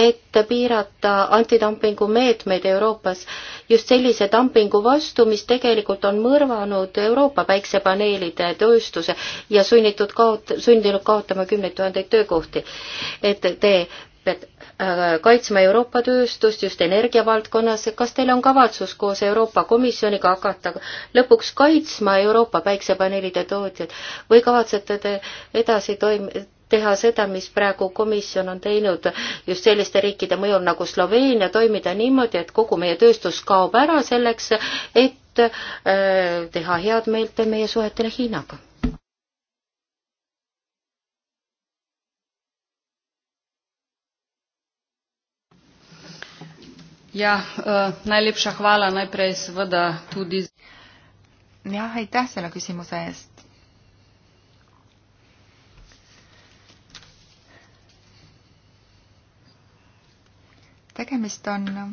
et piirata antidumpingu meetmeid Euroopas just sellise dumpingu vastu, mis tegelikult on mõrvanud Euroopa päiksepaneelide tööstuse ja sunnitud kaot-, sundinud kaotama kümneid tuhandeid töökohti. et te pead äh, kaitsma Euroopa tööstust just energiavaldkonnas, kas teil on kavatsus koos Euroopa Komisjoniga hakata lõpuks kaitsma Euroopa päiksepaneelide tootjad või kavatsete te edasi toim-, teha seda, mis praegu komisjon on teinud just selliste riikide mõjul nagu Sloveenia, toimida niimoodi, et kogu meie tööstus kaob ära selleks, et äh, teha head meelt meie suhetele Hiinaga Ja, äh, najlepša hvala najprej seveda tudi. jah, aitäh selle küsimuse eest. tegemist on eh,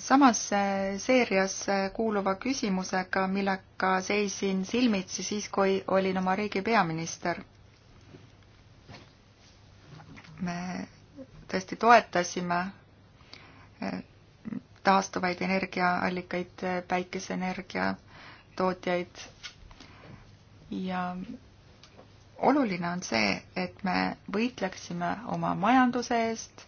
samas eh, seerias kuuluva küsimusega, millega seisin silmitsi siis, kui olin oma riigi peaminister. me tõesti toetasime taastuvaid energiaallikaid, päikeseenergia tootjaid. ja oluline on see, et me võitleksime oma majanduse eest,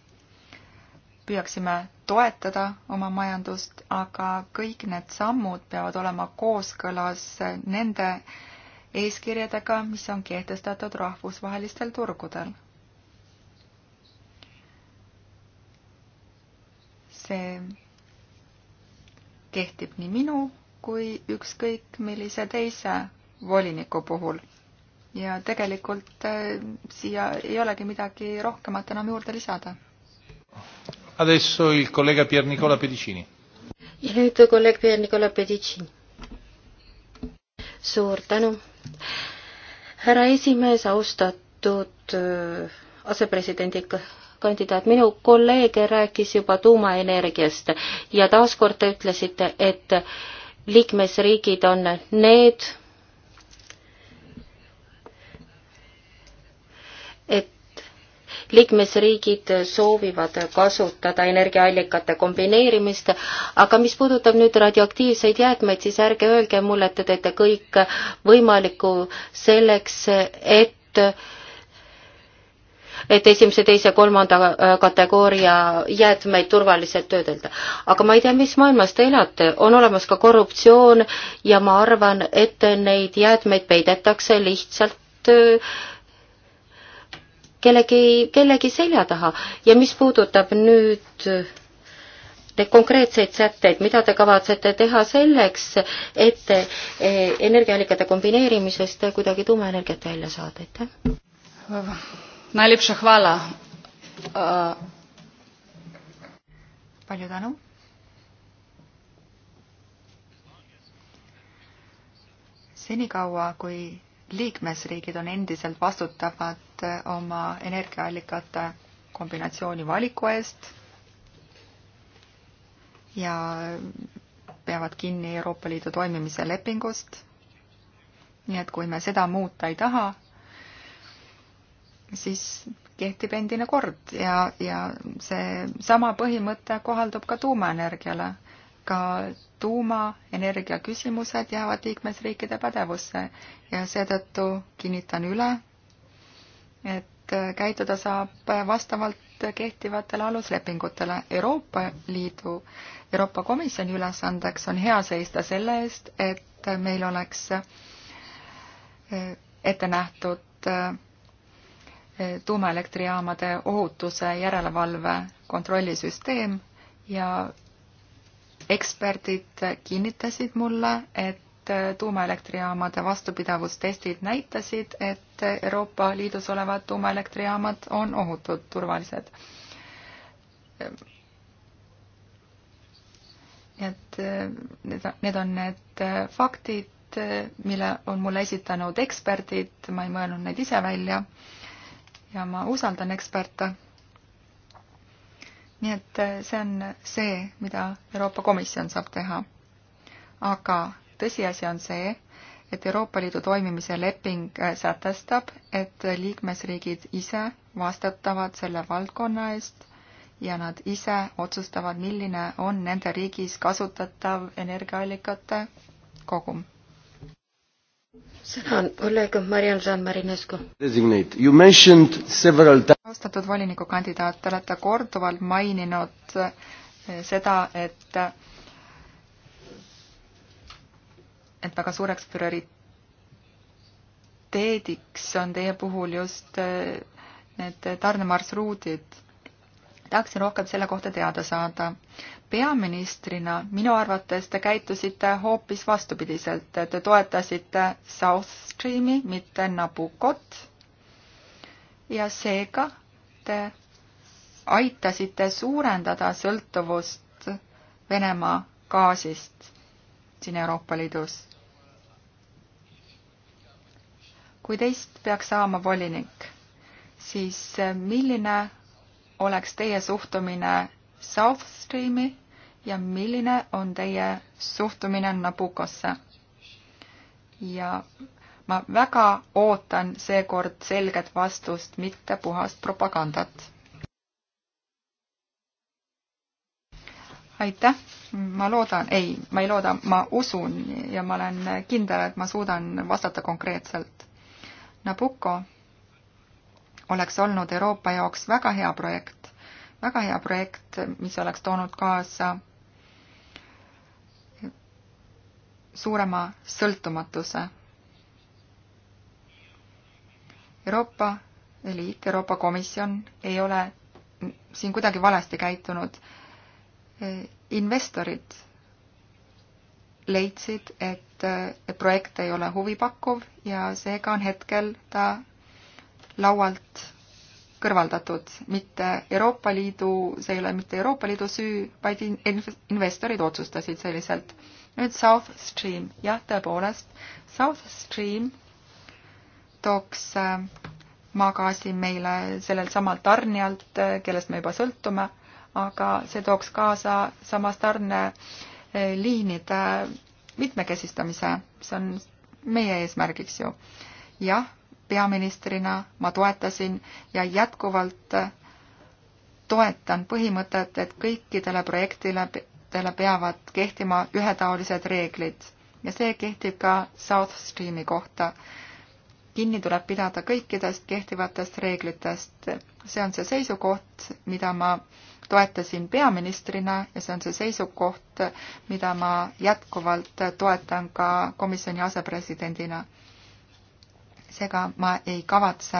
püüaksime toetada oma majandust, aga kõik need sammud peavad olema kooskõlas nende eeskirjadega, mis on kehtestatud rahvusvahelistel turgudel see kehtib nii minu kui ükskõik millise teise voliniku puhul. ja tegelikult äh, siia ei olegi midagi rohkemat enam juurde lisada. Adesso il collega Pier Nicola Pedicini. ja nüüd kolleeg Pier Nicola Pedicini. suur tänu. härra esimees, austatud äh, asepresidendi kandidaat, minu kolleeg rääkis juba tuumaenergiast ja taaskord te ütlesite, et liikmesriigid on need, et liikmesriigid soovivad kasutada energiaallikate kombineerimist, aga mis puudutab nüüd radioaktiivseid jäätmeid, siis ärge öelge mulle, et te teete kõik võimalikku selleks, et et esimese, teise, kolmanda äh, kategooria jäätmeid turvaliselt töödelda. aga ma ei tea, mis maailmas te elate, on olemas ka korruptsioon ja ma arvan, et neid jäätmeid peidetakse lihtsalt äh, kellegi, kellegi selja taha ja mis puudutab nüüd äh, Neid konkreetseid sätteid, mida te kavatsete teha selleks, et energiaallikate kombineerimisest kuidagi tuumaenergiat välja saada, aitäh? Najlepša hvala. Uh... Palju tänu. senikaua, kui liikmesriigid on endiselt vastutavad uh, oma energiaallikate kombinatsiooni valiku eest ja peavad kinni Euroopa Liidu toimimise lepingust. nii et kui me seda muuta ei taha, siis kehtib endine kord ja, ja see sama põhimõte kohaldub ka tuumaenergiale. ka tuumaenergia küsimused jäävad liikmesriikide pädevusse ja seetõttu kinnitan üle, et käituda saab vastavalt kehtivatele aluslepingutele. Euroopa Liidu, Euroopa Komisjoni ülesandeks on hea seista selle eest, et meil oleks ette nähtud tuumaelektrijaamade ohutuse järelevalve kontrollisüsteem ja eksperdid kinnitasid mulle, et tuumaelektrijaamade vastupidavustestid näitasid, et Euroopa Liidus olevad tuumaelektrijaamad on ohutud, turvalised. nii et need on need faktid, mille on mulle esitanud eksperdid, ma ei mõelnud neid ise välja ja ma usaldan eksperte. nii et eh, see on see, mida Euroopa Komisjon saab teha. aga tõsiasi on see, et Euroopa Liidu toimimise leping eh, sätestab, et liikmesriigid ise vastutavad selle valdkonna eest ja nad ise otsustavad, milline on nende riigis kasutatav energiaallikate kogum sõna on kolleeg Mariann Jean-Marinescu. austatud volinikukandidaat, te olete korduvalt maininud eh, seda, et et väga suureks prioriteediks on teie puhul just eh, need tarnemarsruudid tahaksin rohkem selle kohta teada saada. peaministrina minu arvates te käitusite hoopis vastupidiselt, te toetasite South Streami, mitte Nabucot. ja seega te aitasite suurendada sõltuvust Venemaa gaasist siin Euroopa Liidus. kui teist peaks saama volinik, siis milline oleks teie suhtumine South Streami ja milline on teie suhtumine Nabukosse? ja ma väga ootan seekord selget vastust, mitte puhast propagandat. aitäh, ma loodan, ei, ma ei looda, ma usun ja ma olen kindel, et ma suudan vastata konkreetselt. Nabucco oleks olnud Euroopa jaoks väga hea projekt, väga hea projekt, mis oleks toonud kaasa suurema sõltumatuse. Euroopa Liit, Euroopa Komisjon ei ole siin kuidagi valesti käitunud. investorid leidsid, et projekt ei ole huvipakkuv ja seega on hetkel ta laualt kõrvaldatud. mitte Euroopa Liidu, see ei ole mitte Euroopa Liidu süü, vaid investorid otsustasid selliselt. nüüd South Stream, jah, tõepoolest, South Stream tooks äh, maagaasi meile sellelt samalt tarnijalt, äh, kellest me juba sõltume, aga see tooks kaasa samas tarneliinide äh, mitmekesistamise, see on meie eesmärgiks ju. jah peaministrina ma toetasin ja jätkuvalt toetan põhimõtet, et kõikidele projektile peavad kehtima ühetaolised reeglid ja see kehtib ka South Streami kohta. kinni tuleb pidada kõikidest kehtivatest reeglitest. see on see seisukoht, mida ma toetasin peaministrina ja see on see seisukoht, mida ma jätkuvalt toetan ka komisjoni asepresidendina seega ma ei kavatse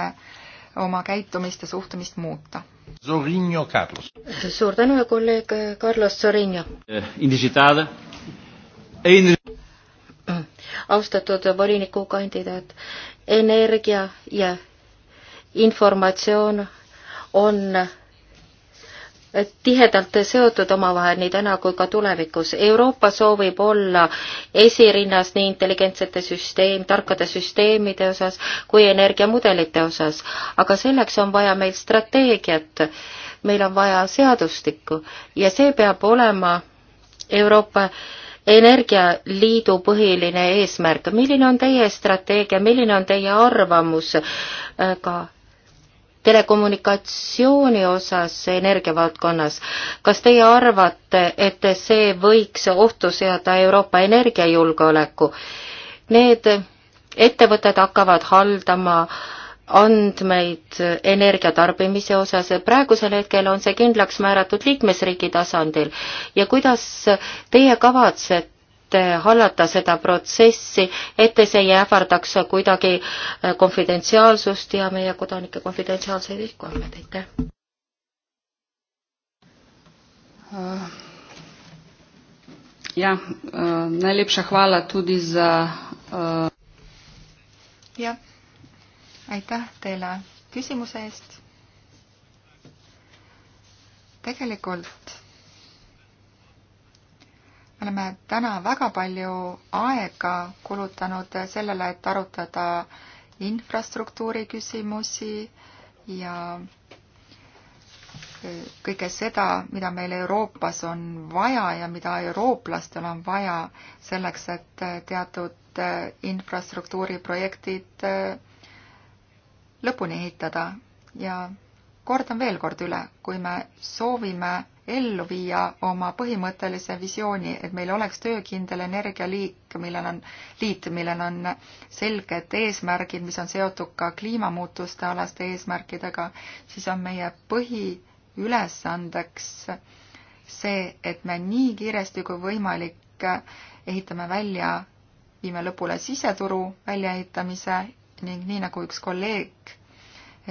oma käitumist ja suhtumist muuta. Sorinio Carlos. suur tänu ja kolleeg Carlos Sorinio. Eh, e austatud volinikukandidaat, energia ja informatsioon on tihedalt seotud omavahel nii täna kui ka tulevikus. Euroopa soovib olla esirinnas nii intelligentsete süsteem, tarkade süsteemide osas kui energiamudelite osas, aga selleks on vaja meil strateegiat, meil on vaja seadustikku ja see peab olema Euroopa energialiidu põhiline eesmärk, milline on teie strateegia, milline on teie arvamus äh, ka telekommunikatsiooni osas energiavaldkonnas. kas teie arvate, et see võiks ohtu seada Euroopa energiajulgeoleku? Need ettevõtted hakkavad haldama andmeid energiatarbimise osas, praegusel hetkel on see kindlaks määratud liikmesriigi tasandil ja kuidas teie kavatsete et hallata seda protsessi, et see ei ähvardaks kuidagi äh, konfidentsiaalsust ja meie kodanike konfidentsiaalseid isikuandmeid, aitäh uh,! Äh, jah äh, uh,, najlepša hvala tudi za uh... jah, aitäh teile küsimuse eest. tegelikult me oleme täna väga palju aega kulutanud sellele, et arutada infrastruktuuri küsimusi ja e, kõike seda, mida meil Euroopas on vaja ja mida eurooplastel on vaja selleks, et teatud e, infrastruktuuriprojektid e, lõpuni ehitada ja kordan veel kord üle, kui me soovime ellu viia oma põhimõttelise visiooni, et meil oleks töökindel energialiik, millel on, liit, millel on selged eesmärgid, mis on seotud ka kliimamuutuste alaste eesmärkidega, siis on meie põhiülesandeks see, et me nii kiiresti kui võimalik ehitame välja, viime lõpule siseturu väljaehitamise ning nii nagu üks kolleeg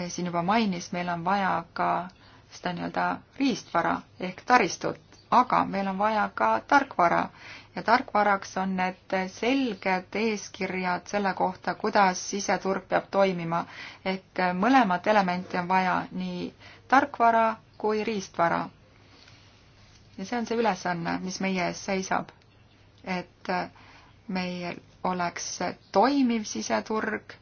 siin juba mainis, meil on vaja ka seda nii-öelda riistvara ehk taristut, aga meil on vaja ka tarkvara ja tarkvaraks on need selged eeskirjad selle kohta, kuidas siseturg peab toimima. ehk mõlemat elementi on vaja, nii tarkvara kui riistvara. ja see on see ülesanne, mis meie ees seisab. et meil oleks toimiv siseturg,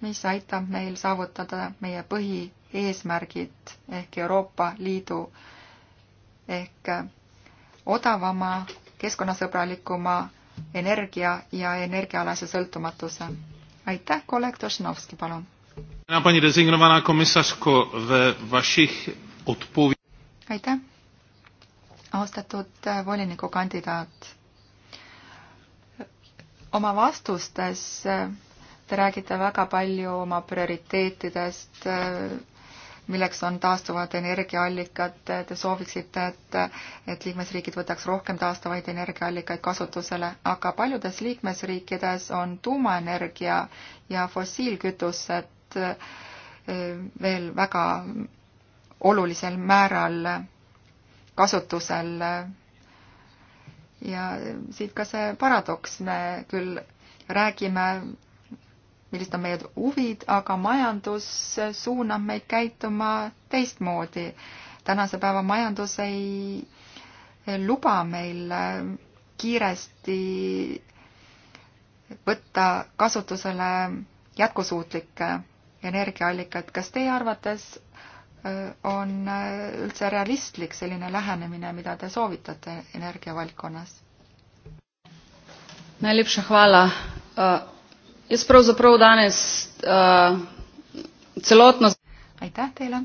mis aitab meil saavutada meie põhi eesmärgid ehk Euroopa Liidu ehk odavama, keskkonnasõbralikuma energia ja energiaalase sõltumatuse. aitäh, kolleeg Tošnovski, palun. aitäh, austatud eh, volinikukandidaat. oma vastustes eh, te räägite väga palju oma prioriteetidest, eh, milleks on taastuvad energiaallikad, te sooviksite, et, et liikmesriigid võtaks rohkem taastuvaid energiaallikaid kasutusele, aga paljudes liikmesriikides on tuumaenergia ja fossiilkütused eh, veel väga olulisel määral kasutusel. ja siit ka see paradoks, me küll räägime millised on meie huvid, aga majandus suunab meid käituma teistmoodi. tänase päeva majandus ei luba meil kiiresti võtta kasutusele jätkusuutlikke energiaallikaid. kas teie arvates äh, on äh, üldse realistlik selline lähenemine, mida te soovitate energiavaldkonnas? Najlepša hvala. Äh, jaz pravzaprav danes uh, celotno. aitäh teile.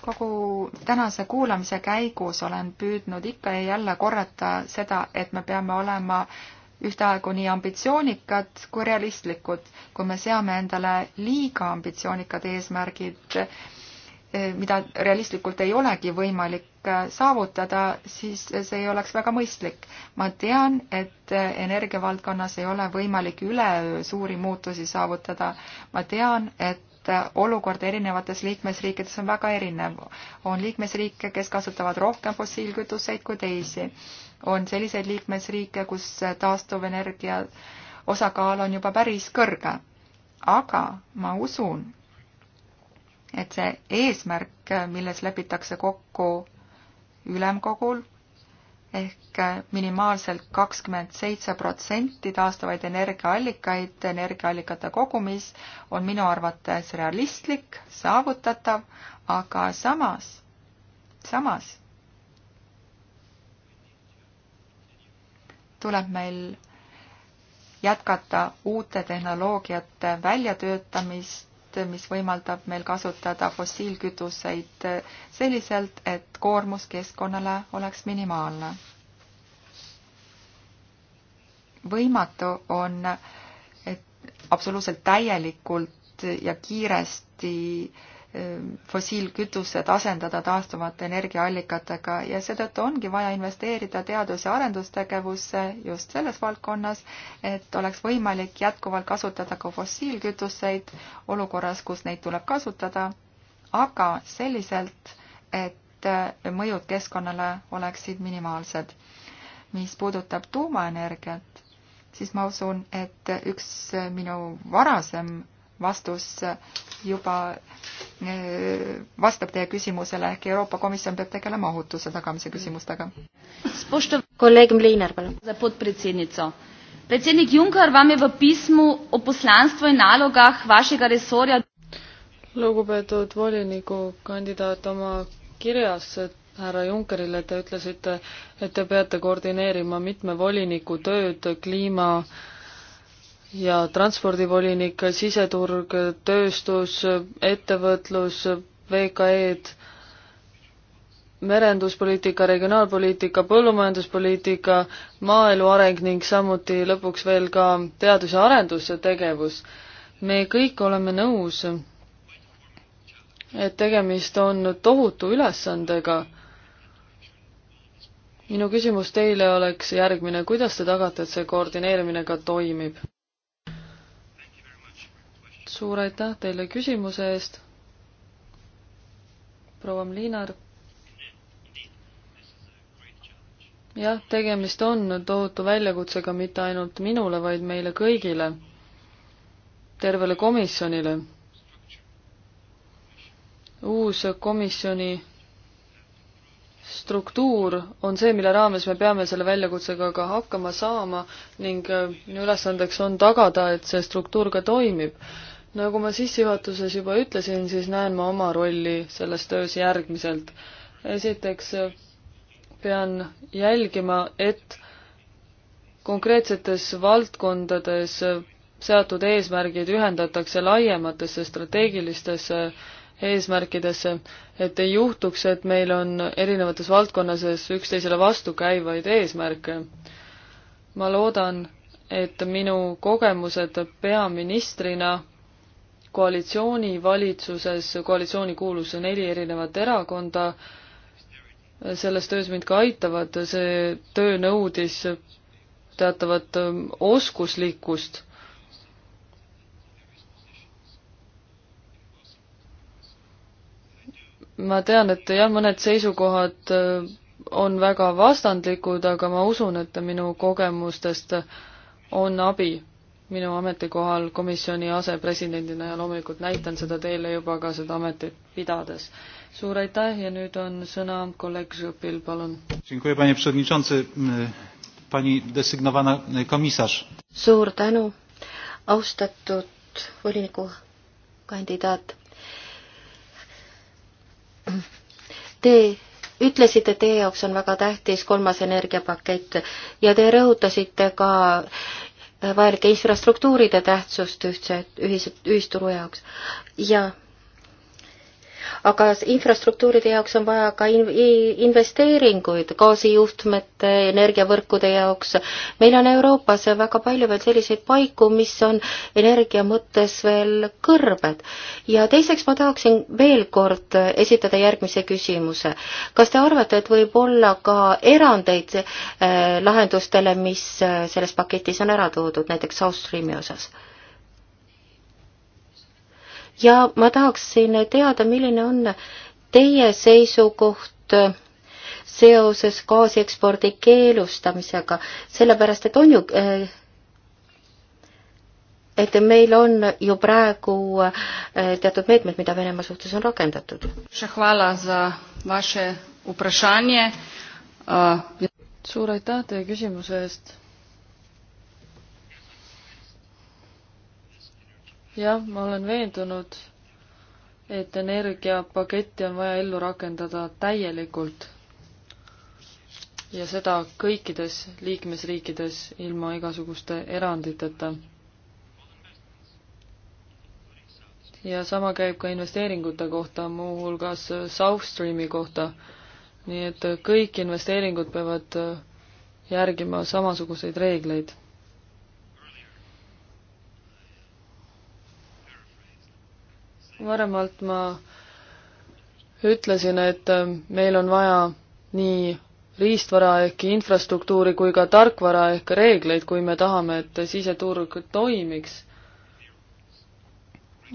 kogu tänase kuulamise käigus olen püüdnud ikka ja jälle korrata seda, et me peame olema ühtaegu nii ambitsioonikad kui realistlikud. kui me seame endale liiga ambitsioonikad eesmärgid, Eh, mida realistlikult ei olegi võimalik eh, saavutada, siis see ei oleks väga mõistlik. ma tean, et eh, energiavaldkonnas ei ole võimalik üleöö suuri muutusi saavutada. ma tean, et olukord erinevates liikmesriikides on väga erinev. on liikmesriike, kes kasutavad rohkem fossiilkütuseid kui teisi. on selliseid liikmesriike, kus taastuvenergia osakaal on juba päris kõrge. aga ma usun, et see eesmärk, milles lepitakse kokku ülemkogul ehk minimaalselt kakskümmend seitse protsenti taastuvaid energiaallikaid energiaallikate kogumis on minu arvates realistlik, saavutatav, aga samas, samas tuleb meil jätkata uute tehnoloogiate väljatöötamist paket, mis võimaldab meil kasutada fossiilkütuseid selliselt, et koormus keskkonnale oleks minimaalne. võimatu on absoluutselt täielikult ja kiiresti äh, Ähm, fossiilkütused asendada taastuvate energiaallikatega ja seetõttu ongi vaja investeerida teadus- ja arendustegevusse just selles valdkonnas, et oleks võimalik jätkuvalt kasutada ka fossiilkütuseid olukorras, kus neid tuleb kasutada, aga selliselt, et äh, mõjud keskkonnale oleksid minimaalsed. mis puudutab tuumaenergiat, siis ma usun, et üks äh, minu varasem vastus juba äh, vastab teie küsimusele, ehk Euroopa Komisjon peab tegelema ohutuse tagamise küsimustega. kolleeg Mlinar, palun. Predsednik Juncker vam je v pismu o poslanstvu in nalogah vašega resorja lugupeetud volinikukandidaat, oma kirjas härra Junckerile te ütlesite, et te peate koordineerima mitme voliniku tööd kliima äh, ja transpordivolinik, siseturg, tööstus, ettevõtlus, VKE-d, merenduspoliitika, regionaalpoliitika, põllumajanduspoliitika, maaelu areng ning samuti lõpuks veel ka teadus- ja arendustegevus. me kõik oleme nõus, et tegemist on tohutu ülesandega. minu küsimus teile oleks järgmine, kuidas te tagate, et see koordineerimine ka toimib? suur aitäh teile küsimuse eest, proua Mlinar. jah, tegemist on tohutu väljakutsega mitte ainult minule, vaid meile kõigile, tervele komisjonile. uus komisjoni struktuur on see, mille raames me peame selle väljakutsega ka hakkama saama ning minu ülesandeks on tagada, et see struktuur ka toimib nagu ma sissejuhatuses juba ütlesin, siis näen ma oma rolli selles töös järgmiselt. esiteks pean jälgima, et konkreetsetes valdkondades seatud eesmärgid ühendatakse laiematesse strateegilistesse eesmärkidesse, et ei juhtuks, et meil on erinevates valdkonnades üksteisele vastukäivaid eesmärke. ma loodan, et minu kogemused peaministrina koalitsioonivalitsuses, koalitsiooni kuulus neli erinevat erakonda, selles töös mind ka aitavad, see töö nõudis teatavat ähm, oskuslikkust. ma tean, et jah, mõned seisukohad äh, on väga vastandlikud, aga ma usun, et minu kogemustest on abi minu ametikohal komisjoni asepresidendina ja loomulikult näitan seda teile juba ka seda ametit pidades. suur aitäh ja nüüd on sõna kolleeg Žõpil, palun. suur tänu, austatud volinikukandidaat. Te ütlesite, et teie jaoks on väga tähtis kolmas energiapakett ja te rõhutasite ka vajalike infrastruktuuride tähtsust ühtse, ühise, ühisturu jaoks ja aga infrastruktuuride jaoks on vaja ka in investeeringuid, gaasijuhtmete, energiavõrkude jaoks. meil on Euroopas väga palju veel selliseid paiku, mis on energia mõttes veel kõrbed. ja teiseks ma tahaksin veel kord esitada järgmise küsimuse. kas te arvate, et võib olla ka erandeid äh, lahendustele, mis äh, selles paketis on ära toodud, näiteks South Streami osas? ja ma tahaksin teada, milline on teie seisukoht seoses gaasiekspordi keelustamisega, sellepärast et on ju eh, et meil on ju praegu eh, teatud meetmed, mida Venemaa suhtes on rakendatud. suur aitäh teie küsimuse eest jah, ma olen veendunud, et energiapaketti on vaja ellu rakendada täielikult ja seda kõikides liikmesriikides ilma igasuguste eranditeta. ja sama käib ka investeeringute kohta, muuhulgas South Streami kohta. nii et kõik investeeringud peavad järgima samasuguseid reegleid varemalt ma ütlesin, et äh, meil on vaja nii riistvara ehk infrastruktuuri kui ka tarkvara ehk reegleid, kui me tahame, et siseturg toimiks.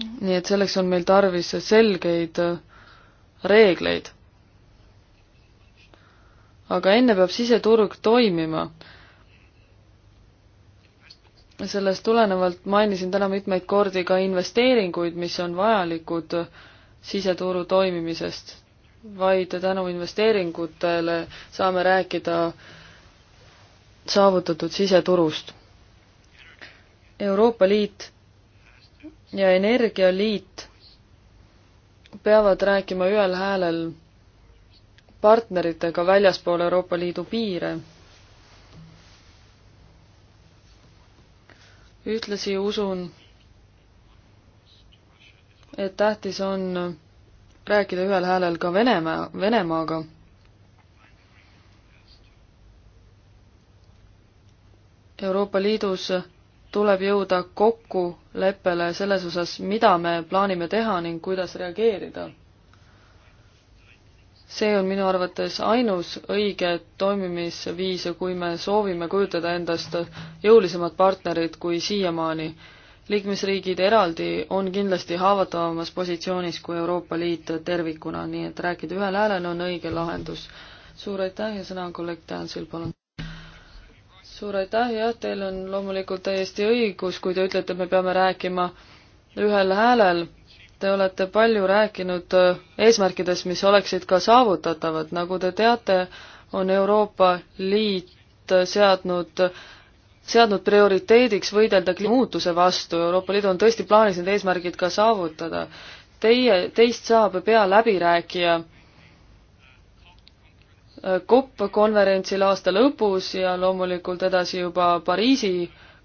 nii et selleks on meil tarvis selgeid äh, reegleid. aga enne peab siseturg toimima sellest tulenevalt mainisin täna mitmeid kordi ka investeeringuid, mis on vajalikud siseturu toimimisest. vaid tänu investeeringutele saame rääkida saavutatud siseturust. Euroopa Liit ja Energialiit peavad rääkima ühel häälel partneritega väljaspool Euroopa Liidu piire ühtlasi usun, et tähtis on rääkida ühel häälel ka Venemaa, Venemaaga. Euroopa Liidus tuleb jõuda kokkuleppele selles osas, mida me plaanime teha ning kuidas reageerida see on minu arvates ainus õige toimimisviis, kui me soovime kujutada endast jõulisemat partnerit kui siiamaani. liikmesriigid eraldi on kindlasti haavatavamas positsioonis kui Euroopa Liit tervikuna, nii et rääkida ühel häälel on õige lahendus. suur aitäh ja sõna on kolleeg Tänsil, palun. suur aitäh, jah, teil on loomulikult täiesti õigus, kui te ütlete, et me peame rääkima ühel häälel Te olete palju rääkinud äh, eesmärkidest, mis oleksid ka saavutatavad, nagu te teate, on Euroopa Liit äh, seadnud, seadnud prioriteediks võidelda kliimamuutuse vastu, Euroopa Liidul on tõesti plaanis need eesmärgid ka saavutada. Teie, teist saab pealäbirääkija äh, COP konverentsil aasta lõpus ja loomulikult edasi juba Pariisi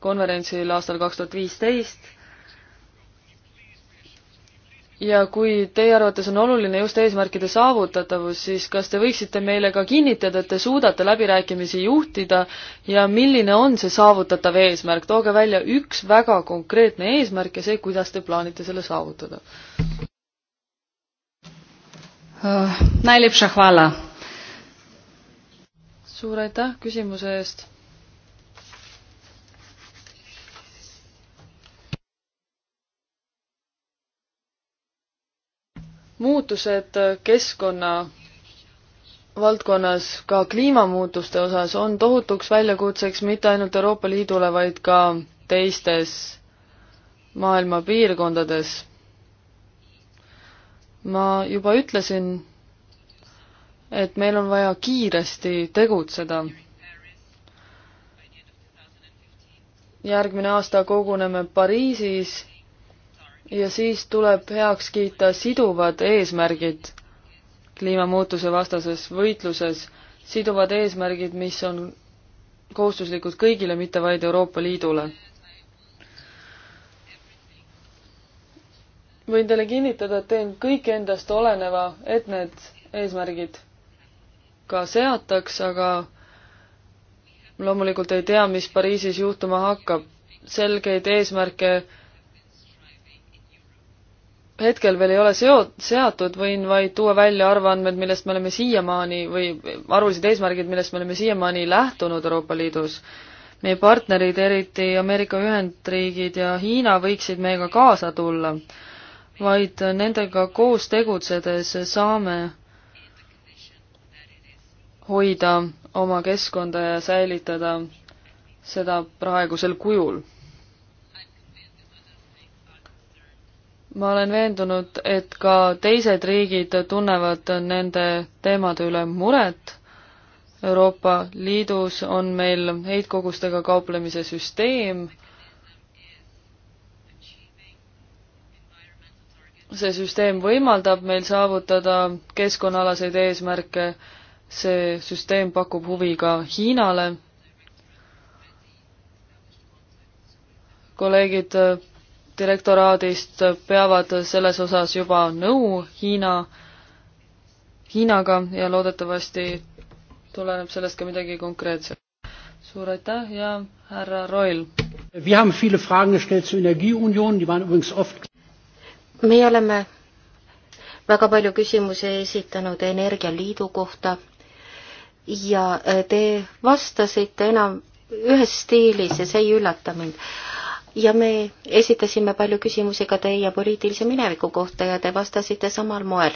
konverentsil aastal kaks tuhat viisteist ja kui teie arvates on oluline just eesmärkide saavutatavus, siis kas te võiksite meile ka kinnitada, et te suudate läbirääkimisi juhtida ja milline on see saavutatav eesmärk, tooge välja üks väga konkreetne eesmärk ja see, kuidas te plaanite selle saavutada uh,? Najlepša hvala! suur aitäh küsimuse eest muutused keskkonna valdkonnas, ka kliimamuutuste osas, on tohutuks väljakutseks mitte ainult Euroopa Liidule, vaid ka teistes maailma piirkondades. ma juba ütlesin, et meil on vaja kiiresti tegutseda. järgmine aasta koguneme Pariisis ja siis tuleb heaks kiita siduvad eesmärgid kliimamuutuse vastases võitluses, siduvad eesmärgid, mis on kohustuslikud kõigile, mitte vaid Euroopa Liidule. võin teile kinnitada, et teen kõik endast oleneva, et need eesmärgid ka seataks, aga loomulikult ei tea, mis Pariisis juhtuma hakkab. selgeid eesmärke hetkel veel ei ole seo-, seatud, võin vaid tuua välja arvandmed, millest me oleme siiamaani või arvulised eesmärgid, millest me oleme siiamaani lähtunud Euroopa Liidus. meie partnerid, eriti Ameerika Ühendriigid ja Hiina, võiksid meiega kaasa tulla, vaid nendega koos tegutsedes saame hoida oma keskkonda ja säilitada seda praegusel kujul ma olen veendunud, et ka teised riigid tunnevad nende teemade üle muret. Euroopa Liidus on meil heitkogustega kauplemise süsteem. see süsteem võimaldab meil saavutada keskkonnaalaseid eesmärke, see süsteem pakub huvi ka Hiinale. kolleegid direktoraadist peavad selles osas juba nõu Hiina, Hiinaga ja loodetavasti tuleneb sellest ka midagi konkreetset. suur aitäh ja härra Roil! me oleme väga palju küsimusi esitanud Energialiidu kohta ja te vastasite enam ühes stiilis ja see ei üllata mind ja me esitasime palju küsimusi ka teie poliitilise mineviku kohta ja te vastasite samal moel.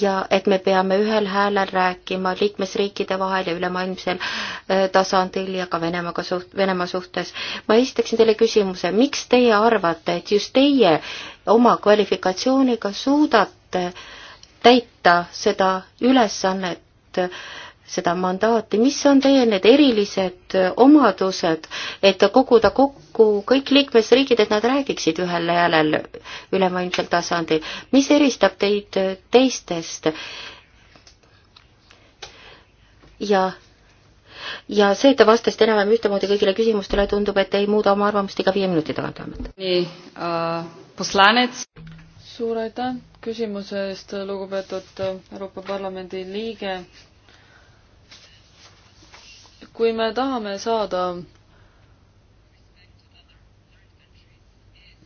ja et me peame ühel häälel rääkima liikmesriikide vahel ja ülemaailmsel äh, tasandil ja ka Venemaaga suht-, Venemaa suhtes. ma esitaksin teile küsimuse, miks teie arvate, et just teie oma kvalifikatsiooniga suudate täita seda ülesannet äh, seda mandaati, mis on teie need erilised omadused, et koguda kokku kõik liikmesriigid, et nad räägiksid ühel häälel ülemaailmsel tasandil, mis eristab teid teistest? ja, ja see, et te vastasite enam-vähem ühtemoodi kõigile küsimustele, tundub, et ei muuda oma arvamust iga viie minuti tagant vähemalt. nii äh,, poslanets. suur aitäh küsimuse eest, lugupeetud Euroopa Parlamendi liige kui me tahame saada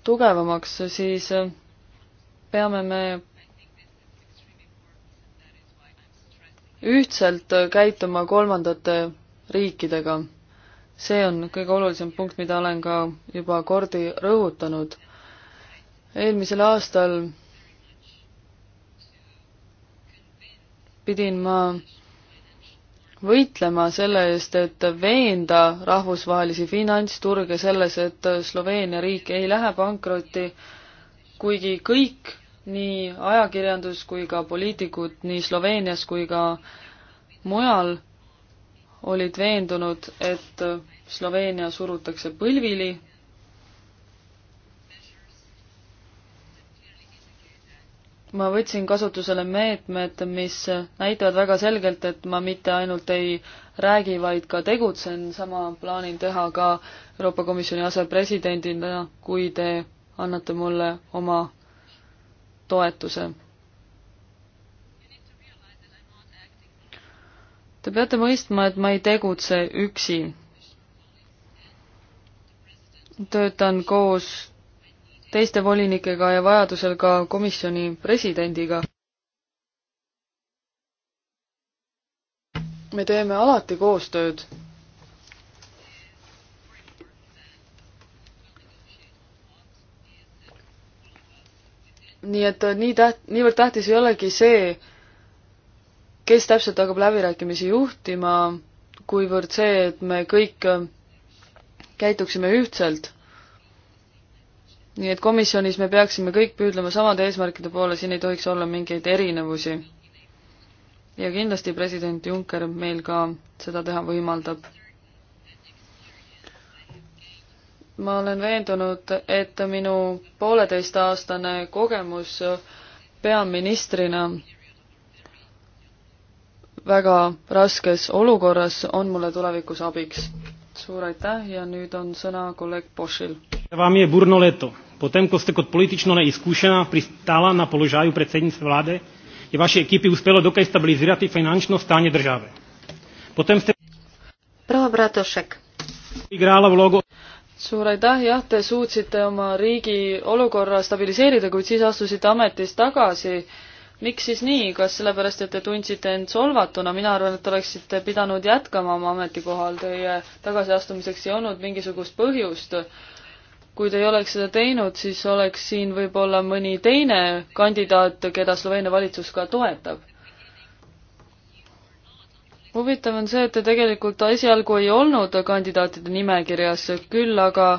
tugevamaks, siis peame me ühtselt käituma kolmandate riikidega. see on kõige olulisem punkt, mida olen ka juba kordi rõhutanud. eelmisel aastal pidin ma võitlema selle eest, et veenda rahvusvahelisi finantsturge selles, et Sloveenia riik ei lähe pankrotti, kuigi kõik, nii ajakirjandus kui ka poliitikud nii Sloveenias kui ka mujal olid veendunud, et Sloveenia surutakse põlvili ma võtsin kasutusele meetmed, mis näitavad väga selgelt, et ma mitte ainult ei räägi, vaid ka tegutsen, sama plaanin teha ka Euroopa Komisjoni asepresidendina, kui te annate mulle oma toetuse. Te peate mõistma, et ma ei tegutse üksi. töötan koos teiste volinikega ja vajadusel ka komisjoni presidendiga. me teeme alati koostööd. nii et nii täht-, niivõrd tähtis ei olegi see, kes täpselt hakkab läbirääkimisi juhtima, kuivõrd see, et me kõik käituksime ühtselt nii et komisjonis me peaksime kõik püüdlema samade eesmärkide poole, siin ei tohiks olla mingeid erinevusi. ja kindlasti president Juncker meil ka seda teha võimaldab. ma olen veendunud, et minu pooleteistaastane kogemus peaministrina väga raskes olukorras on mulle tulevikus abiks suur aitäh ja nüüd on sõna kolleeg Bošil. Vám je burno leto. Potem, ko ste kot politično neizkušena pristala na položaju predsednice vlade, je vaše ekipi uspelo dokaj stabilizirati finančno stanje države. Potem ste... proua Bratušek. igrala vlogo suur aitäh, jah, te suutsite oma riigi olukorra stabiliseerida, kuid siis astusite ametist tagasi äh, miks siis nii, kas sellepärast, et te tundsite end solvatuna, mina arvan, et oleksite pidanud jätkama oma ametikohal, teie tagasiastumiseks ei olnud mingisugust põhjust. kui te ei oleks seda teinud, siis oleks siin võib-olla mõni teine kandidaat, keda Sloveenia valitsus ka toetab. huvitav on see, et te tegelikult esialgu ei olnud kandidaatide nimekirjas, küll aga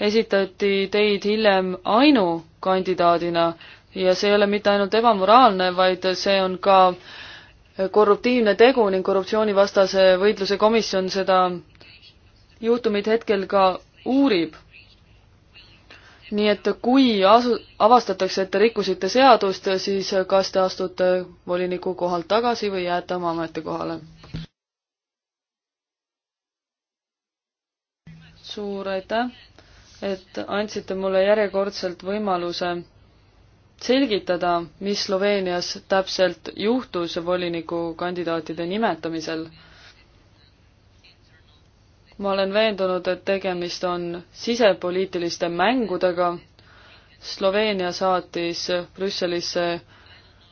esitati teid hiljem ainukandidaadina ja see ei ole mitte ainult ebamoraalne, vaid see on ka korruptiivne tegu ning korruptsioonivastase võitluse komisjon seda juhtumit hetkel ka uurib. nii et kui asu-, avastatakse, et te rikkusite seadust, siis kas te astute voliniku kohalt tagasi või jääte oma ametikohale? suur aitäh, et andsite mulle järjekordselt võimaluse selgitada, mis Sloveenias täpselt juhtus volinikukandidaatide nimetamisel. ma olen veendunud, et tegemist on sisepoliitiliste mängudega. Sloveenia saatis Brüsselisse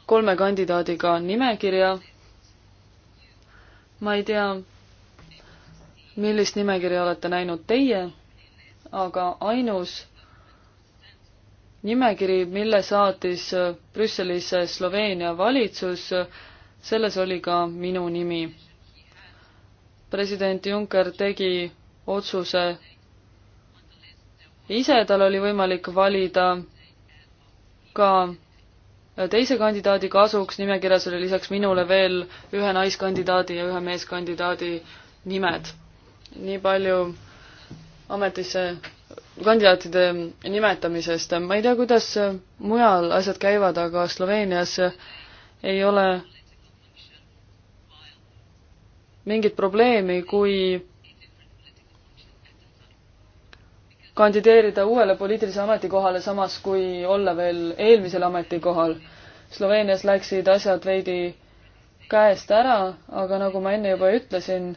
kolme kandidaadiga nimekirja. ma ei tea, millist nimekirja olete näinud teie, aga ainus nimekiri, mille saatis äh, Brüsselis äh, Sloveenia valitsus, äh, selles oli ka minu nimi. president Juncker tegi otsuse ise, tal oli võimalik valida ka teise kandidaadi kasuks, nimekirjas oli lisaks minule veel ühe naiskandidaadi ja ühe meeskandidaadi nimed. nii palju ametisse kandidaatide nimetamisest, ma ei tea, kuidas mujal asjad käivad, aga Sloveenias ei ole mingit probleemi, kui kandideerida uuele poliitilisele ametikohale, samas kui olla veel eelmisel ametikohal. Sloveenias läksid asjad veidi käest ära, aga nagu ma enne juba ütlesin,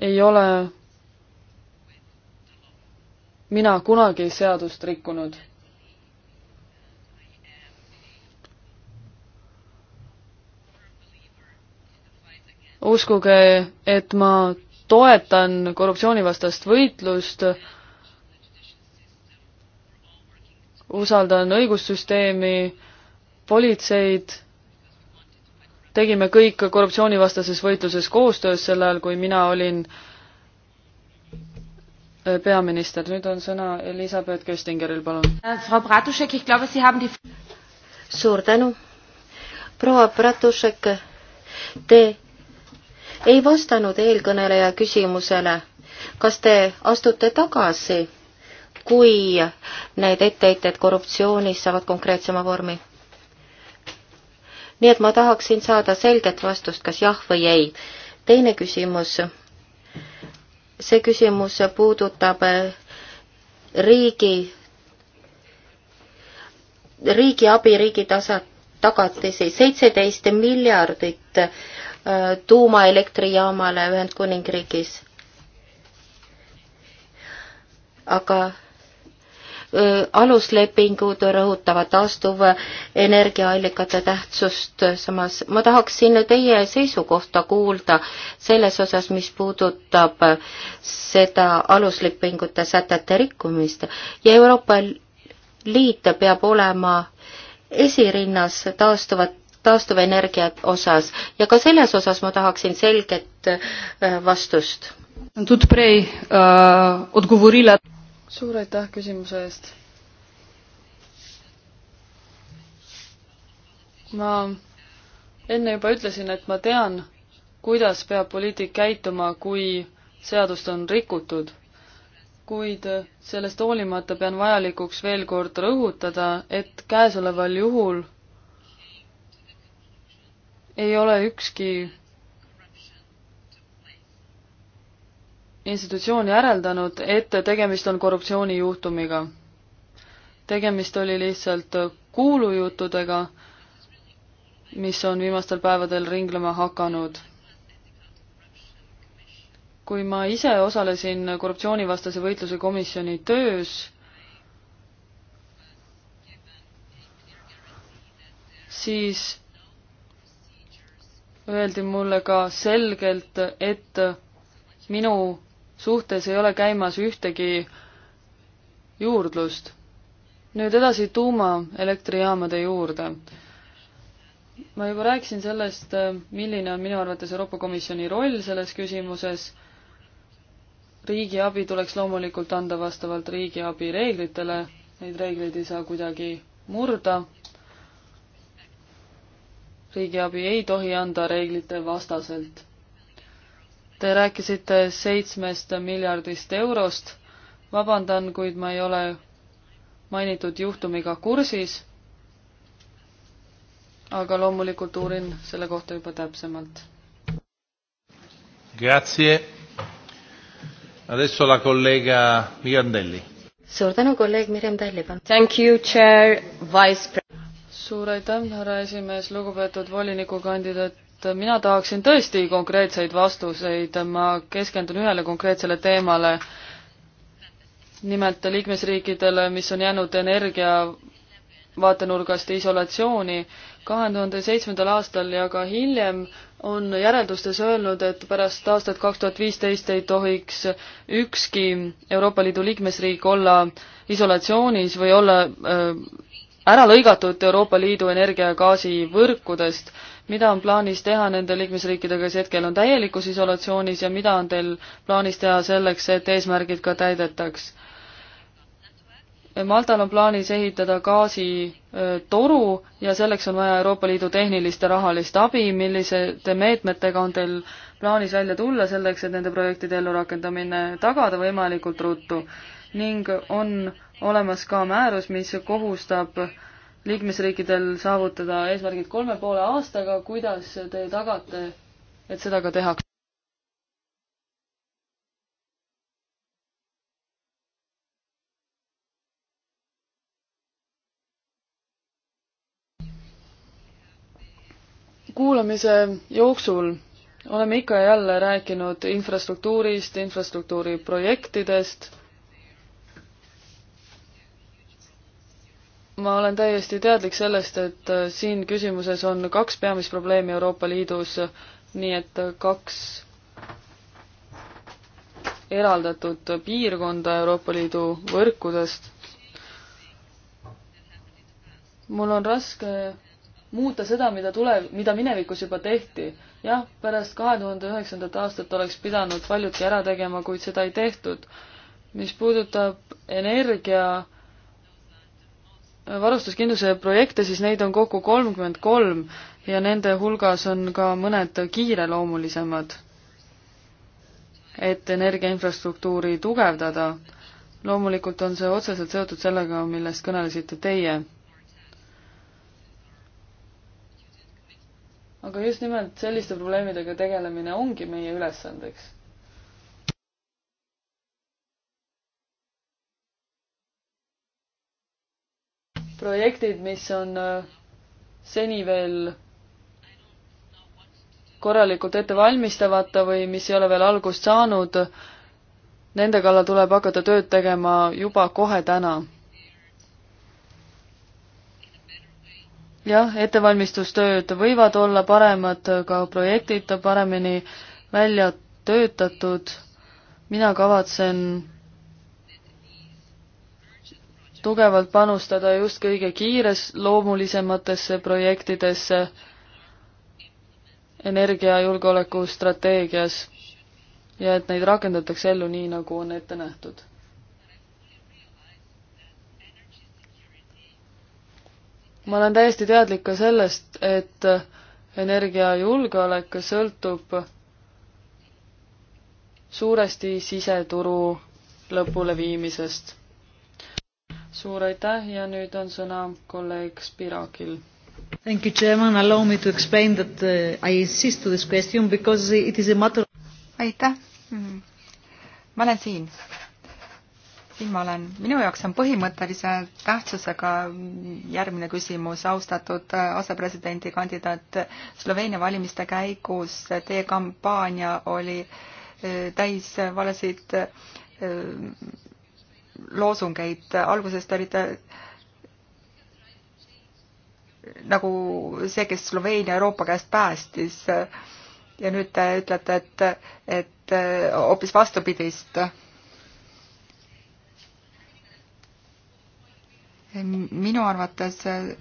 ei ole mina kunagi seadust rikkunud. uskuge, et ma toetan korruptsioonivastast võitlust, usaldan õigussüsteemi, politseid, tegime kõik korruptsioonivastases võitluses koostöös sel ajal, kui mina olin äh, Äh, peaminister, nüüd on sõna Elisabeth Köstingeril, palun. Äh, suur tänu. proua Bratušek, te ei vastanud eelkõneleja küsimusele, kas te astute tagasi, kui need etteheited korruptsioonis saavad konkreetsema vormi? nii et ma tahaksin saada selget vastust, kas jah või ei. teine küsimus see küsimus puudutab eh, riigi, riigiabi, riigi tasa, tagatisi, seitseteist miljardit eh, tuumaelektrijaamale Ühendkuningriigis. aga aluslepingud rõhutavad taastuvenergiaallikate tähtsust, samas ma tahaksin teie seisukohta kuulda selles osas, mis puudutab seda aluslepingute sätete rikkumist ja Euroopa Liit peab olema esirinnas taastuvat taastuvenergia osas ja ka selles osas ma tahaksin selget vastust suur aitäh küsimuse eest. ma enne juba ütlesin, et ma tean, kuidas peab poliitik käituma, kui seadust on rikutud. kuid sellest hoolimata pean vajalikuks veel kord rõhutada, et käesoleval juhul ei ole ükski institutsioon järeldanud, et tegemist on korruptsioonijuhtumiga. tegemist oli lihtsalt kuulujuttudega, mis on viimastel päevadel ringlema hakanud. kui ma ise osalesin korruptsioonivastase võitluse komisjoni töös, siis öeldi mulle ka selgelt, et minu suhtes ei ole käimas ühtegi juurdlust. nüüd edasi tuumaelektrijaamade juurde. ma juba rääkisin sellest, milline on minu arvates Euroopa Komisjoni roll selles küsimuses. riigiabi tuleks loomulikult anda vastavalt riigiabi reeglitele, neid reegleid ei saa kuidagi murda. riigiabi ei tohi anda reeglite vastaselt Te rääkisite seitsmest miljardist eurost. vabandan, kuid ma ei ole mainitud juhtumiga kursis. aga loomulikult uurin selle kohta juba täpsemalt. Grazie. Adesso la collega Mirandelli. suur tänu, kolleeg Mirjam Tallipäev. Thank you, chair, vice president. suur aitäh, härra esimees, lugupeetud volinikukandidaat et mina tahaksin tõesti konkreetseid vastuseid, ma keskendun ühele konkreetsele teemale, nimelt liikmesriikidele, mis on jäänud energia vaatenurgast isolatsiooni. kahe tuhande seitsmendal aastal ja ka hiljem on järeldustes öelnud, et pärast aastat kaks tuhat viisteist ei tohiks ükski Euroopa Liidu liikmesriik olla isolatsioonis või olla äh, ära lõigatud Euroopa Liidu energia- ja gaasivõrkudest mida on plaanis teha nende liikmesriikidega, kes hetkel on täielikus isolatsioonis ja mida on teil plaanis teha selleks, et eesmärgid ka täidetaks? Maltal on plaanis ehitada gaasitoru ja selleks on vaja Euroopa Liidu tehnilist ja rahalist abi, milliste meetmetega on teil plaanis välja tulla selleks, et nende projektide ellurakendamine tagada võimalikult ruttu? ning on olemas ka määrus, mis kohustab äh, liikmesriikidel saavutada eesmärgid kolme poole aastaga, kuidas te tagate, et seda ka tehakse? kuulamise jooksul oleme ikka ja jälle rääkinud infrastruktuurist, infrastruktuuri projektidest ma olen täiesti teadlik sellest, et äh, siin küsimuses on kaks peamist probleemi Euroopa Liidus, nii et kaks eraldatud piirkonda Euroopa Liidu võrkudest. mul on raske muuta seda, mida tule, mida minevikus juba tehti. jah, pärast kahe tuhande üheksandat aastat oleks pidanud paljudki ära tegema, kuid seda ei tehtud. mis puudutab energia varustuskindluse projekte, siis neid on kokku kolmkümmend kolm ja nende hulgas on ka mõned kiireloomulisemad, et energiainfrastruktuuri tugevdada. loomulikult on see otseselt seotud sellega, millest kõnelesite teie. aga just nimelt selliste probleemidega tegelemine ongi meie ülesandeks projektid, mis on äh, seni veel korralikult ette valmistamata või mis ei ole veel algust saanud, nende kallal tuleb hakata tööd tegema juba kohe täna. jah, ettevalmistustööd võivad olla paremad, ka projektid on paremini välja töötatud. mina kavatsen tugevalt panustada just kõige kiires loomulisematesse projektidesse energiajulgeoleku strateegias ja et neid rakendatakse ellu nii, nagu on ette nähtud. ma olen täiesti teadlik ka sellest, et energiajulgeolek sõltub suuresti siseturu lõpuleviimisest suur aitäh ja nüüd on sõna kolleeg Spirakil. Thank you, Chairman, allow me to explain that uh, I insist to this question because it is a matter aitäh mm.. ma olen siin. siin ma olen. minu jaoks on põhimõttelise tähtsusega järgmine küsimus, austatud äh, asepresidendi kandidaat. Sloveenia valimiste käigus teie kampaania oli äh, täis valesid äh, loosungeid, alguses te olite nagu see, kes Sloveenia Euroopa käest päästis ja nüüd te ütlete, et, et hoopis vastupidist. minu arvates see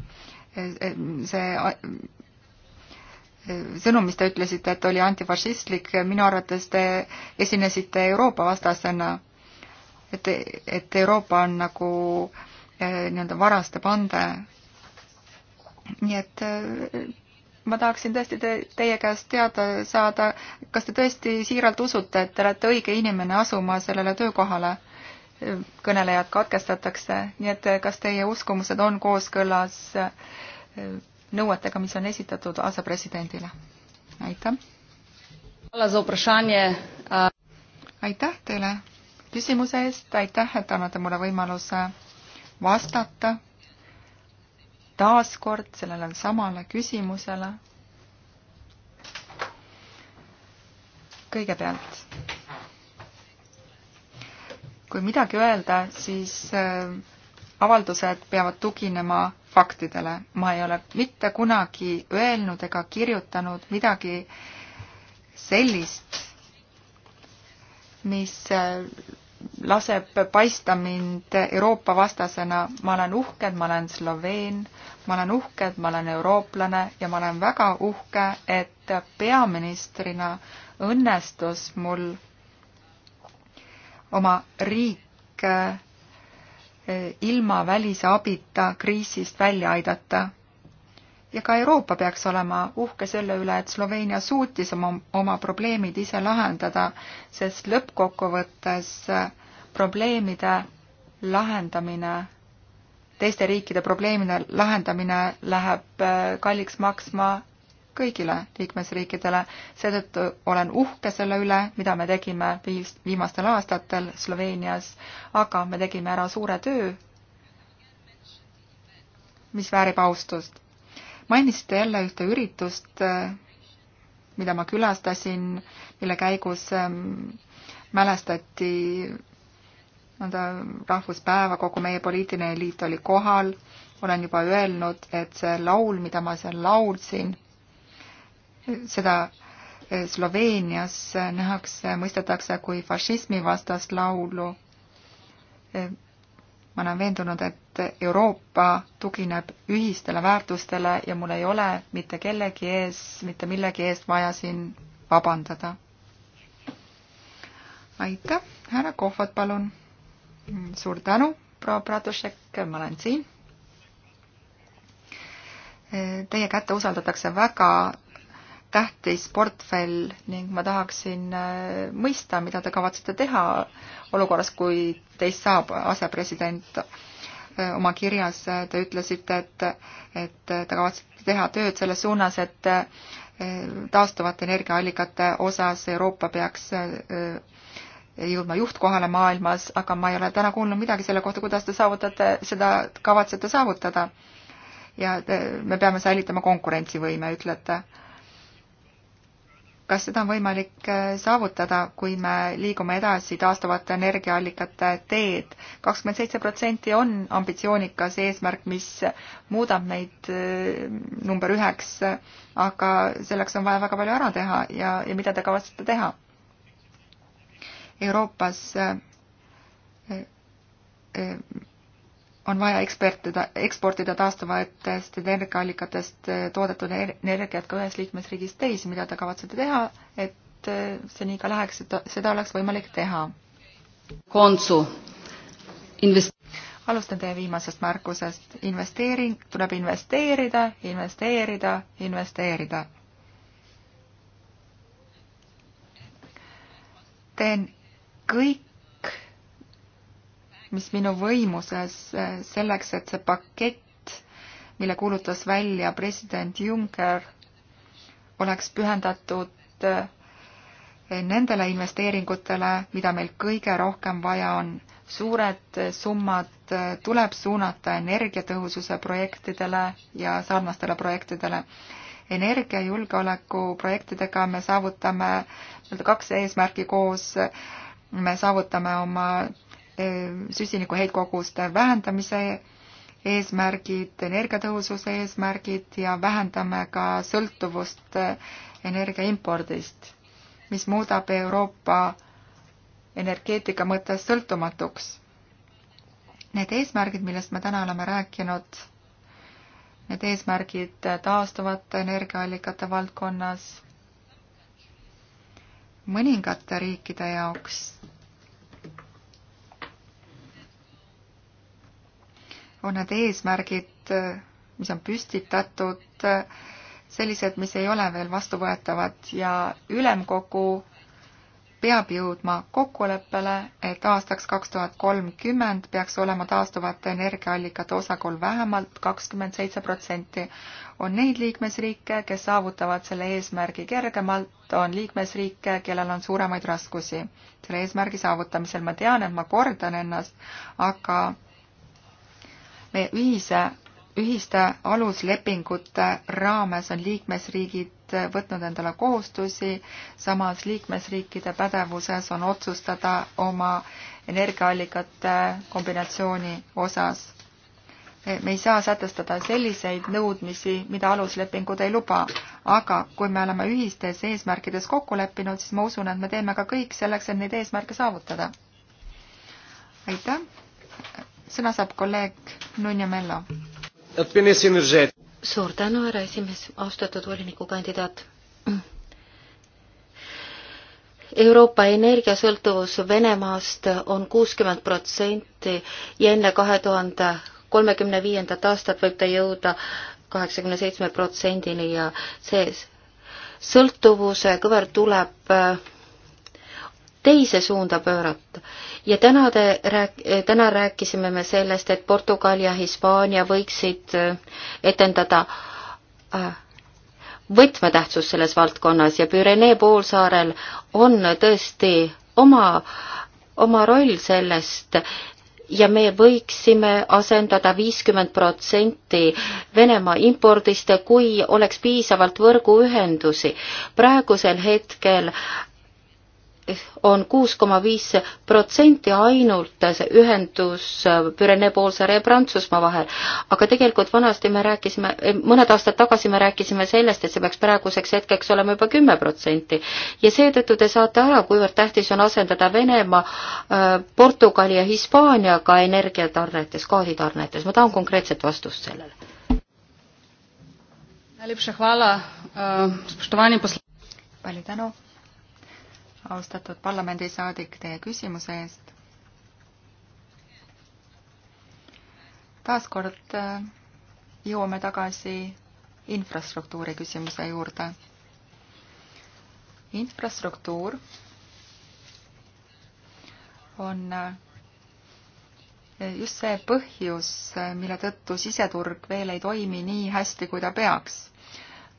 sõnum, mis te ütlesite, et oli antifašistlik, minu arvates te esinesite Euroopa vastasena et, et Euroopa on nagu eh, nii-öelda varaste pande. nii et eh, ma tahaksin tõesti te, teie käest teada saada, kas te tõesti siiralt usute, et te olete õige inimene asuma sellele töökohale? kõnelejad katkestatakse, nii et eh, kas teie uskumused on kooskõlas nõuetega, mis on esitatud asepresidendile? aitäh. aitäh teile küsimuse eest, aitäh, et annate mulle võimaluse vastata taaskord sellele samale küsimusele. kõigepealt, kui midagi öelda, siis äh, avaldused peavad tuginema faktidele. ma ei ole mitte kunagi öelnud ega kirjutanud midagi sellist, mis äh, laseb paista mind Euroopa vastasena. ma olen uhke, et ma olen Sloveen, ma olen uhke, et ma olen eurooplane ja ma olen väga uhke, et peaministrina õnnestus mul oma riik eh, ilma välise abita kriisist välja aidata. ja ka Euroopa peaks olema uhke selle üle, et Sloveenia suutis oma, oma probleemid ise lahendada, sest lõppkokkuvõttes äh, probleemide lahendamine, teiste riikide probleemide lahendamine läheb äh, kalliks maksma kõigile liikmesriikidele. seetõttu olen uhke selle üle, mida me tegime viis, viimastel aastatel Sloveenias, aga me tegime ära suure töö, mis väärib austust. mainisite jälle ühte üritust, äh, mida ma külastasin, mille käigus ähm, mälestati nõnda rahvuspäeva, kogu meie poliitiline eliit oli kohal. olen juba öelnud, et see laul, mida ma seal laulsin, seda e, Sloveenias nähakse, mõistetakse kui fašismi vastast laulu. E, ma olen veendunud, et Euroopa tugineb ühistele väärtustele ja mul ei ole mitte kellegi ees, mitte millegi eest vaja siin vabandada. aitäh, härra Kohvat, palun suur tänu, proua Pratušek, ma olen siin. Teie kätte usaldatakse väga tähtis portfell ning ma tahaksin äh, mõista, mida te kavatsete teha olukorras, kui teist saab asepresident. Äh, oma kirjas te ütlesite, et, et te kavatsete teha tööd selles suunas, et äh, taastuvate energiaallikate osas Euroopa peaks jõudma juhtkohale maailmas, aga ma ei ole täna kuulnud midagi selle kohta, kuidas te saavutate, seda kavatsete saavutada. ja te, me peame säilitama konkurentsivõime, ütlete. kas seda on võimalik äh, saavutada, kui me liigume edasi taastuvate energiaallikate teed? kakskümmend seitse protsenti on ambitsioonikas eesmärk, mis muudab meid äh, number üheks, aga selleks on vaja väga palju ära teha ja, ja mida te kavatsete teha? Euroopas äh, äh, on vaja ekspertida, eksportida taastuvatest energiaallikatest äh, toodetud e-, energiat ka ühest liikmesriigist teise, mida te kavatsete teha, et see nii ka läheks, et seda oleks võimalik teha? Konsu invest-. alustan teie viimasest märkusest. investeering, tuleb investeerida, investeerida, investeerida. teen kõik, mis minu võimuses eh, selleks, et see pakett, mille kuulutas välja president Juncker, oleks pühendatud eh, nendele investeeringutele, mida meil kõige rohkem vaja on. suured summad eh, tuleb suunata energiatõhususe projektidele ja sarnastele projektidele energiajulgeoleku projektidega me saavutame nii-öelda kaks eesmärki koos me saavutame oma eh, süsiniku heitkoguste vähendamise eesmärgid, energiatõhususe eesmärgid ja vähendame ka sõltuvust eh, energia impordist, mis muudab Euroopa energeetika mõttes sõltumatuks. Need eesmärgid, millest me täna oleme rääkinud, need eesmärgid taastuvate energiaallikate valdkonnas mõningate riikide jaoks on need eesmärgid, mis on püstitatud, sellised, mis ei ole veel vastuvõetavad ja ülemkogu peab jõudma kokkuleppele, et aastaks kaks tuhat kolmkümmend peaks olema taastuvate energiaallikate osakaal vähemalt kakskümmend seitse protsenti. on neid liikmesriike, kes saavutavad selle eesmärgi kergemalt, on liikmesriike, kellel on suuremaid raskusi selle eesmärgi saavutamisel. ma tean, et ma kordan ennast, aga meie ühise, ühiste aluslepingute raames on liikmesriigid võtnud endale kohustusi, samas liikmesriikide pädevuses on otsustada oma energiaallikate kombinatsiooni osas. me ei saa sätestada selliseid nõudmisi, mida aluslepingud ei luba, aga kui me oleme ühistes eesmärkides kokku leppinud, siis ma usun, et me teeme ka kõik selleks, et neid eesmärke saavutada. aitäh! sõna saab kolleeg Nunja Mello. suur tänu, härra esimees, austatud volinikukandidaat. Euroopa energiasõltuvus Venemaast on kuuskümmend protsenti ja enne kahe tuhande kolmekümne viiendat aastat võib ta jõuda kaheksakümne seitsme protsendini ja sees. sõltuvuse kõver tuleb teise suunda pöörata ja täna te rääk-, täna rääkisime me sellest, et Portugal ja Hispaania võiksid äh, etendada äh, võtmetähtsus selles valdkonnas ja Pürenee poolsaarel on tõesti oma, oma roll sellest ja me võiksime asendada viiskümmend protsenti Venemaa impordist, kui oleks piisavalt võrguühendusi. praegusel hetkel on kuus koma viis protsenti ainult see ühendus Pürenee poolsaare ja Prantsusmaa vahel. aga tegelikult vanasti me rääkisime, mõned aastad tagasi me rääkisime sellest, et see peaks praeguseks hetkeks olema juba kümme protsenti. ja seetõttu te saate aru, kuivõrd tähtis on asendada Venemaa, äh, Portugali ja Hispaaniaga energiatarnetes, gaasitarnetes. ma tahan konkreetset vastust sellele. Äh, palju tänu austatud parlamendisaadik, teie küsimuse eest. taaskord äh, jõuame tagasi infrastruktuuri küsimuse juurde. infrastruktuur on äh, just see põhjus, mille tõttu siseturg veel ei toimi nii hästi, kui ta peaks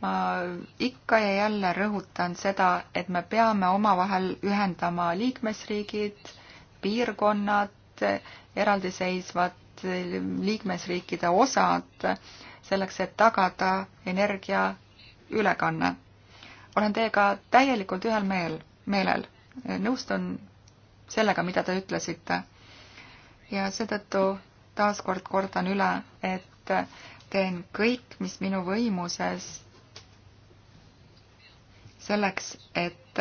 ma ikka ja jälle rõhutan seda, et me peame omavahel ühendama liikmesriigid, piirkonnad, eraldiseisvad liikmesriikide osad, selleks et tagada energia ülekanne. olen teiega täielikult ühel meel, meelel, nõustun sellega, mida te ütlesite. ja seetõttu taaskord kordan üle, et teen kõik, mis minu võimuses selleks, et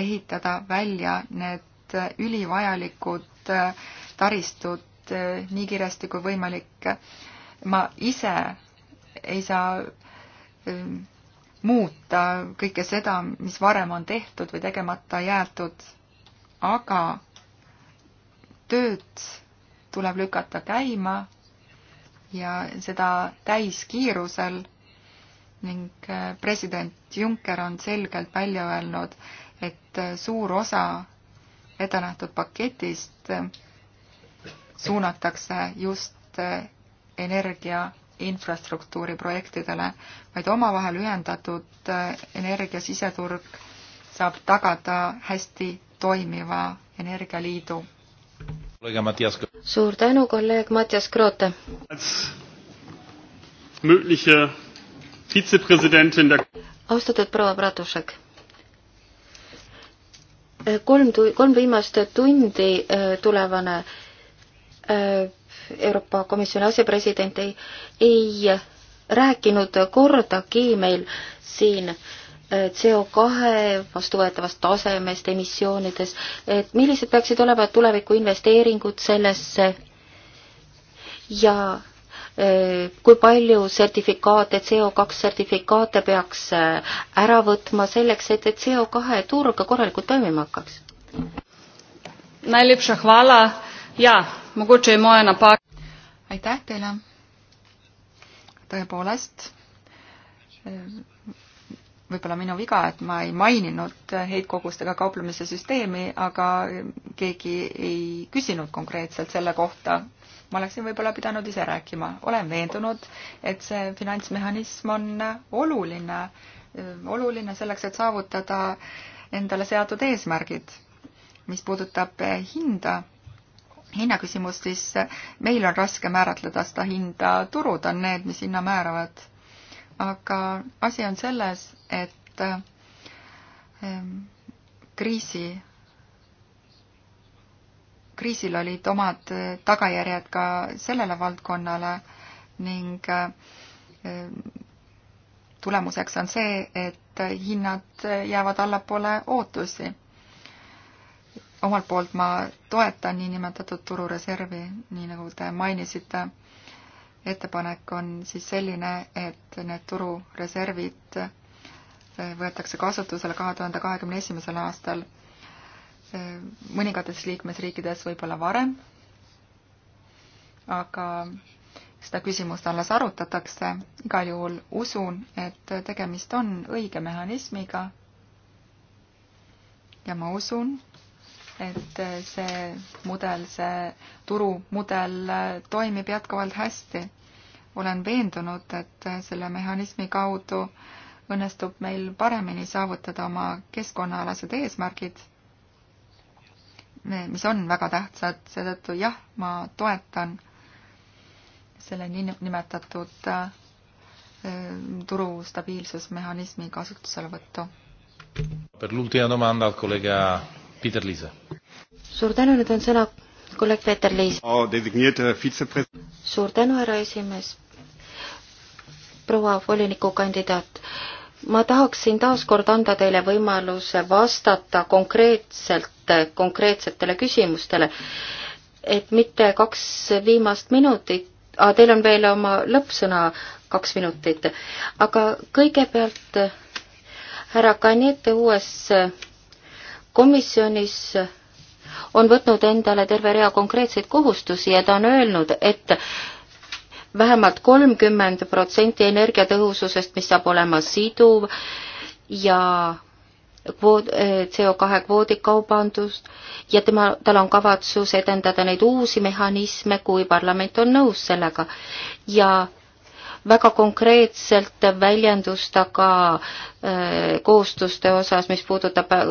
ehitada välja need ülivajalikud taristud nii kiiresti kui võimalik. ma ise ei saa ähm, muuta kõike seda, mis varem on tehtud või tegemata jäetud, aga tööd tuleb lükata käima ja seda täiskiirusel ning äh, president Juncker on selgelt välja öelnud, et äh, suur osa ettenähtud paketist äh, suunatakse just energia infrastruktuuri projektidele, vaid omavahel ühendatud energia siseturg saab tagada hästi toimiva energialiidu. suur tänu, kolleeg Mattias Kroote! mögliche austatud proua Bratušek äh, kolm tu-, kolm viimast tundi äh, tulevane äh, Euroopa Komisjoni asepresident ei, ei rääkinud kordagi meil siin CO2 vastuvõetavast tasemest, emissioonidest, et millised peaksid olema tuleviku investeeringud sellesse ja kui palju sertifikaate, CO2 sertifikaate peaks äh, ära võtma selleks, et, et CO2 turg korralikult toimima hakkaks? Najlepša hvala, jaa, mogoče je moja napak-. aitäh teile. tõepoolest, äh, võib-olla minu viga, et ma ei maininud heitkogustega kauplemise süsteemi, aga keegi ei küsinud konkreetselt selle kohta ma oleksin võib-olla pidanud ise rääkima. olen veendunud, et see finantsmehhanism on oluline, oluline selleks, et saavutada endale seatud eesmärgid. mis puudutab eh, hinda, hinnaküsimust, siis meil on raske määratleda seda hinda, turud on need, mis hinna määravad. aga asi on selles, et eh, kriisi kriisil olid omad äh, tagajärjed ka sellele valdkonnale ning äh, äh, tulemuseks on see, et hinnad jäävad allapoole ootusi. omalt poolt ma toetan niinimetatud turureservi, nii nagu te mainisite. ettepanek on siis selline, et need turureservid võetakse kasutusele kahe tuhande kahekümne esimesel aastal Äh, mõningates liikmesriikides võib-olla varem, aga seda küsimust alles arutatakse. igal juhul usun, et tegemist on õige mehhanismiga. ja ma usun, et see mudel, see turumudel toimib jätkuvalt hästi. olen veendunud, et selle mehhanismi kaudu õnnestub meil paremini saavutada oma keskkonnaalased eesmärgid mis on väga tähtsad, seetõttu jah, ma toetan selle niinimetatud äh, turu stabiilsusmehhanismi kasutuselevõttu. suur tänu, nüüd on sõna kolleeg Peeter Liis. Oh, suur tänu, härra esimees. proua volinikukandidaat ma tahaksin taaskord anda teile võimaluse vastata konkreetselt konkreetsetele küsimustele, et mitte kaks viimast minutit, teil on veel oma lõppsõna kaks minutit, aga kõigepealt härra Kanete uues komisjonis on võtnud endale terve rea konkreetseid kohustusi ja ta on öelnud, et vähemalt kolmkümmend protsenti energiatõhususest, mis saab olema siduv ja kvood, eh, CO2 kvoodikaubandust ja tema, tal on kavatsus edendada neid uusi mehhanisme, kui parlament on nõus sellega. ja väga konkreetselt väljendust aga äh, kohustuste osas, mis puudutab äh,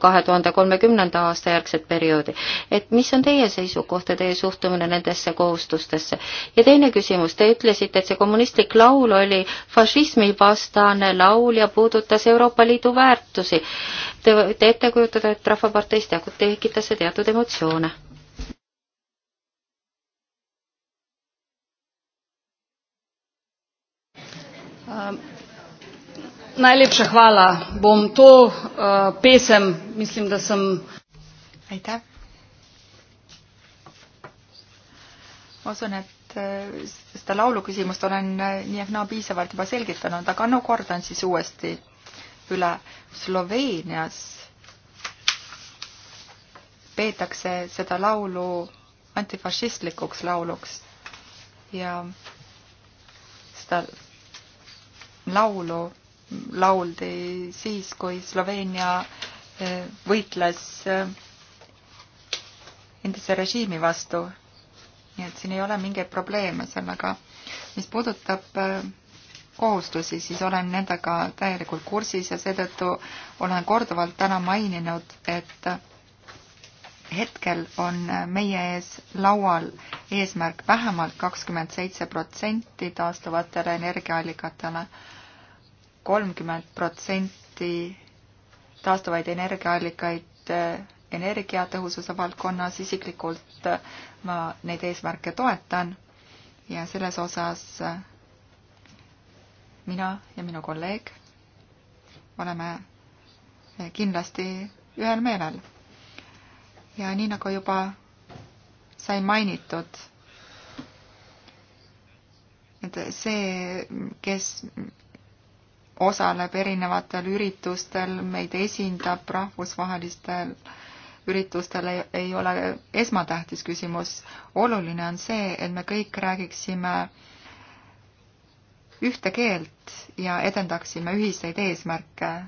kahe tuhande kolmekümnenda aasta järgset perioodi. et mis on teie seisukoht ja teie suhtumine nendesse kohustustesse? ja teine küsimus, te ütlesite, et see kommunistlik laul oli fašismivastane laul ja puudutas Euroopa Liidu väärtusi. Te võite ette kujutada, et Rahvaparteis tekitas see teatud emotsioone Um, najlepša hvala. Bom to uh, pesem, mislim, da sem. aitäh. ma usun, et eh, seda lauluküsimust olen eh, nii ehk naa no, piisavalt juba selgitanud, aga no kordan siis uuesti üle. Sloveenias peetakse seda laulu antifašistlikuks lauluks ja seda laulu lauldi siis, kui Sloveenia eh, võitles eh, endise režiimi vastu. nii et siin ei ole mingeid probleeme sellega. mis puudutab eh, kohustusi, siis olen nendega täielikult kursis ja seetõttu olen korduvalt täna maininud, et hetkel on meie ees laual eesmärk vähemalt kakskümmend seitse protsenti taastuvatele energiaallikatele kolmkümmend protsenti taastuvaid energiaallikaid eh, energiatõhususe valdkonnas, isiklikult eh, ma neid eesmärke toetan ja selles osas eh, mina ja minu kolleeg oleme kindlasti ühel meelel. ja nii nagu juba sai mainitud, et see, kes osaleb erinevatel üritustel, meid esindab rahvusvahelistel üritustel, ei ole esmatähtis küsimus. oluline on see, et me kõik räägiksime ühte keelt ja edendaksime ühiseid eesmärke.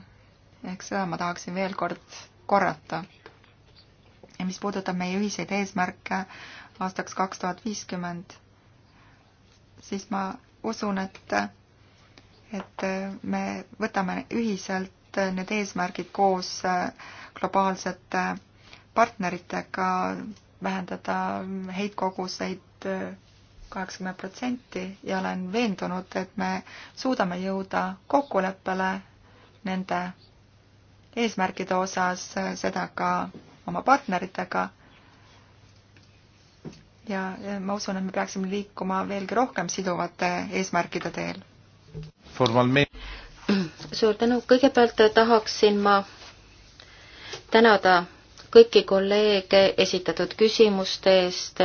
ehk seda ma tahaksin veel kord korrata. ja mis puudutab meie ühiseid eesmärke aastaks kaks tuhat viiskümmend, siis ma usun, et et äh, me võtame ühiselt äh, need eesmärgid koos äh, globaalsete partneritega vähendada heitkoguseid kaheksakümmend protsenti ja olen veendunud, et me suudame jõuda kokkuleppele nende eesmärkide osas, seda ka oma partneritega ja ma usun, et me peaksime liikuma veelgi rohkem siduvate eesmärkide teel suur tänu, kõigepealt tahaksin ma tänada kõiki kolleege esitatud küsimuste eest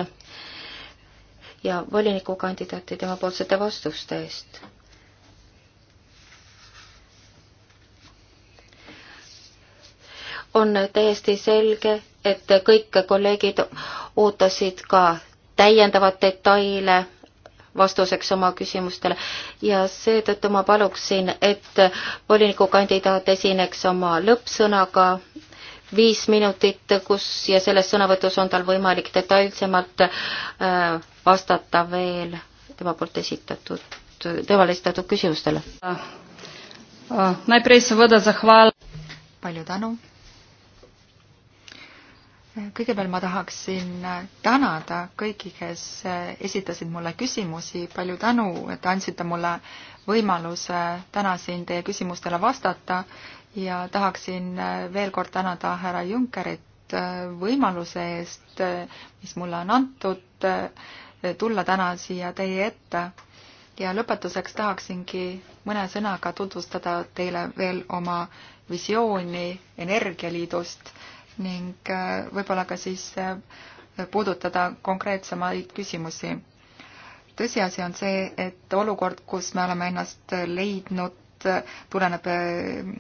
ja volinikukandidaati temapoolsete vastuste eest. on täiesti selge, et kõik kolleegid ootasid ka täiendavat detaile vastuseks oma küsimustele ja seetõttu ma paluksin, et volinikukandidaat esineks oma lõppsõnaga viis minutit, kus ja selles sõnavõtus on tal võimalik detailsemalt äh, vastata veel tema poolt esitatud, temale esitatud küsimustele. Äh, äh, najprej seveda zahval. palju tänu kõigepealt ma tahaksin tänada kõiki, kes esitasid mulle küsimusi, palju tänu, et andsite mulle võimaluse täna siin teie küsimustele vastata ja tahaksin veel kord tänada härra Junckerit võimaluse eest, mis mulle on antud, tulla täna siia teie ette. ja lõpetuseks tahaksingi mõne sõnaga tutvustada teile veel oma visiooni Energialiidust ning äh, võib-olla ka siis äh, puudutada konkreetsemaid küsimusi. tõsiasi on see, et olukord, kus me oleme ennast leidnud, tuleneb äh,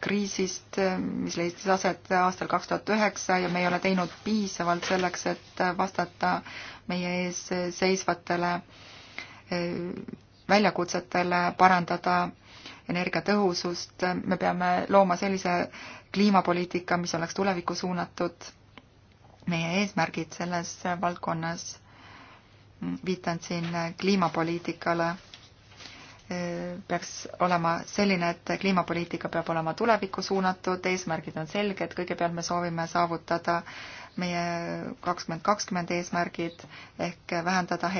kriisist, mis leidis aset aastal kaks tuhat üheksa ja me ei ole teinud piisavalt selleks, et vastata meie ees seisvatele väljakutsetele, parandada energiatõhusust, me peame looma sellise kliimapoliitika, mis oleks tulevikku suunatud. meie eesmärgid selles valdkonnas, viitan siin kliimapoliitikale, peaks olema selline, et kliimapoliitika peab olema tulevikku suunatud, eesmärgid on selged, kõigepealt me soovime saavutada meie kakskümmend kakskümmend eesmärgid ehk vähendada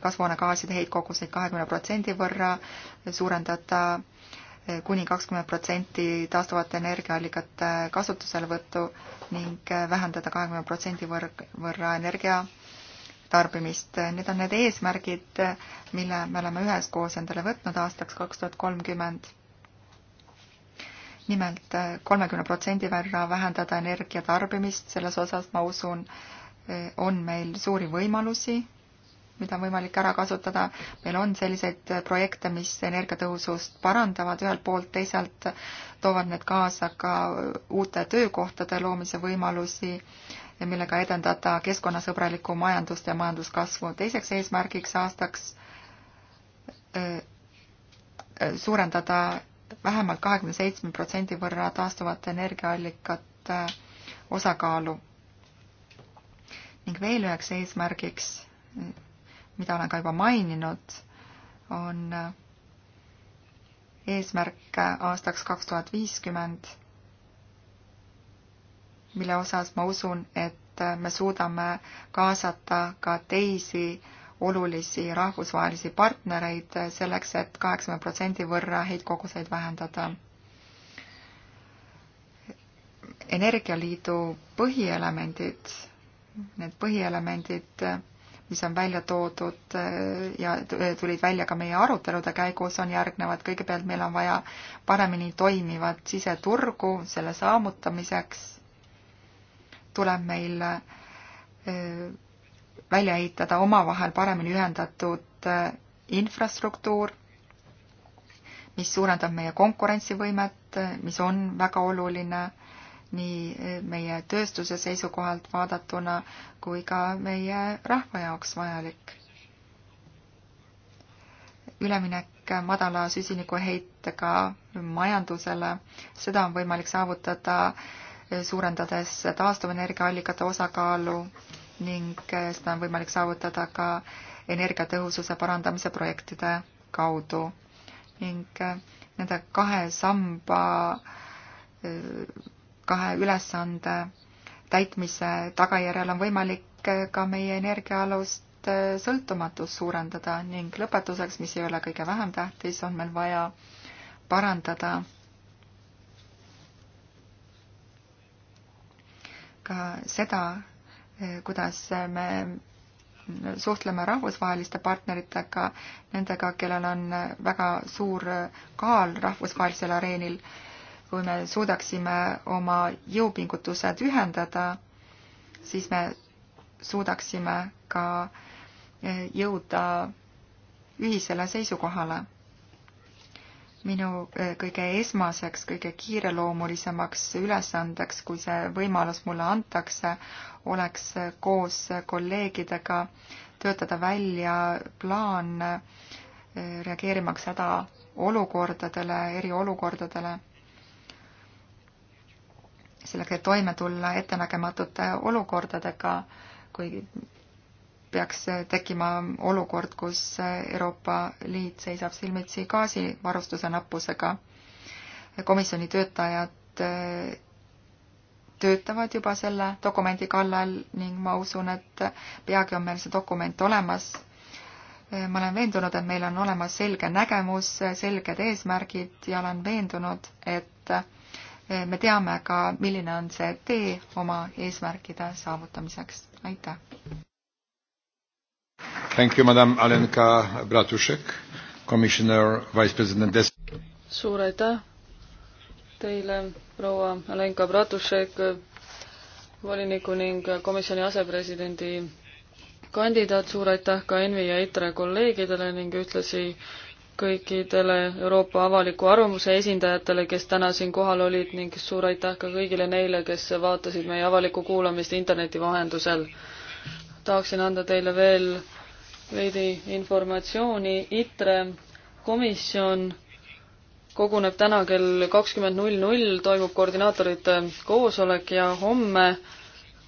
kasvuhoonegaaside heitkoguseid kahekümne protsendi võrra, suurendada eh, kuni kakskümmend protsenti taastuvate energiaallikate kasutuselevõttu ning eh, vähendada kahekümne protsendi võrra energia tarbimist. Need on need eesmärgid, mille me oleme üheskoos endale võtnud aastaks kaks tuhat kolmkümmend. nimelt eh, kolmekümne protsendi võrra vähendada energia tarbimist, selles osas ma usun, on meil suuri võimalusi mida on võimalik ära kasutada. meil on selliseid projekte, mis energiatõhusust parandavad ühelt poolt, teisalt toovad need kaasa ka uute töökohtade loomise võimalusi, millega edendada keskkonnasõbralikku majandust ja majanduskasvu. teiseks eesmärgiks aastaks suurendada vähemalt kahekümne seitsme protsendi võrra taastuvate energiaallikate osakaalu. ning veel üheks eesmärgiks mida olen ka juba maininud, on eesmärk aastaks kaks tuhat viiskümmend, mille osas ma usun, et me suudame kaasata ka teisi olulisi rahvusvahelisi partnereid selleks et, et kaheksakümne protsendi võrra heitkoguseid vähendada. energialiidu põhielemendid, need põhielemendid mis on välja toodud äh, ja äh, tulid välja ka meie arutelude käigus, on järgnevad. kõigepealt meil on vaja paremini toimivat siseturgu, selle saamutamiseks tuleb meil äh, välja ehitada omavahel paremini ühendatud infrastruktuur, mis suurendab meie konkurentsivõimet, mis on väga oluline nii e, meie tööstuse seisukohalt vaadatuna kui ka meie rahva jaoks vajalik. üleminek madala süsinikuheitega majandusele, seda on võimalik saavutada e, suurendades taastuvenergiaallikate osakaalu ning e, seda on võimalik saavutada ka energiatõhususe parandamise projektide kaudu ning nende kahe samba kahe ülesande täitmise tagajärjel on võimalik ka meie energiaalust äh, sõltumatust suurendada ning lõpetuseks, mis ei ole kõige vähem tähtis, on meil vaja parandada ka seda, äh, kuidas me suhtleme rahvusvaheliste partneritega, nendega, kellel on väga suur kaal rahvusvahelisel areenil kui me suudaksime oma jõupingutused ühendada, siis me suudaksime ka eh, jõuda ühisele seisukohale. minu eh, kõige esmaseks, kõige kiireloomulisemaks ülesandeks, kui see võimalus mulle antakse, oleks eh, koos kolleegidega töötada välja plaan reageerimaks hädaolukordadele, eriolukordadele selleks, et toime tulla ettenägematute olukordadega, kui peaks tekkima olukord, kus Euroopa Liit seisab silmitsi gaasivarustuse nappusega. komisjoni töötajad eh, töötavad juba selle dokumendi kallal ning ma usun, et peagi on meil see dokument olemas. Eh, ma olen veendunud, et meil on olemas selge nägemus, selged eesmärgid ja olen veendunud, et me teame ka, milline on see tee oma eesmärkide saavutamiseks. aitäh! Thank you, madam Alenka Bratušek, commissioner, vice president Des-. suur aitäh teile, proua Alenka Bratušek, voliniku ning komisjoni asepresidendi kandidaat, suur aitäh ka ENVI ja ITRE kolleegidele ning ühtlasi kõikidele Euroopa avaliku arvamuse esindajatele, kes täna siin kohal olid ning suur aitäh ka kõigile neile, kes vaatasid meie avalikku kuulamist interneti vahendusel. tahaksin anda teile veel veidi informatsiooni, ITRE komisjon koguneb täna kell kakskümmend null null, toimub koordinaatorite koosolek ja homme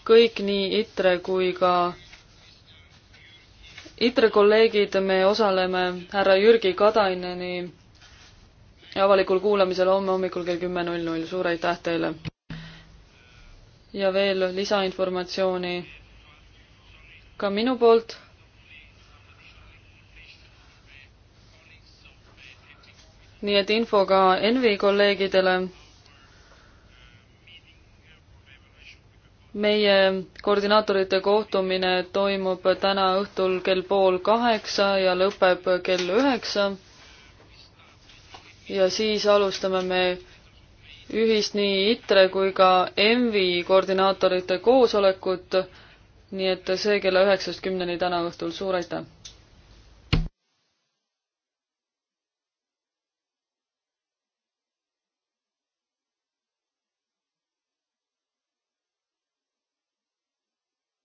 kõik nii ITRE kui ka ITRE kolleegid, me osaleme härra Jürgi Kataineni avalikul kuulamisel homme hommikul kell kümme null null, suur aitäh teile! ja veel lisainformatsiooni ka minu poolt nii et info ka Envi kolleegidele meie koordinaatorite kohtumine toimub täna õhtul kell pool kaheksa ja lõpeb kell üheksa. ja siis alustame me ühist nii ITRE kui ka ENVI koordinaatorite koosolekut. nii et see kella üheksast kümneni täna õhtul, suur aitäh!